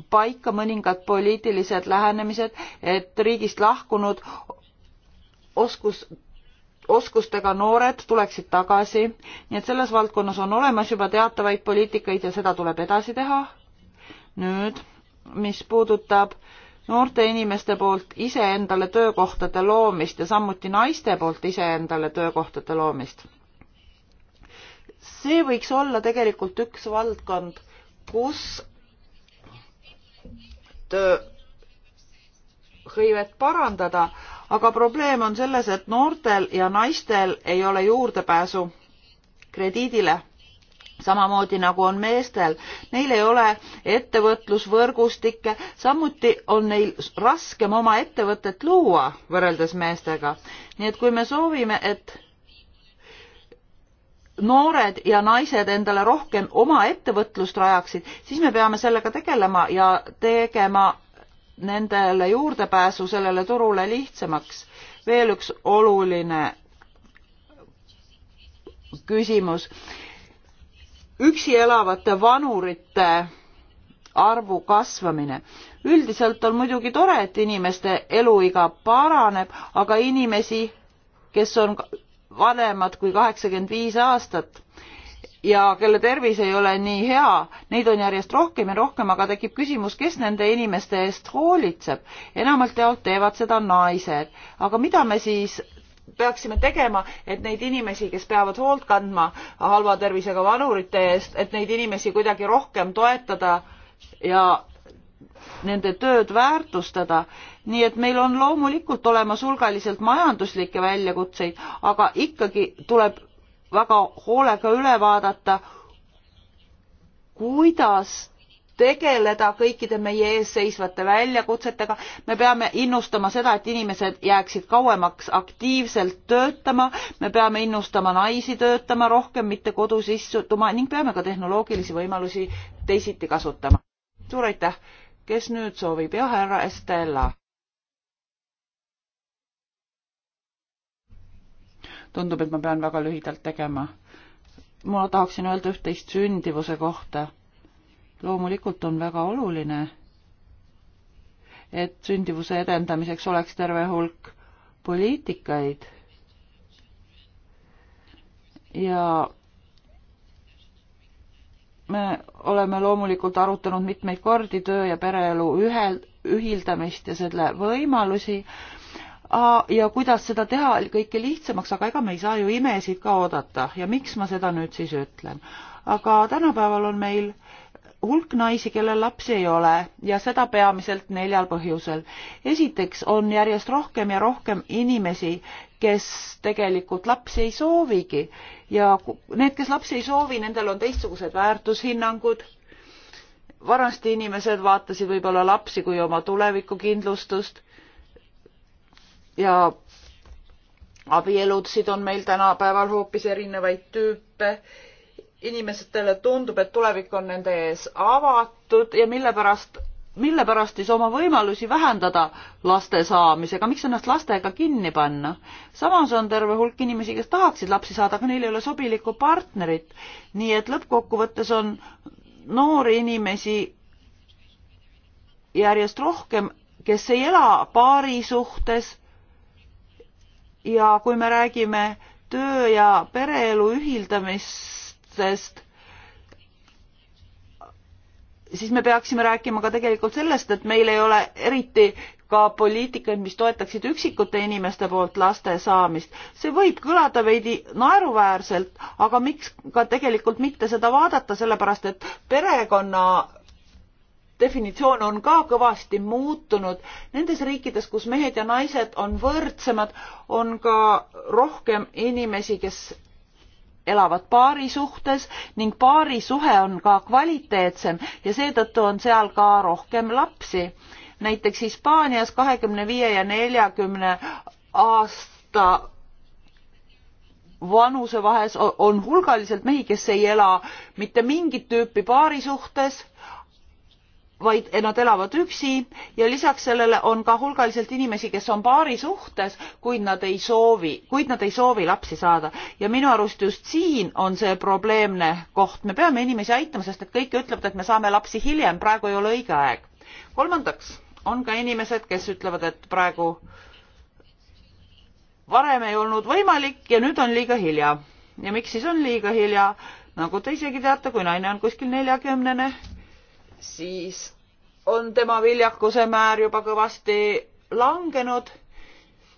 paika mõningad poliitilised lähenemised, et riigist lahkunud oskus, oskustega noored tuleksid tagasi. nii et selles valdkonnas on olemas juba teatavaid poliitikaid ja seda tuleb edasi teha. nüüd, mis puudutab noorte inimeste poolt iseendale töökohtade loomist ja samuti naiste poolt iseendale töökohtade loomist. see võiks olla tegelikult üks valdkond, kus Äh, hõivet parandada, aga probleem on selles, et noortel ja naistel ei ole juurdepääsu krediidile, samamoodi nagu on meestel. Neil ei ole ettevõtlusvõrgustikke, samuti on neil raskem oma ettevõtet luua võrreldes meestega. nii et kui me soovime, et noored ja naised endale rohkem oma ettevõtlust rajaksid, siis me peame sellega tegelema ja tegema nendele juurdepääsu sellele turule lihtsamaks. veel üks oluline küsimus. üksi elavate vanurite arvu kasvamine. üldiselt on muidugi tore, et inimeste eluiga paraneb, aga inimesi, kes on vanemad kui kaheksakümmend viis aastat ja kelle tervis ei ole nii hea, neid on järjest rohkem ja rohkem, aga tekib küsimus, kes nende inimeste eest hoolitseb. enamalt jaolt teevad seda naised, aga mida me siis peaksime tegema, et neid inimesi, kes peavad hoolt kandma halva tervisega vanurite eest, et neid inimesi kuidagi rohkem toetada ja nende tööd väärtustada. nii et meil on loomulikult olemas hulgaliselt majanduslikke väljakutseid, aga ikkagi tuleb väga hoolega üle vaadata, kuidas tegeleda kõikide meie ees seisvate väljakutsetega. me peame innustama seda, et inimesed jääksid kauemaks aktiivselt töötama, me peame innustama naisi töötama rohkem, mitte kodus istuma ning peame ka tehnoloogilisi võimalusi teisiti kasutama. suur aitäh! kes nüüd soovib? jah, härra Estella. tundub, et ma pean väga lühidalt tegema. ma tahaksin öelda üht-teist sündivuse kohta. loomulikult on väga oluline, et sündivuse edendamiseks oleks terve hulk poliitikaid ja me oleme loomulikult arutanud mitmeid kordi töö ja pereelu ühel, ühildamist ja selle võimalusi ja kuidas seda teha kõike lihtsamaks, aga ega me ei saa ju imesid ka oodata ja miks ma seda nüüd siis ütlen. aga tänapäeval on meil hulk naisi, kellel lapsi ei ole ja seda peamiselt neljal põhjusel. esiteks on järjest rohkem ja rohkem inimesi, kes tegelikult lapsi ei soovigi ja need, kes lapsi ei soovi, nendel on teistsugused väärtushinnangud. vanasti inimesed vaatasid võib-olla lapsi kui oma tulevikukindlustust ja abielusid on meil tänapäeval hoopis erinevaid tüüpe. inimestele tundub, et tulevik on nende ees avatud ja mille pärast mille pärast siis oma võimalusi vähendada laste saamisega, miks ennast lastega kinni panna? samas on terve hulk inimesi, kes tahaksid lapsi saada, aga neil ei ole sobilikku partnerit. nii et lõppkokkuvõttes on noori inimesi järjest rohkem, kes ei ela paari suhtes. ja kui me räägime töö ja pereelu ühildamisest, siis me peaksime rääkima ka tegelikult sellest, et meil ei ole eriti ka poliitikaid, mis toetaksid üksikute inimeste poolt laste saamist. see võib kõlada veidi naeruväärselt, aga miks ka tegelikult mitte seda vaadata, sellepärast et perekonna definitsioon on ka kõvasti muutunud. Nendes riikides, kus mehed ja naised on võrdsemad, on ka rohkem inimesi, kes elavad paari suhtes ning paarisuhe on ka kvaliteetsem ja seetõttu on seal ka rohkem lapsi. näiteks Hispaanias kahekümne viie ja neljakümne aasta vanusevahes on hulgaliselt mehi, kes ei ela mitte mingit tüüpi paarisuhtes vaid nad elavad üksi ja lisaks sellele on ka hulgaliselt inimesi kes on paari suhtes kuid nad ei soovi kuid nad ei soovi lapsi saada ja minu arust just siin on see probleemne koht me peame inimesi aitama sest et kõik ütlevad et me saame lapsi hiljem praegu ei ole õige aeg kolmandaks on ka inimesed kes ütlevad et praegu varem ei olnud võimalik ja nüüd on liiga hilja ja miks siis on liiga hilja nagu te isegi teate kui naine on kuskil neljakümnene siis on tema viljakuse määr juba kõvasti langenud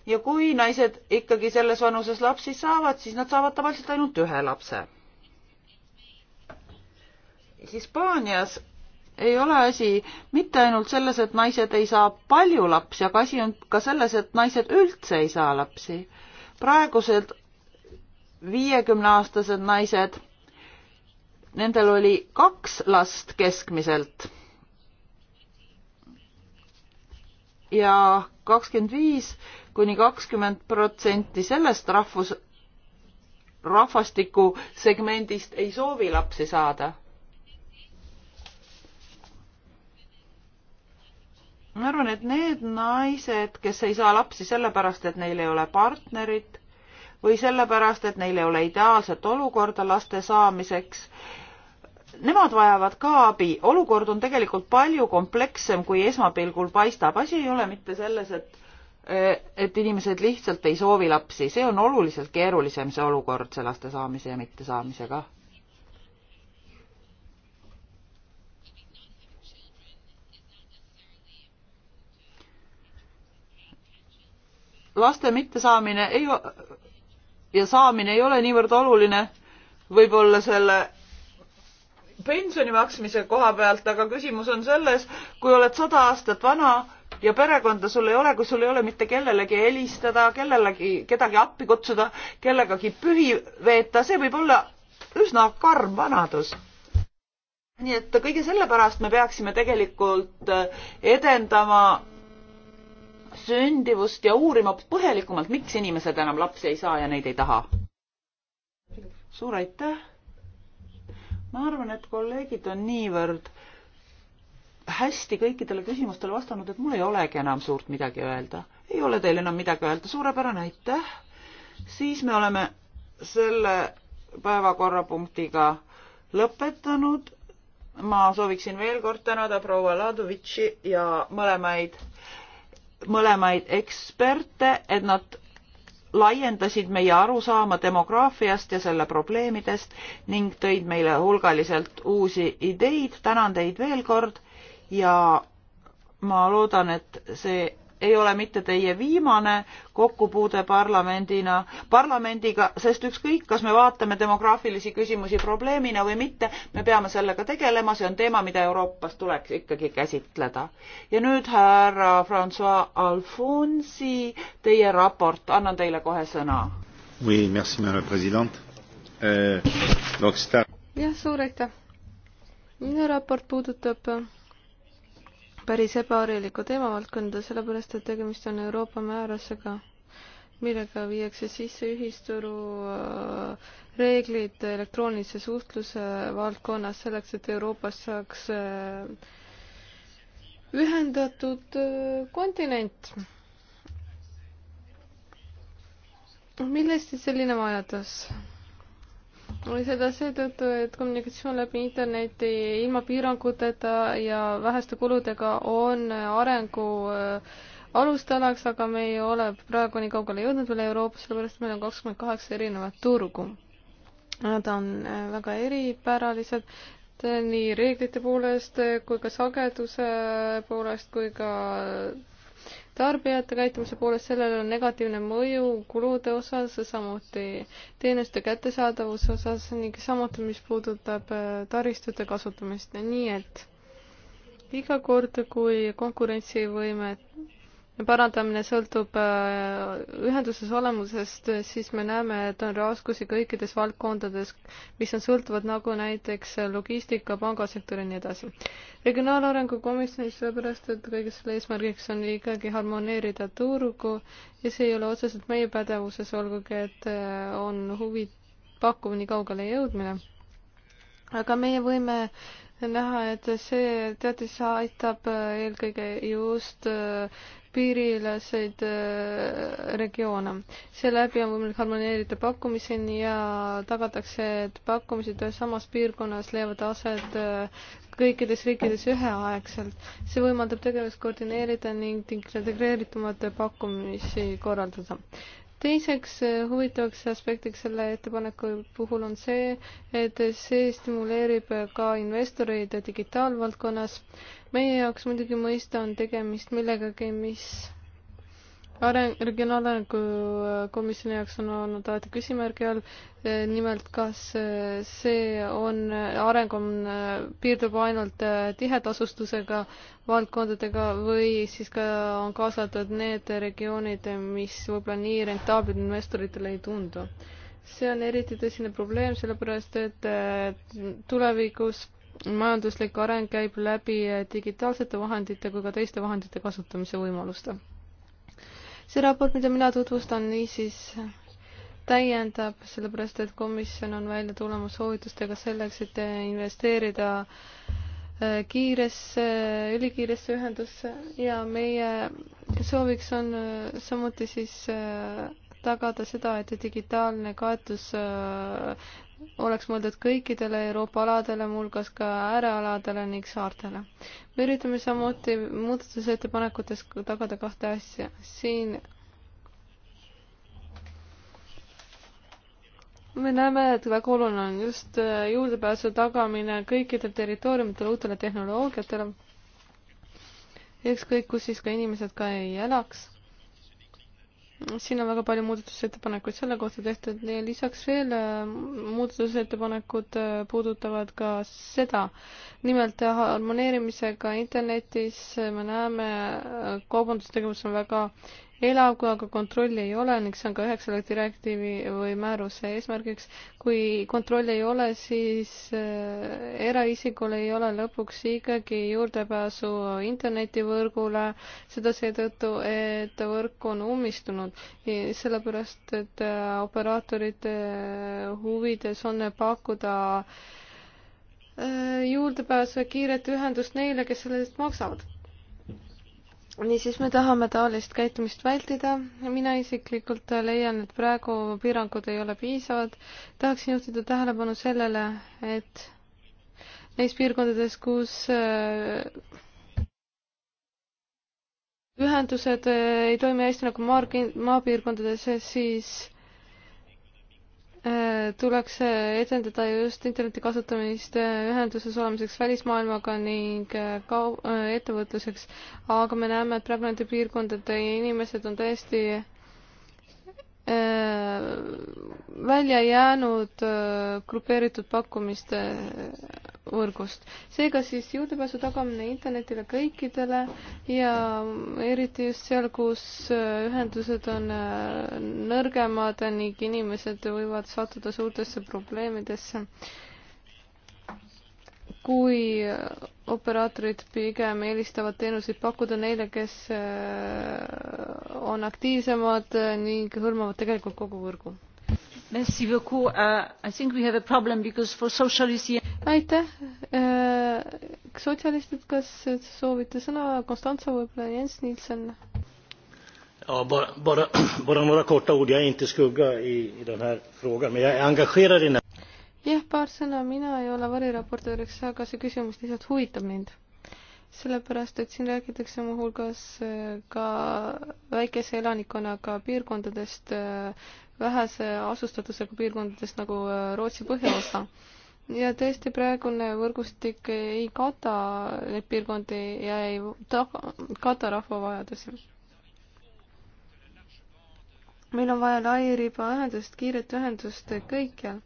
ja kui naised ikkagi selles vanuses lapsi saavad, siis nad saavad tavaliselt ainult ühe lapse. Hispaanias ei ole asi mitte ainult selles, et naised ei saa palju lapsi, aga asi on ka selles, et naised üldse ei saa lapsi. praegused viiekümneaastased naised nendel oli kaks last keskmiselt. ja kakskümmend viis kuni kakskümmend protsenti sellest rahvus, rahvastiku segmendist ei soovi lapsi saada. ma arvan, et need naised, kes ei saa lapsi sellepärast, et neil ei ole partnerit või sellepärast, et neil ei ole ideaalset olukorda laste saamiseks, nemad vajavad ka abi. olukord on tegelikult palju komplekssem, kui esmapilgul paistab. asi ei ole mitte selles, et eh, et inimesed lihtsalt ei soovi lapsi, see on oluliselt keerulisem, see olukord, see laste saamise ja mittesaamisega. laste mittesaamine ei ja saamine ei ole niivõrd oluline võib-olla selle pensioni maksmise koha pealt, aga küsimus on selles, kui oled sada aastat vana ja perekonda sul ei ole, kui sul ei ole mitte kellelegi helistada, kellelegi, kedagi appi kutsuda, kellegagi pühi veeta, see võib olla üsna karm vanadus. nii et kõige selle pärast me peaksime tegelikult äh, edendama sündivust ja uurima põhjalikumalt, miks inimesed enam lapsi ei saa ja neid ei taha. suur aitäh ma arvan, et kolleegid on niivõrd hästi kõikidele küsimustele vastanud, et mul ei olegi enam suurt midagi öelda. ei ole teil enam midagi öelda, suurepärane, aitäh. siis me oleme selle päevakorrapunktiga lõpetanud. ma sooviksin veel kord tänada proua Ladovitši ja mõlemaid, mõlemaid eksperte, et nad laiendasid meie arusaama demograafiast ja selle probleemidest ning tõid meile hulgaliselt uusi ideid. tänan teid veel kord ja ma loodan, et see ei ole mitte teie viimane kokkupuude parlamendina, parlamendiga, sest ükskõik, kas me vaatame demograafilisi küsimusi probleemina või mitte, me peame sellega tegelema, see on teema, mida Euroopas tuleks ikkagi käsitleda. ja nüüd härra Francois Alfonsi, teie raport, annan teile kohe sõna. Euh, jah, suur aitäh. minu raport puudutab päris ebahariliku teemavaldkonda, sellepärast et tegemist on Euroopa määrusega, millega viiakse sisse ühisturu äh, reeglid elektroonilise suhtluse valdkonnas selleks, et Euroopas saaks äh, ühendatud äh, kontinent. millest siis selline vajadus? seda seetõttu, et kommunikatsioon läbi interneti ilma piiranguteta ja väheste kuludega on arengu äh, alustalaks, aga me ei ole praegu nii kaugele jõudnud veel Euroopas, sellepärast meil on kakskümmend kaheksa erinevat turgu. Nad on äh, väga eripäralised nii reeglite poolest kui ka sageduse poolest kui ka tarbijate käitumise poolest, sellel on negatiivne mõju kulude osas, samuti teenuste kättesaadavuse osas ning samuti, mis puudutab äh, taristute kasutamist, nii et iga kord, kui konkurentsivõimet parandamine sõltub äh, ühenduses olemusest, siis me näeme, et on raskusi kõikides valdkondades, mis on sõltuvad, nagu näiteks logistika, pangasektor ja nii edasi. regionaalarengu komisjonis sellepärast, et kõige selle eesmärgiks on ikkagi harmoneerida turgu ja see ei ole otseselt meie pädevuses, olgugi et äh, on huvi pakkuv nii kaugele jõudmine. aga meie võime näha, et see teatis aitab äh, eelkõige just piiriüleseid äh, regioone. seeläbi on võimalik harmoneerida pakkumiseni ja tagatakse, et pakkumised ühes samas piirkonnas leiavad aset äh, kõikides riikides üheaegselt. see võimaldab tegevust koordineerida ning integreeritumate pakkumisi korraldada teiseks eh, huvitavaks aspektiks selle ettepaneku puhul on see, et see stimuleerib ka investoreid digitaalvaldkonnas. meie jaoks muidugi mõista on tegemist millegagi, mis areng, regionaalarengu äh, komisjoni jaoks on olnud alati küsimärgi all, äh, nimelt kas äh, see on, areng on, piirdub ainult tihetasustusega valdkondadega või siis ka on kaasatud need regioonid, mis võib-olla nii rentaablid investoritele ei tundu. see on eriti tõsine probleem, sellepärast et tulevikus majanduslik areng käib läbi digitaalsete vahendite kui ka teiste vahendite kasutamise võimaluste see raport, mida mina tutvustan, niisiis täiendab, sellepärast et komisjon on välja tulemas soovitustega selleks, et investeerida äh, kiiresse, ülikiiresse ühendusse ja meie sooviks on äh, samuti siis äh, tagada seda, et digitaalne kaetus oleks mõeldud kõikidele Euroopa aladele, muuhulgas ka äärealadele ning saartele. me üritame samuti muudatusettepanekutes tagada kahte asja. siin me näeme, et väga oluline on just äh, juurdepääsu tagamine kõikidel territooriumitel uutele tehnoloogiatele. ükskõik, kus siis ka inimesed ka ei elaks siin on väga palju muudatusettepanekuid selle kohta tehtud ja lisaks veel äh, muudatusettepanekud äh, puudutavad ka seda. nimelt äh, harmoneerimisega internetis me näeme, kaubandustegevus on väga elav, kui aga kontrolli ei ole ning see on ka üheksale direktiivi või määruse eesmärgiks. kui kontrolli ei ole, siis äh, eraisikul ei ole lõpuks ikkagi juurdepääsu internetivõrgule, seda seetõttu, et võrk on ummistunud. sellepärast, et äh, operaatorite äh, huvides on pakkuda juurdepääsu ja kiiret ühendust neile, kes selle eest maksavad niisiis, me tahame taolist käitumist vältida. mina isiklikult leian, et praegu piirangud ei ole piisavad. tahaksin juhtida tähelepanu sellele, et neis piirkondades, kus äh, ühendused äh, ei toimi hästi nagu maapiirkondades, siis Äh, tuleks äh, edendada just interneti kasutamist äh, ühenduses olemiseks välismaailmaga ning kau-, ettevõtluseks, aga me näeme, et praegu nende piirkondade inimesed on täiesti välja jäänud grupeeritud pakkumiste võrgust. seega siis juurdepääsu tagamine internetile kõikidele ja eriti just seal, kus äh, ühendused on äh, nõrgemad ning inimesed võivad sattuda suurtesse probleemidesse, kui äh, operaatorid pigem eelistavad teenuseid pakkuda neile, kes on aktiivsemad ning hõlmavad tegelikult kogu võrgu Uh, aitäh uh, sotsialistid kas soovite sõna Konstantsa võibolla Jens Nilsson Ja, bara, bara, bara några korta ord. Jag är inte skugga i, i den här frågan, men jag är engagerad i den. jah, paar sõna, mina ei ole variraportööriks, aga see küsimus lihtsalt huvitab mind. sellepärast, et siin räägitakse muuhulgas äh, ka väikese elanikkonnaga piirkondadest äh, vähese asustatusega piirkondadest nagu äh, Rootsi põhjaosa. ja tõesti, praegune võrgustik ei kata neid piirkondi ja ei taga, kata rahva vajadusi. meil on vaja lairibaühendust, kiiret ühendust kõikjal.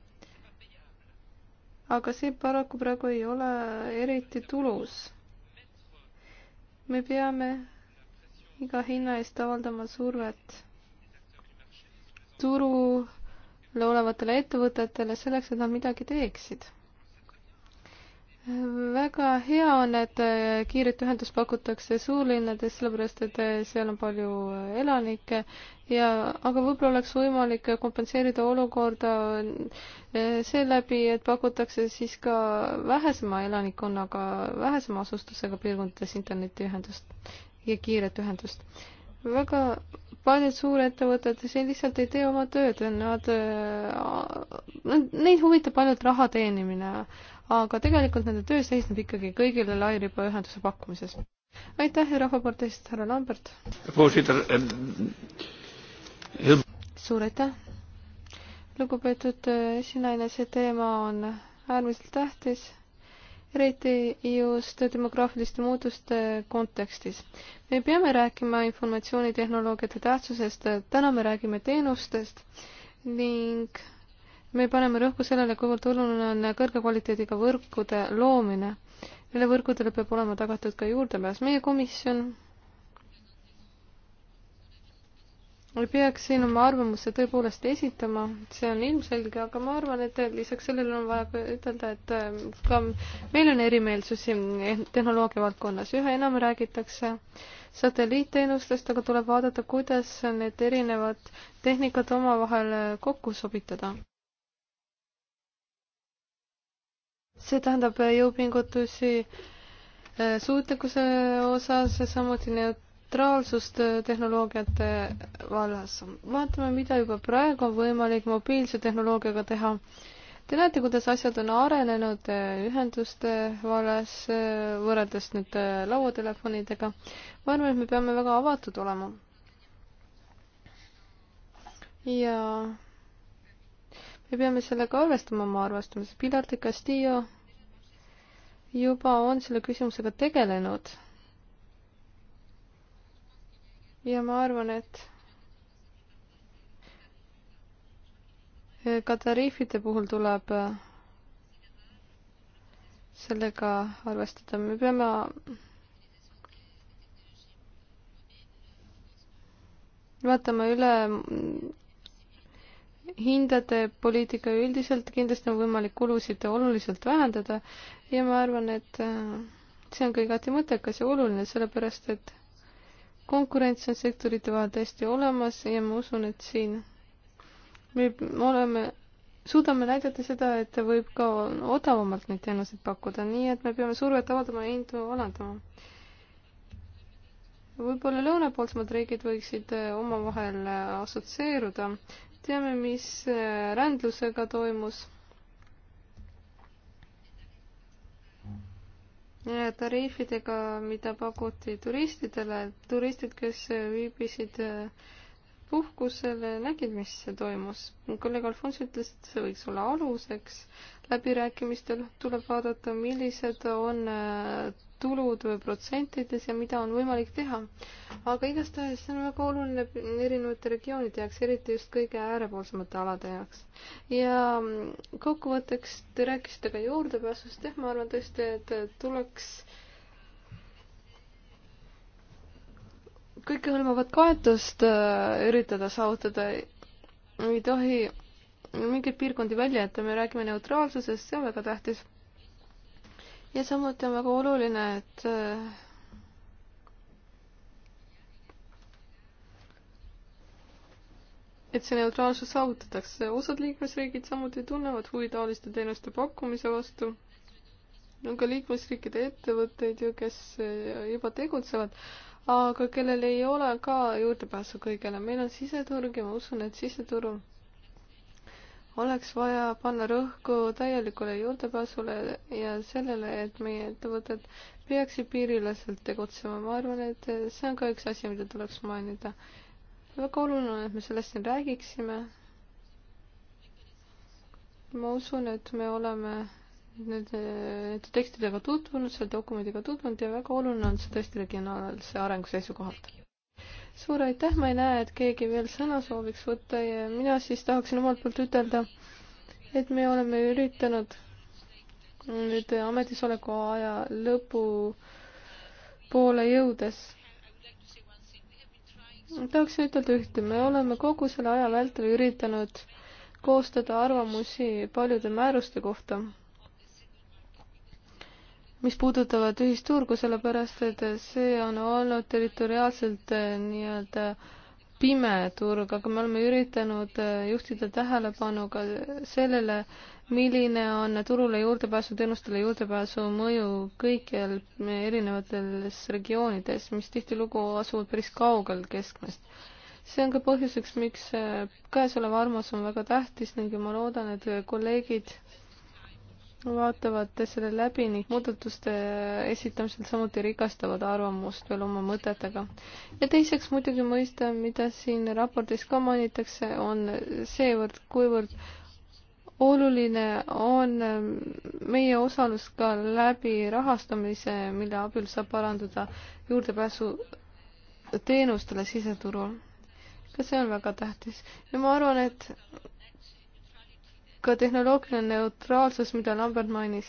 aga see paraku praegu ei ole eriti tulus. me peame iga hinna eest avaldama survet turul olevatele ettevõtetele selleks, et nad midagi teeksid. väga hea on, et äh, kiiret ühendust pakutakse suurlinnades, sellepärast et äh, seal on palju äh, elanikke ja, aga võib-olla oleks võimalik kompenseerida olukorda seeläbi, et pakutakse siis ka vähesema elanikkonnaga, vähesema asustusega piirkondades internetiühendust ja kiiret ühendust. väga paljud suurettevõtted siin lihtsalt ei tee oma tööd, nad, äh, neid huvitab ainult raha teenimine, aga tegelikult nende töö seisneb ikkagi kõigile lairibaühenduse pakkumises. aitäh Rahvaparteist, härra Lambert! Ehm, suur aitäh! lugupeetud äh, esinaine, see teema on äärmiselt tähtis eriti just demograafiliste muutuste kontekstis. me peame rääkima informatsioonitehnoloogiate tähtsusest, täna me räägime teenustest ning me paneme rõhku sellele, kuivõrd oluline on kõrge kvaliteediga võrkude loomine. Neile võrkudele peab olema tagatud ka juurdepääs. meie komisjon peaks siin oma arvamuse tõepoolest esitama, see on ilmselge, aga ma arvan, et lisaks sellele on vaja ka ütelda, et äh, ka meil on erimeelsusi tehnoloogia valdkonnas, üha enam räägitakse satelliitteenustest, aga tuleb vaadata, kuidas need erinevad tehnikad omavahel äh, kokku sobitada. see tähendab jõupingutusi äh, suutlikkuse osas, samuti need neutraalsust äh, tehnoloogiate vallas. vaatame, mida juba praegu on võimalik mobiilse tehnoloogiaga teha. Te näete, kuidas asjad on arenenud äh, ühenduste vallas äh, võrreldes nüüd lauatelefonidega. ma arvan, et me peame väga avatud olema. ja me peame sellega arvestama oma arvestuses. Pilar de Castillo juba on selle küsimusega tegelenud ja ma arvan, et ka tariifide puhul tuleb äh, sellega arvestada, me peame vaatame üle mm, hindade poliitika üldiselt, kindlasti on võimalik kulusid oluliselt vähendada ja ma arvan, et äh, see on ka igati mõttekas ja oluline, sellepärast et konkurents on sektorite vahel täiesti olemas ja ma usun, et siin me oleme, suudame näidata seda, et võib ka odavamalt neid teenuseid pakkuda, nii et me peame survet avaldama ja hindu alandama. võib-olla lõunapoolsemad riigid võiksid äh, omavahel äh, assotsieeruda. teame, mis äh, rändlusega toimus tariifidega, mida pakuti turistidele, turistid, kes viibisid äh, puhkusel, äh, nägid, mis toimus. kolleeg Alfons ütles, et see võiks olla aluseks. läbirääkimistel tuleb vaadata, millised on äh, tulud või protsentides ja mida on võimalik teha. aga igastahes see on väga oluline erinevate regioonide jaoks, eriti just kõige äärepoolsemate alade jaoks. ja kokkuvõtteks te rääkisite ka juurdepääsust, jah, ma arvan tõesti, et tuleks kõikehõlmavat kaetust äh, üritada saavutada, ei tohi mingeid piirkondi välja jätta, me räägime neutraalsusest, see on väga tähtis ja samuti on väga oluline, et et see neutraalsus saavutatakse. osad liikmesriigid samuti tunnevad huvi taoliste teenuste pakkumise vastu. on ka liikmesriikide ettevõtteid ju, kes eh, juba tegutsevad, aga kellel ei ole ka juurdepääsu kõigele. meil on siseturg ja ma usun, et siseturul oleks vaja panna rõhku täielikule juurdepääsule ja sellele, et meie ettevõtted peaksid piiriüleselt tegutsema. ma arvan, et see on ka üks asi, mida tuleks mainida. väga oluline on, et me sellest siin räägiksime. ma usun, et me oleme nende, eh, nende tekstidega tutvunud, selle dokumendiga tutvunud ja väga oluline on see tõesti regionaalse arengu seisukohalt suur aitäh, ma ei näe, et keegi veel sõna sooviks võtta ja mina siis tahaksin omalt poolt ütelda, et me oleme üritanud nüüd ametisoleku aja lõpu poole jõudes tahaksin ütelda ühte, me oleme kogu selle aja vältel üritanud koostada arvamusi paljude määruste kohta mis puudutavad ühisturgu, sellepärast et see on olnud territoriaalselt eh, nii-öelda pime turg, aga me oleme üritanud eh, juhtida tähelepanu ka sellele, milline on turule juurdepääsu, teenustele juurdepääsu mõju kõikjal erinevates regioonides, mis tihtilugu asuvad päris kaugel keskmest. see on ka põhjuseks, miks eh, käesolev armas on väga tähtis ning ma loodan, et kolleegid vaatavad selle läbi ning muudatuste esitamisel samuti rikastavad arvamust veel oma mõtetega. ja teiseks muidugi mõista, mida siin raportis ka mainitakse, on seevõrd, kuivõrd oluline on ähm, meie osalus ka läbi rahastamise, mille abil saab parandada juurdepääsu teenustele siseturul. ka see on väga tähtis ja ma arvan, et ka tehnoloogiline neutraalsus, mida Lambert mainis.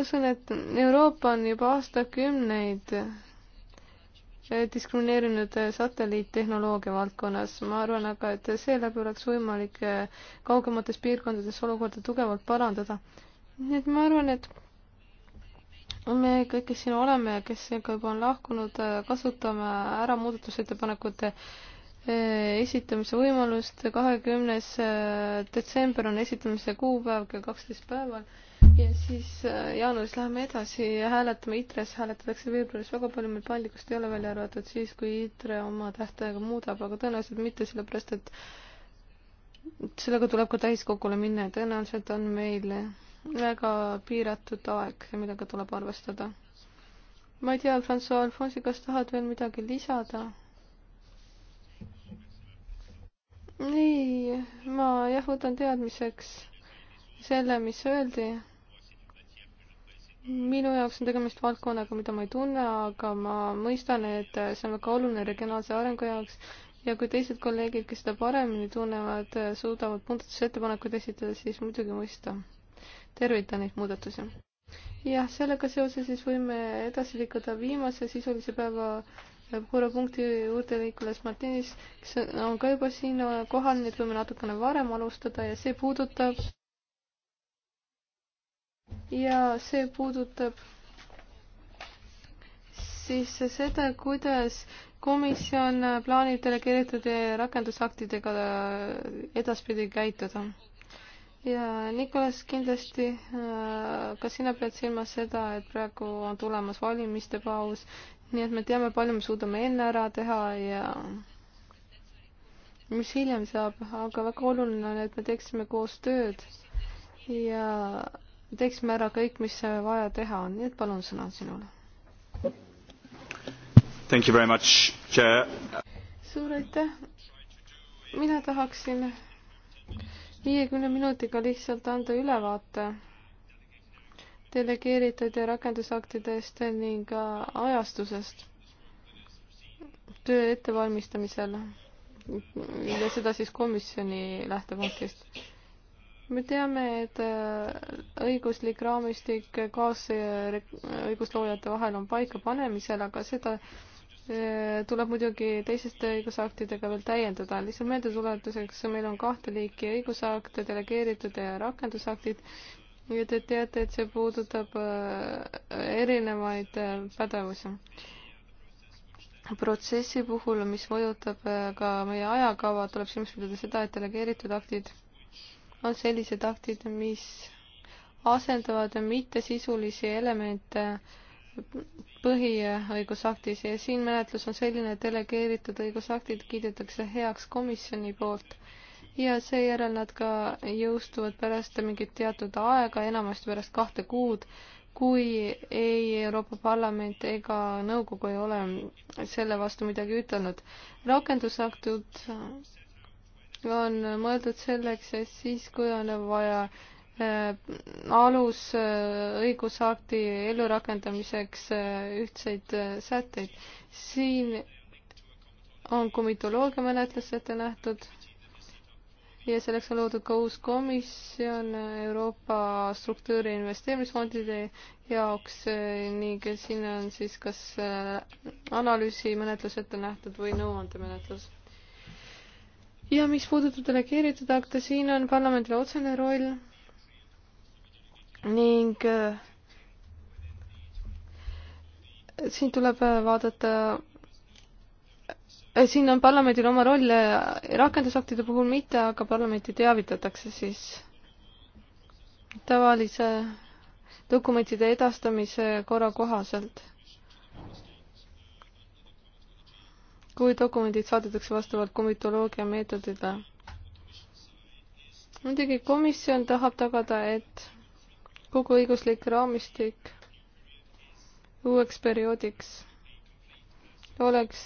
usun, et Euroopa on juba aastakümneid eh, diskrimineerinud eh, satelliittehnoloogia valdkonnas. ma arvan aga, et seeläbi oleks võimalik eh, kaugemates piirkondades olukorda tugevalt parandada. nii et ma arvan, et me kõik, kes siin oleme ja kes ka juba on lahkunud, kasutame ära muudatusettepanekute Äh, esitamise võimalust, kahekümnes äh, detsember on esitamise kuupäev kell kaksteist päeval ja siis äh, jaanuaris läheme edasi ja hääletame ITRE-s, hääletatakse veebruaris, väga palju meil paindlikkust ei ole välja arvatud siis, kui ITRE oma tähtaega muudab, aga tõenäoliselt mitte, sellepärast et sellega tuleb ka täiskogule minna ja tõenäoliselt on meil väga piiratud aeg, millega tuleb arvestada. ma ei tea, Francois Alfonsi, kas tahad veel midagi lisada? ei, ma jah, võtan teadmiseks selle, mis öeldi. minu jaoks on tegemist valdkonnaga, mida ma ei tunne, aga ma mõistan, et see on väga oluline regionaalse arengu jaoks ja kui teised kolleegid, kes seda paremini tunnevad, suudavad muudatusettepanekuid esitada, siis muidugi mõista. tervitan neid muudatusi. jah, sellega seoses siis võime edasi liikuda viimase sisulise päeva korrapunkti juurde Nikolas Martinis, kes on ka juba siin kohal, nii et võime natukene varem alustada ja see puudutab ja see puudutab siis seda, kuidas komisjon plaanib delegeeritud rakendusaktidega edaspidi käituda. ja Nikolas, kindlasti äh, ka sina pead silmas seda, et praegu on tulemas valimiste paus nii et me teame, palju me suudame enne ära teha ja mis hiljem saab, aga väga oluline on, et me teeksime koos tööd ja teeksime ära kõik, mis vaja teha on, nii et palun sõna sinule. Thank you very much, chair. suur aitäh. mina tahaksin viiekümne minutiga lihtsalt anda ülevaate delegeeritud ja rakendusaktidest ning ajastusest töö ettevalmistamisel ja seda siis komisjoni lähtepunktist. me teame, et äh, õiguslik raamistik kaasõigusloojate vahel on paikapanemisel, aga seda äh, tuleb muidugi teiseste õigusaktidega veel täiendada. lihtsalt meeldetuletuseks, meil on kahte liiki õigusakte, delegeeritud ja rakendusaktid ja te teate, et see puudutab äh, erinevaid äh, pädevusi. protsessi puhul, mis mõjutab äh, ka meie ajakava, tuleb silmas pidada seda, et delegeeritud aktid on sellised aktid, mis asendavad mittesisulisi elemente põhiõigusaktis ja siin menetlus on selline, et delegeeritud õigusaktid kiidetakse heaks komisjoni poolt ja seejärel nad ka jõustuvad pärast mingit teatud aega, enamasti pärast kahte kuud, kui ei Euroopa Parlament ega nõukogu ei ole selle vastu midagi ütelnud. rakendusaktid on mõeldud selleks, et siis, kui on vaja äh, alus äh, õigusakti ellurakendamiseks äh, ühtseid sätteid. siin on komitoloogia menetlus ette nähtud ja selleks on loodud ka uus komisjon Euroopa struktuuri investeerimisfondide jaoks eh, ning sinna on siis kas eh, analüüsimenetlus ette nähtud või nõuandemenetlus. ja mis puudutab delegeeritud akte, siin on parlamendil otsene roll ning eh, siin tuleb vaadata Äh, siin on parlamendil oma roll äh, rakendusaktide puhul mitte, aga parlamenti teavitatakse siis tavalise dokumentide edastamise korra kohaselt. kui dokumendid saadetakse vastavalt komitoloogia meetodile. muidugi komisjon tahab tagada, et kogu õiguslik raamistik uueks perioodiks oleks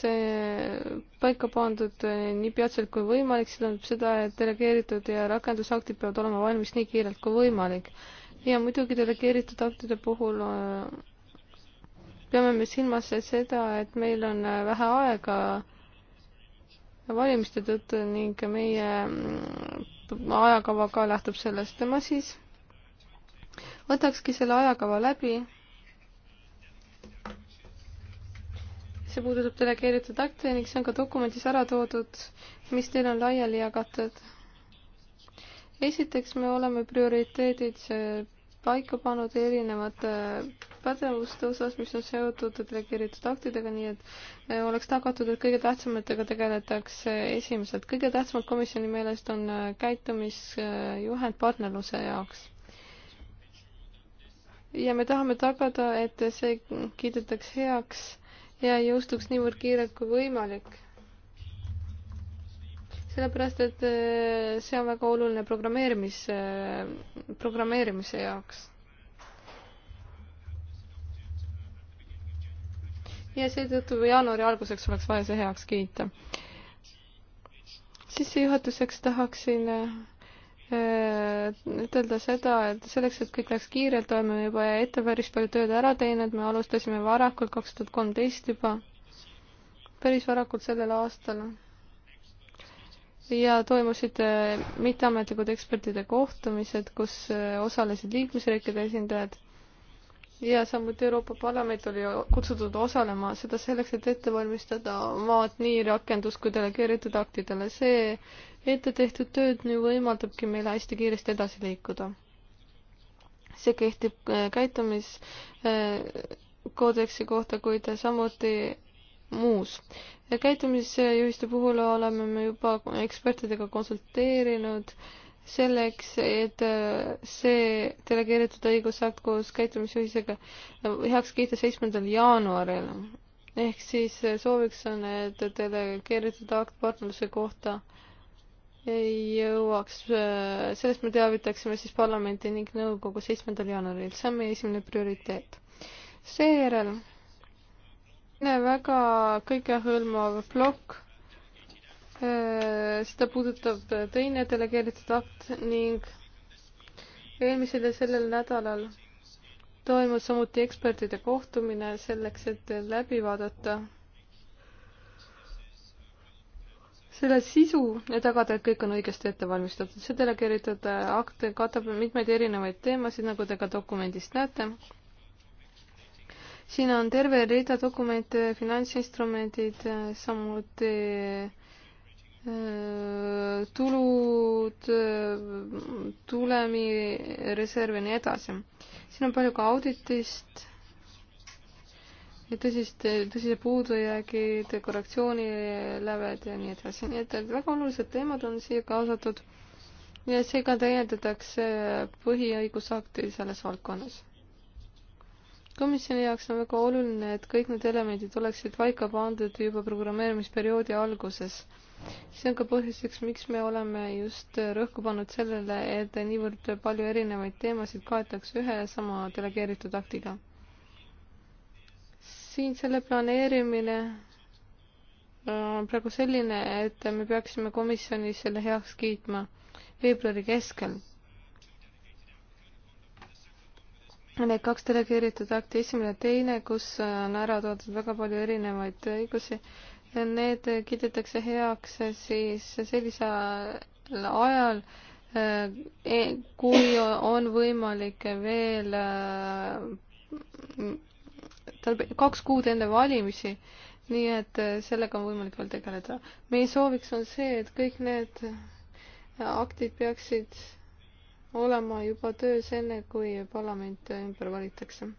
paika pandud eh, nii peatselt kui võimalik, see tähendab seda, et delegeeritud ja rakendusaktid peavad olema valmis nii kiirelt kui võimalik. ja muidugi delegeeritud aktide puhul eh, peame me silmas seda, et meil on eh, vähe aega valimiste tõttu ning meie mm, ajakava ka lähtub sellest. ma siis võtakski selle ajakava läbi see puudutab delegeeritud akte ning see on ka dokumendis ära toodud, mis teil on laiali jagatud. esiteks me oleme prioriteedid paika pannud erinevate pädevuste osas, mis on seotud delegeeritud aktidega, nii et eh, oleks tagatud, et kõige tähtsamatega tegeletakse esimesed. kõige tähtsamad komisjoni meelest on eh, käitumisjuhend partnerluse jaoks ja me tahame tagada, et see kiidetakse heaks ja jõustuks niivõrd kiirelt kui võimalik. sellepärast, et äh, see on väga oluline programmeerimise, äh, programmeerimise jaoks. ja seetõttu jaanuari alguseks oleks vaja see heaks kiita. sissejuhatuseks tahaksin äh, ütelda äh, seda, et selleks, et kõik läks kiirelt, oleme juba ette päris palju tööd ära teinud, me alustasime varakult, kaks tuhat kolmteist juba, päris varakult sellel aastal. ja toimusid äh, mitteametlikud ekspertide kohtumised, kus äh, osalesid liikmesriikide esindajad ja samuti Euroopa Parlament oli kutsutud osalema, seda selleks, et ette valmistada maad nii rakendus- kui delegeeritud aktidele. see ette tehtud tööd nüüd võimaldabki meil hästi kiiresti edasi liikuda. see kehtib äh, käitumiskoodeksi äh, kohta, kuid samuti muus. käitumisjuhiste puhul oleme me juba ekspertidega konsulteerinud selleks, et äh, see delegeeritud õigusakt koos käitumisjuhisega heaks kiita seitsmendal jaanuaril. ehk siis sooviks on, et delegeeritud akt partnerluse kohta äh, jõuaks, äh, sellest me teavitaksime siis parlamenti ning nõukogu seitsmendal jaanuaril, see on meie esimene prioriteet. seejärel väga kõigehõlmav plokk, äh, seda puudutab teine delegeeritud akt ning eelmisel ja sellel nädalal toimus samuti ekspertide kohtumine selleks, et läbi vaadata selle sisu ja tagada, et kõik on õigesti ette valmistatud. see delegeeritud akt katab mitmeid erinevaid teemasid, nagu te ka dokumendist näete. siin on terve rida dokumente, finantsinstrumendid, samuti äh, tulud, äh, tulemi, reserv ja nii edasi. siin on palju ka auditist tõsist, tõsise puudujäägi, dekoratsiooniläved ja nii edasi, nii et väga olulised teemad on siia kaasatud ja seega täiendatakse põhiõigusakti selles valdkonnas. komisjoni jaoks on väga oluline, et kõik need elemendid oleksid paika pandud juba programmeerimisperioodi alguses. see on ka põhjuseks, miks me oleme just rõhku pannud sellele, et niivõrd palju erinevaid teemasid kaetakse ühe ja sama delegeeritud aktiga siin selle planeerimine äh, on praegu selline, et me peaksime komisjonis selle heaks kiitma veebruari keskel. Need kaks delegeeritud akti, esimene ja teine, kus on ära toodud väga palju erinevaid õigusi, need kiidetakse heaks siis sellisel ajal, äh, kui on võimalik veel äh, tal kaks kuud enne valimisi, nii et äh, sellega on võimalik veel tegeleda. meie sooviks on see, et kõik need äh, aktid peaksid olema juba töös enne, kui parlament ümber valitakse.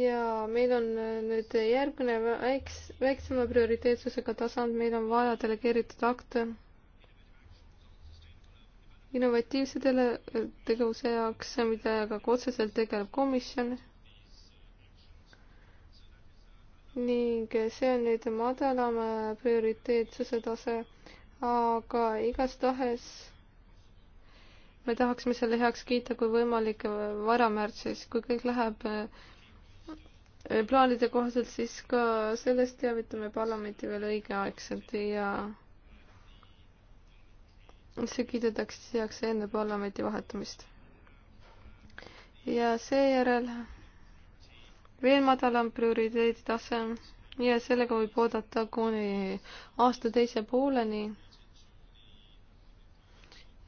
ja meil on äh, nüüd järgmine väiks-, väiksema prioriteetsusega tasand, meil on vaja delegeeritud akte innovatiivsetele äh, tegevuse jaoks, millega ka otseselt tegeleb komisjon. ning see on nüüd madalam prioriteetsuse tase, aga igastahes me tahaksime selle heaks kiita, kui võimalik varamärtsis, kui kõik läheb äh, plaanide kohaselt, siis ka sellest teavitame parlamenti veel õigeaegselt ja see kiidetakse heaks enne parlamendi vahetamist. ja seejärel veel madalam prioriteedi tase ja sellega võib oodata kuni aasta teise pooleni.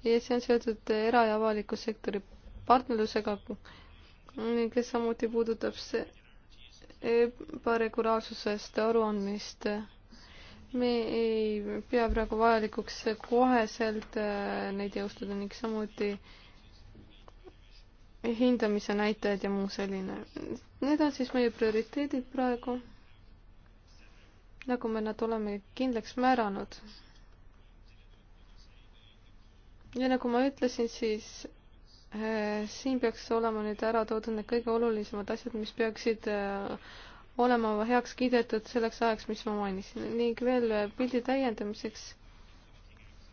ja see on seotud era- ja avaliku sektori partnerlusega, kes samuti puudutab see ebaregulaarsusest aruandmist me ei pea praegu vajalikuks koheselt äh, neid jõustada ning samuti hindamise näitajad ja muu selline. Need on siis meie prioriteedid praegu, nagu me nad oleme kindlaks määranud. ja nagu ma ütlesin, siis äh, siin peaks olema nüüd ära toodud need kõige olulisemad asjad, mis peaksid äh, olema heaks kiidetud selleks ajaks, mis ma mainisin ning veel pildi täiendamiseks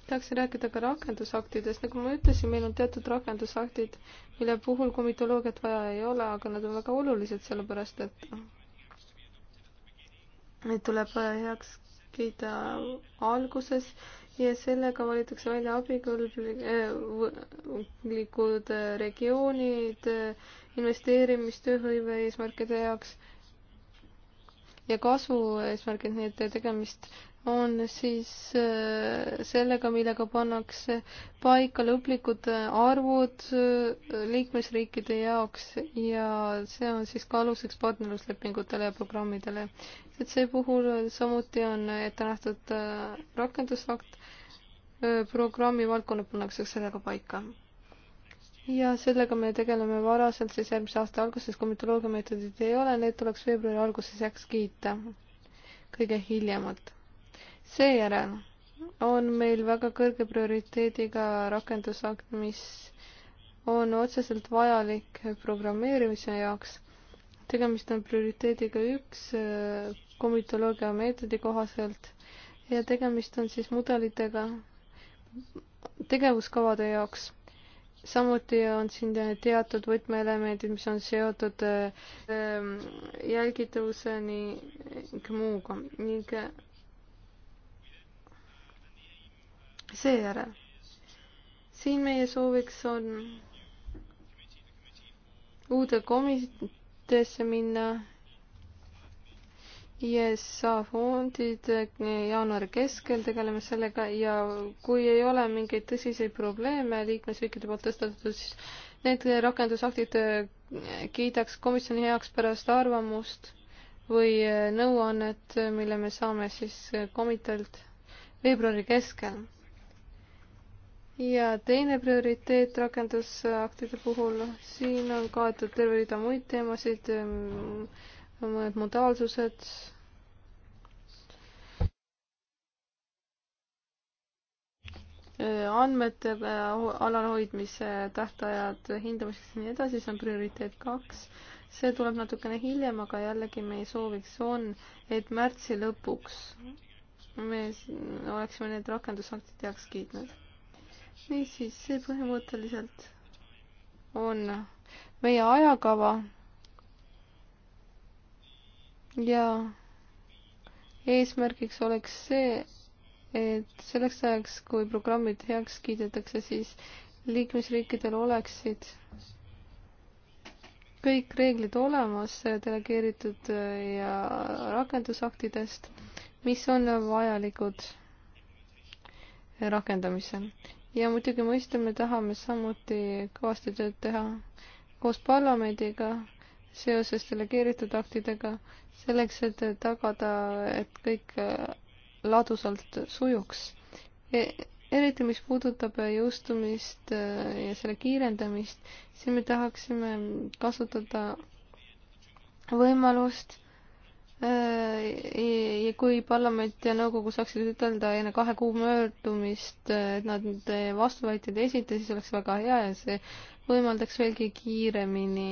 tahaksin rääkida ka rakendusaktidest, nagu ma ütlesin, meil on teatud rakendusaktid, mille puhul komitoloogiat vaja ei ole, aga nad on väga olulised, sellepärast et need tuleb heaks kiida alguses ja sellega valitakse välja abikõlblikud regioonid investeerimistööhõive eesmärkide jaoks ja kasu eesmärgid, nii et tegemist on siis äh, sellega, millega pannakse paika lõplikud äh, arvud äh, liikmesriikide jaoks ja see on siis ka aluseks partnerluslepingutele ja programmidele. et see puhul samuti on ette nähtud rakendusakt, programmi valdkonnad pannakse sellega paika ja sellega me tegeleme varaselt, siis järgmise aasta alguses, komitoloogiameetodid ei ole, need tuleks veebruari alguses heaks kiita, kõige hiljemalt. seejärel on meil väga kõrge prioriteediga rakendusakt, mis on otseselt vajalik programmeerimise jaoks. tegemist on prioriteediga üks äh, komitoloogiameetodi kohaselt ja tegemist on siis mudelitega tegevuskavade jaoks samuti on siin teatud võtmeelemendid, mis on seotud ähm, jälgitavuse ning muuga ning seejärel siin meie sooviks on uude komiteesse minna ISA fondid eh, jaanuari keskel tegeleme sellega ja kui ei ole mingeid tõsiseid probleeme liikmesriikide poolt tõstatatud, siis need rakendusaktid eh, kiidaks komisjoni heaks pärast arvamust või eh, nõuannet, mille me saame siis komiteelt veebruari keskel. ja teine prioriteet rakendusaktide puhul, siin on kaetud terve rida muid teemasid mm, mõned modaalsused. Äh, andmete äh, alal hoidmise tähtajad hindamiseks ja nii edasi, see on prioriteet kaks. see tuleb natukene hiljem, aga jällegi meie sooviks on, et märtsi lõpuks me oleksime need rakendusaktid heaks kiitnud. niisiis, see põhimõtteliselt on meie ajakava ja eesmärgiks oleks see, et selleks ajaks, kui programmid heaks kiidetakse, siis liikmesriikidel oleksid kõik reeglid olemas delegeeritud ja rakendusaktidest, mis on vajalikud rakendamisel. ja muidugi mõista me tahame samuti kõvasti tööd teha koos parlamendiga seoses delegeeritud aktidega selleks, et tagada, et kõik äh, ladusalt sujuks e. eriti, mis puudutab jõustumist äh, ja selle kiirendamist, siis me tahaksime kasutada võimalust äh, ja kui parlament ja nõukogu saaksid ütelda enne kahe kuu möödumist, et nad vastuväiteid ei esita, siis oleks väga hea ja see võimaldaks veelgi kiiremini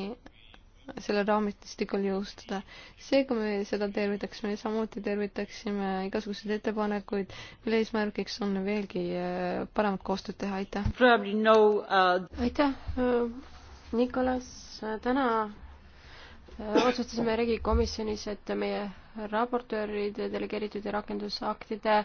sellel raamistikul jõustuda. seega me seda tervitaksime ja samuti tervitaksime igasuguseid ettepanekuid, mille eesmärgiks on veelgi äh, paremat koostööd teha, aitäh! No, uh... aitäh, äh, Nikolas, täna äh, otsustasime regikomisjonis, et meie raportööride delegeeritud ja rakendusaktide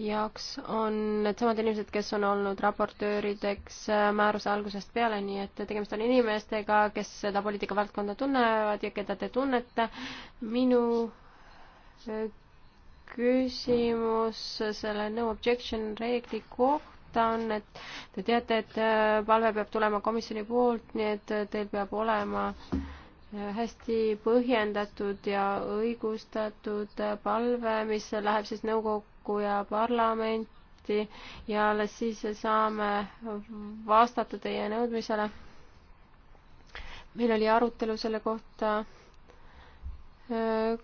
jaoks on needsamad inimesed, kes on olnud raportöörideks äh, määruse algusest peale, nii et tegemist on inimestega, kes seda poliitikavaldkonda tunnevad ja keda te tunnete. minu äh, küsimus selle no objection reegli kohta kohta on, et te teate, et äh, palve peab tulema komisjoni poolt, nii et teil peab olema äh, hästi põhjendatud ja õigustatud palve, mis läheb siis nõukokku ja parlamenti ja alles siis saame vastata teie nõudmisele. meil oli arutelu selle kohta äh,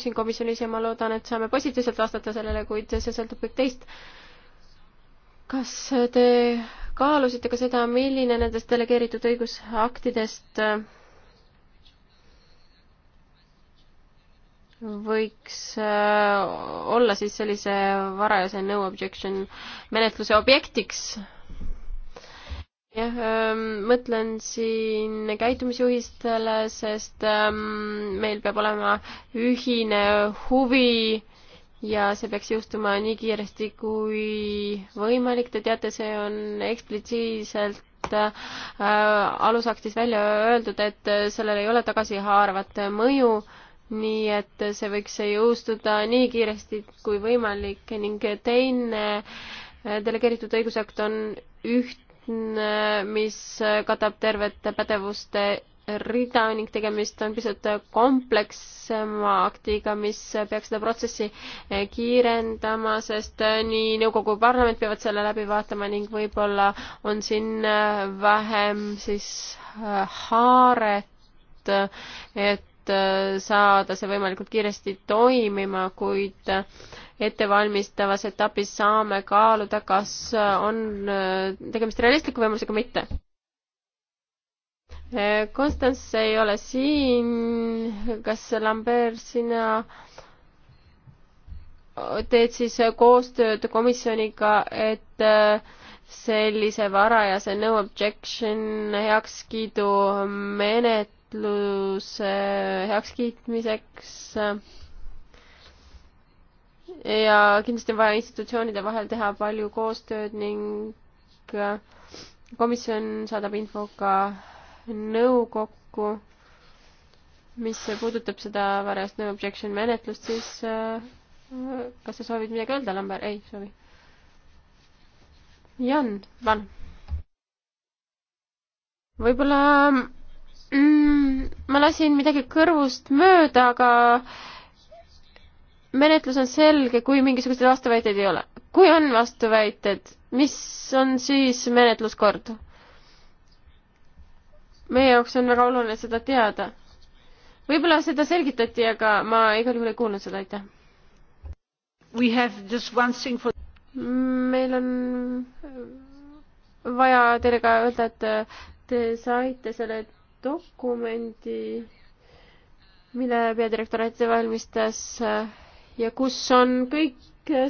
siin komisjonis ja ma loodan, et saame positiivselt vastata sellele, kuid see sõltub kõik teist. kas te kaalusite ka seda, milline nendest delegeeritud õigusaktidest äh, võiks äh, olla siis sellise varajase no objection menetluse objektiks. jah, ähm, mõtlen siin käitumisjuhistele, sest ähm, meil peab olema ühine huvi ja see peaks jõustuma nii kiiresti kui võimalik, te teate, see on eksplitsiitselt äh, alusaktis välja öeldud, et sellel ei ole tagasihaarvat mõju nii et see võiks jõustuda nii kiiresti kui võimalik ning teine äh, delegeeritud õigusakt on ühtne, mis katab tervete pädevuste rida ning tegemist on pisut komplekssema aktiga, mis peaks seda protsessi äh, kiirendama, sest äh, nii nõukogu kui parlament peavad selle läbi vaatama ning võib-olla on siin vähem siis haaret, et Äh, saada see võimalikult kiiresti toimima, kuid äh, ettevalmistavas etapis saame kaaluda, kas äh, on tegemist realistliku võimalusega või mitte. Konstants ei ole siin, kas Lambert, sina teed siis koostööd komisjoniga, et sellise varajase no objection heakskiidu menet-, taotluse heakskiitmiseks. ja kindlasti on vaja institutsioonide vahel teha palju koostööd ning komisjon saadab info ka nõukokku. mis puudutab seda varajast no objection menetlust, siis äh, kas sa soovid midagi öelda, Lamber? ei soovi. Jan, Van võib-olla mm,? ma lasin midagi kõrvust mööda, aga menetlus on selge, kui mingisuguseid vastuväiteid ei ole. kui on vastuväited, mis on siis menetluskord? meie jaoks on väga oluline seda teada. võib-olla seda selgitati, aga ma igal juhul ei kuulnud seda, aitäh. For... meil on vaja teile ka öelda, et te saite selle dokumendi, mille peadirektor ette valmistas ja kus on kõik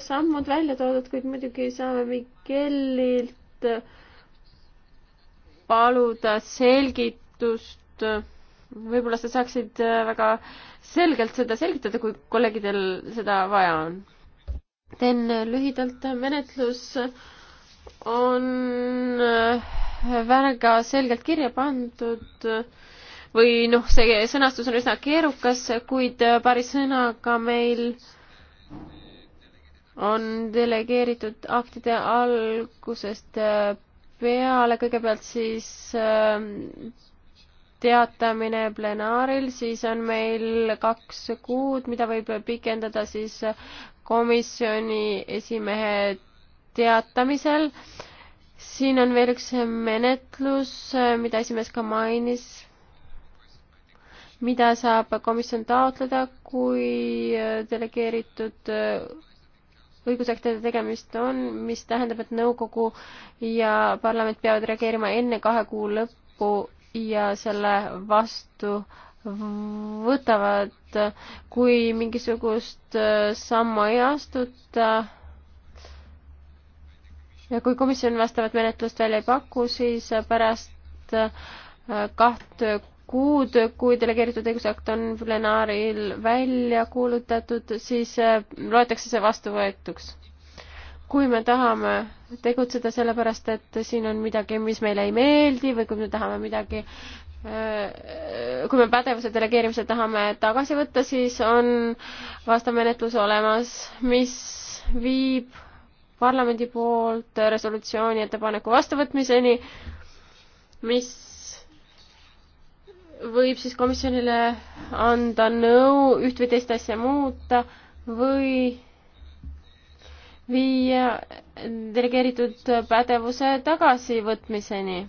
sammud välja toodud, kuid muidugi saame Mikellilt paluda selgitust. võib-olla sa saaksid väga selgelt seda selgitada, kui kolleegidel seda vaja on. teen lühidalt menetlus on väga selgelt kirja pandud või noh, see sõnastus on üsna keerukas, kuid paari sõnaga meil on delegeeritud aktide algusest peale, kõigepealt siis ähm, teatamine plenaaril, siis on meil kaks kuud, mida võib pikendada siis komisjoni esimehe teatamisel äh, siin on veel üks menetlus, mida esimees ka mainis, mida saab komisjon taotleda, kui delegeeritud õigusaktide tegemist on, mis tähendab, et nõukogu ja parlament peavad reageerima enne kahe kuu lõppu ja selle vastu võtavad, kui mingisugust sammu ei astuta ja kui komisjon vastavat menetlust välja ei paku, siis pärast äh, kaht kuud, kui delegeeritud õigusakt on plenaaril välja kuulutatud, siis äh, loetakse see vastuvõetuks. kui me tahame tegutseda sellepärast, et siin on midagi, mis meile ei meeldi või kui me tahame midagi äh, kui me pädevuse delegeerimise tahame tagasi võtta, siis on vastamenetlus olemas, mis viib parlamendi poolt resolutsiooni ettepaneku vastuvõtmiseni, mis võib siis komisjonile anda nõu üht või teist asja muuta või viia delegeeritud pädevuse tagasivõtmiseni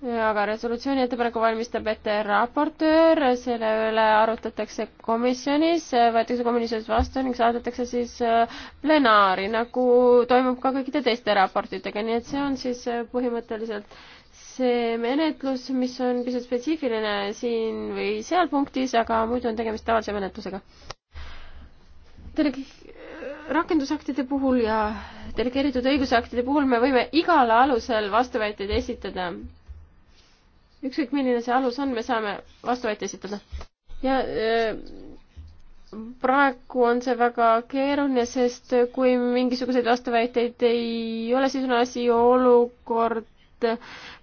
aga resolutsiooni ettepaneku valmistab ette raportöör, selle üle arutatakse komisjonis, võetakse komisjonis vastu ning saadetakse siis äh, plenaari, nagu toimub ka kõikide teiste raportitega, nii et see on siis äh, põhimõtteliselt see menetlus, mis on pisut spetsiifiline siin või seal punktis, aga muidu on tegemist tavalise menetlusega. Delege-, rakendusaktide puhul ja delegeeritud õigusaktide puhul me võime igale alusel vastuväiteid esitada ükskõik milline see alus on, me saame vastuväite esitada. ja äh, praegu on see väga keeruline, sest kui mingisuguseid vastuväiteid ei ole, siis on asi olukord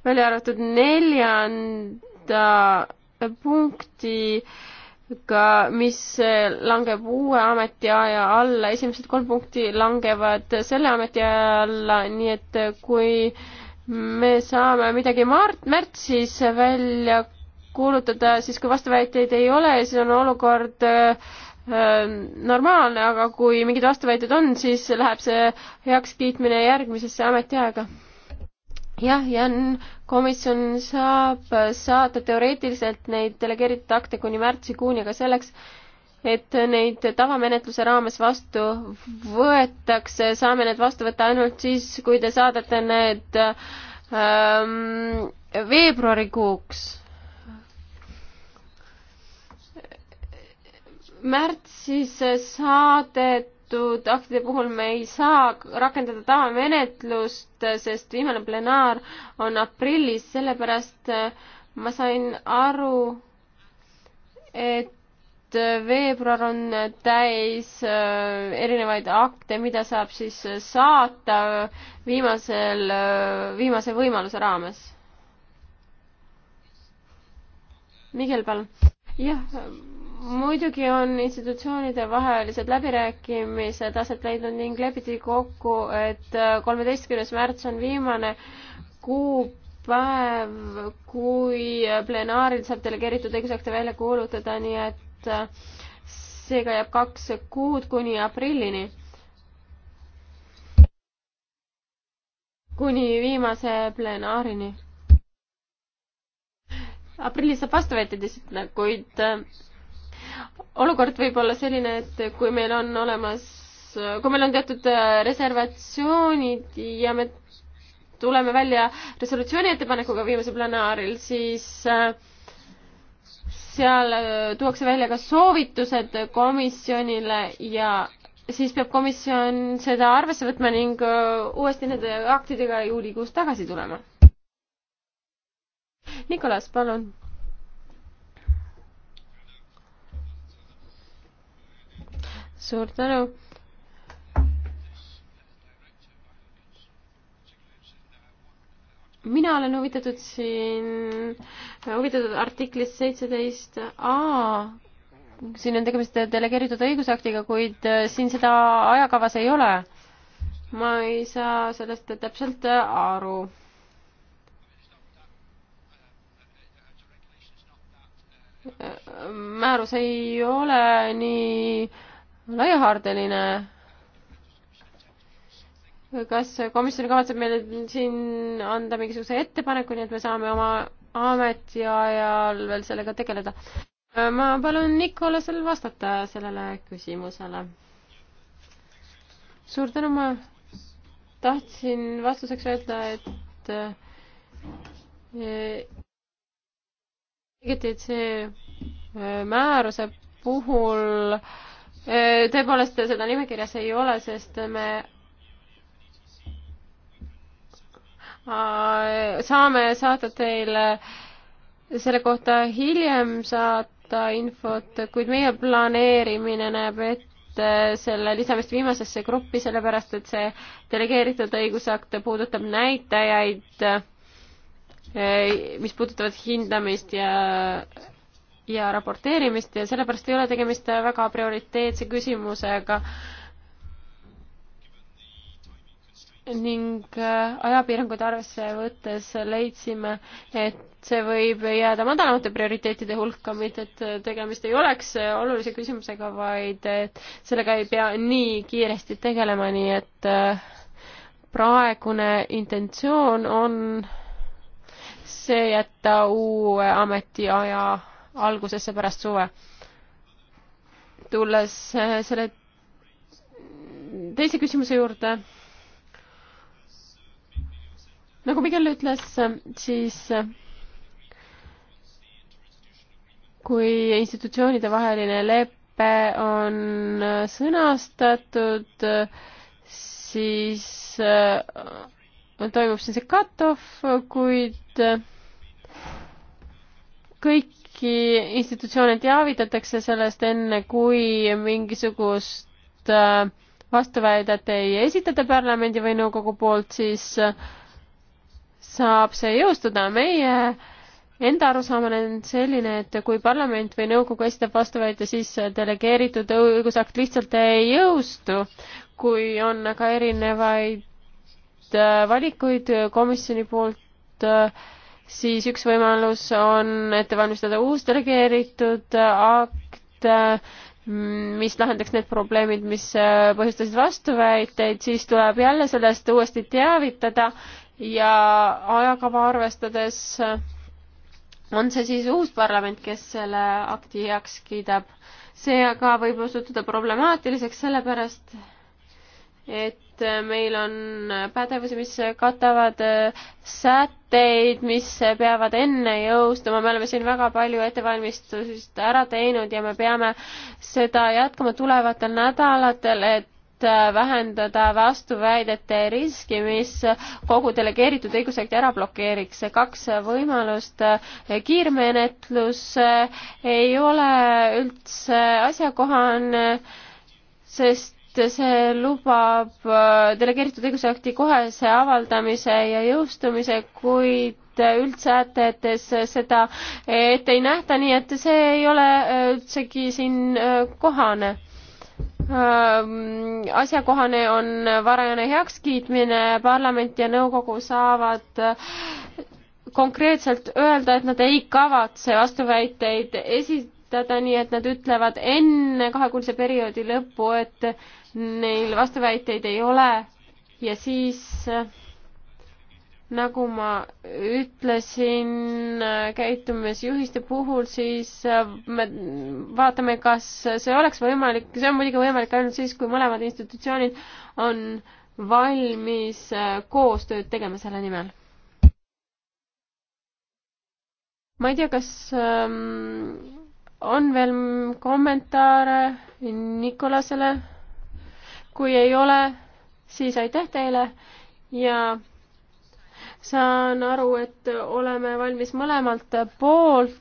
välja arvatud neljanda punktiga, mis langeb uue ametiaja alla, esimesed kolm punkti langevad selle ametiaja alla, nii et kui äh, me saame midagi mart-, märtsis välja kuulutada, siis kui vastuväiteid ei ole, siis on olukord äh, normaalne, aga kui mingid vastuväited on, siis läheb see heakskiitmine järgmisesse ametiaega. jah, Jan, komisjon saab saata teoreetiliselt neid delegeeritud akte kuni märtsikuuni, aga selleks, et neid tavamenetluse raames vastu võetakse, saame need vastu võtta ainult siis, kui te saadate need ähm, veebruarikuuks. märtsis saadetud aktide puhul me ei saa rakendada tavamenetlust, sest viimane plenaar on aprillis, sellepärast ma sain aru, et Äh, veebruar on äh, täis äh, erinevaid akte, mida saab siis saata viimasel, viimase võimaluse raames. Mihkel, palun. jah, muidugi on institutsioonide vahelised läbirääkimised aset leidnud ning lepiti kokku, et kolmeteistkümnes märts on viimane kuu päev, kui plenaaril saab delegeeritud õigusakte välja kuulutada, nii et et seega jääb kaks kuud kuni aprillini. kuni viimase plenaarini. aprillis saab vastu võetud distsiplina, kuid äh, olukord võib olla selline, et kui meil on olemas, kui meil on teatud äh, reservatsioonid ja me tuleme välja resolutsiooni ettepanekuga viimasel plenaaril, siis äh, seal äh, tuuakse välja ka soovitused komisjonile ja siis peab komisjon seda arvesse võtma ning äh, uuesti nende aktidega juulikuus tagasi tulema. Nikolas, palun. suur tänu mina olen huvitatud siin, huvitatud artiklist seitseteist A. siin on tegemist delegeeritud õigusaktiga, kuid äh, siin seda ajakavas ei ole. ma ei saa sellest täpselt äh, aru äh, määrus ei ole nii laiahaardeline kas komisjon kavatseb meile siin anda mingisuguse ettepaneku, nii et me saame oma ametiajal veel sellega tegeleda? ma palun Nikolasel vastata sellele küsimusele. suur tänu, ma tahtsin vastuseks öelda, et EGTC määruse puhul tõepoolest seda nimekirjas ei ole, sest me Äh, saame saata teile selle kohta hiljem saata infot, kuid meie planeerimine näeb ette selle lisamist viimasesse gruppi, sellepärast et see delegeeritud õigusakt puudutab näitajaid, äh, mis puudutavad hindamist ja ja raporteerimist ja sellepärast ei ole tegemist väga prioriteetse küsimusega äh, ning äh, ajapiiranguid arvesse võttes leidsime, et see võib jääda madalamate prioriteetide hulka, mitte et tegemist ei oleks olulise küsimusega, vaid et sellega ei pea nii kiiresti tegelema, nii et äh, praegune intentsioon on see jätta uue ametiaja algusesse pärast suve. tulles äh, selle teise küsimuse juurde nagu Miguel ütles, siis äh, kui institutsioonide vaheline lepe on äh, sõnastatud, siis äh, toimub siin see cut-off, kuid kõiki institutsioone teavitatakse sellest enne, kui mingisugust vastuväidet ei esitata parlamendi või nõukogu poolt, siis saab see jõustuda. meie enda arusaamine on selline, et kui parlament või nõukogu esitab vastuväite, siis delegeeritud õigusakt lihtsalt ei jõustu. kui on aga erinevaid äh, valikuid komisjoni poolt, äh, siis üks võimalus on ette valmistada uus delegeeritud äh, akt, mis lahendaks need probleemid, mis põhjustasid vastuväiteid, siis tuleb jälle sellest uuesti teavitada ja ajakava arvestades on see siis uus parlament, kes selle akti heaks kiidab. see aga võib osutuda problemaatiliseks, sellepärast et meil on pädevusi, mis katavad sätteid, mis peavad enne jõustuma, me oleme siin väga palju ettevalmistusest ära teinud ja me peame seda jätkama tulevatel nädalatel, et Äh, vähendada vastuväidete riski, mis kogu delegeeritud õigusakti ära blokeeriks. kaks võimalust. Äh, kiirmenetlus äh, ei ole üldse asjakohane, sest see lubab delegeeritud õigusakti kohese avaldamise ja jõustumise, kuid üldsäätetes seda ette ei nähta, nii et see ei ole üldsegi siin kohane asjakohane on varajane heakskiitmine, parlament ja nõukogu saavad konkreetselt öelda, et nad ei kavatse vastuväiteid esitada, nii et nad ütlevad enne kahekuulise perioodi lõppu, et neil vastuväiteid ei ole ja siis äh, nagu ma ütlesin äh, käitumisjuhiste puhul, siis äh, me vaatame, kas see oleks võimalik, see on muidugi võimalik ainult siis, kui mõlemad institutsioonid on valmis äh, koostööd tegema selle nimel. ma ei tea, kas ähm, on veel kommentaare Nikolasele? kui ei ole, siis aitäh teile ja saan aru, et oleme valmis mõlemalt poolt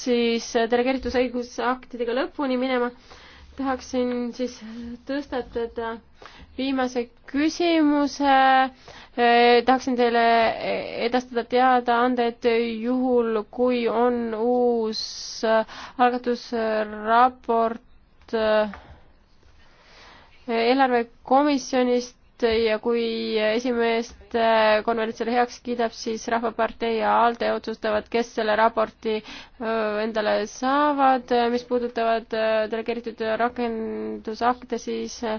siis delegeeritusõigusaktidega lõpuni minema. tahaksin siis tõstatada viimase küsimuse. Eh, tahaksin teile edastada teadaanded juhul, kui on uus algatusraport eh, eelarvekomisjonist ja kui esimeest äh, konverents selle heaks kiidab, siis Rahvapartei ja ALDE otsustavad, kes selle raporti endale saavad, mis puudutavad äh, delegeeritud rakendusakte, siis äh,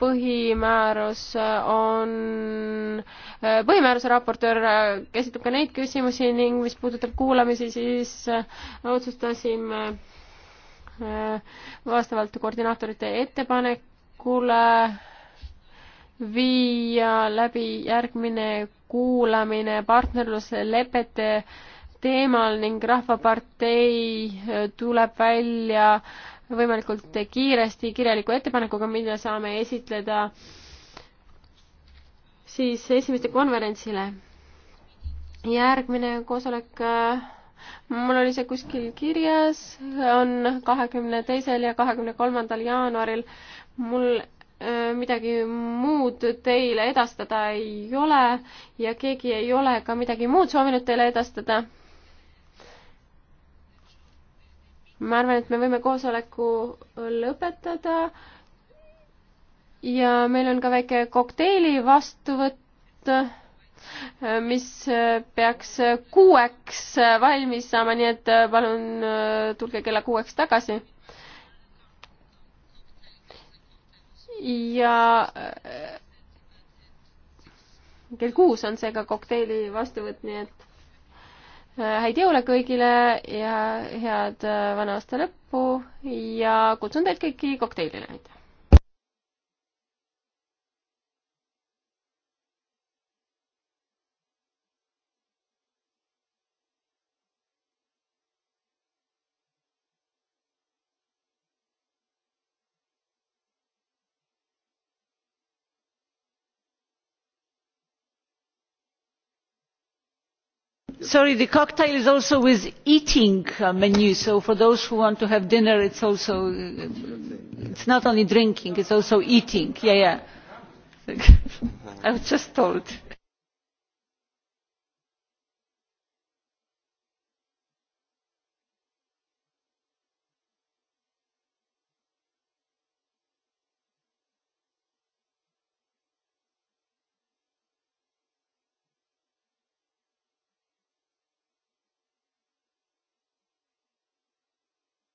põhimäärus on, põhimääruse raportöör käsitleb ka neid küsimusi ning mis puudutab kuulamisi, siis otsustasime vastavalt koordinaatorite ettepanekule viia läbi järgmine kuulamine partnerluslepete teemal ning Rahvapartei äh, tuleb välja võimalikult kiiresti kirjaliku ettepanekuga, mida saame esitleda siis esimeste konverentsile. järgmine koosolek, äh, mul oli see kuskil kirjas, on kahekümne teisel ja kahekümne kolmandal jaanuaril. mul Äh, midagi muud teile edastada ei ole ja keegi ei ole ka midagi muud soovinud teile edastada. ma arvan, et me võime koosoleku lõpetada. ja meil on ka väike kokteili vastuvõtt, äh, mis äh, peaks kuueks valmis saama, nii et palun tulge kella kuueks tagasi ja äh, kell kuus on seega kokteili vastuvõtt, nii et äh, häid jõule kõigile ja head äh, vana aasta lõppu ja kutsun teid kõiki kokteilile, aitäh! sorry the cocktail is also with eating uh, menu so for those who want to have dinner it's also uh, it's not only drinking it's also eating yeah yeah i was just told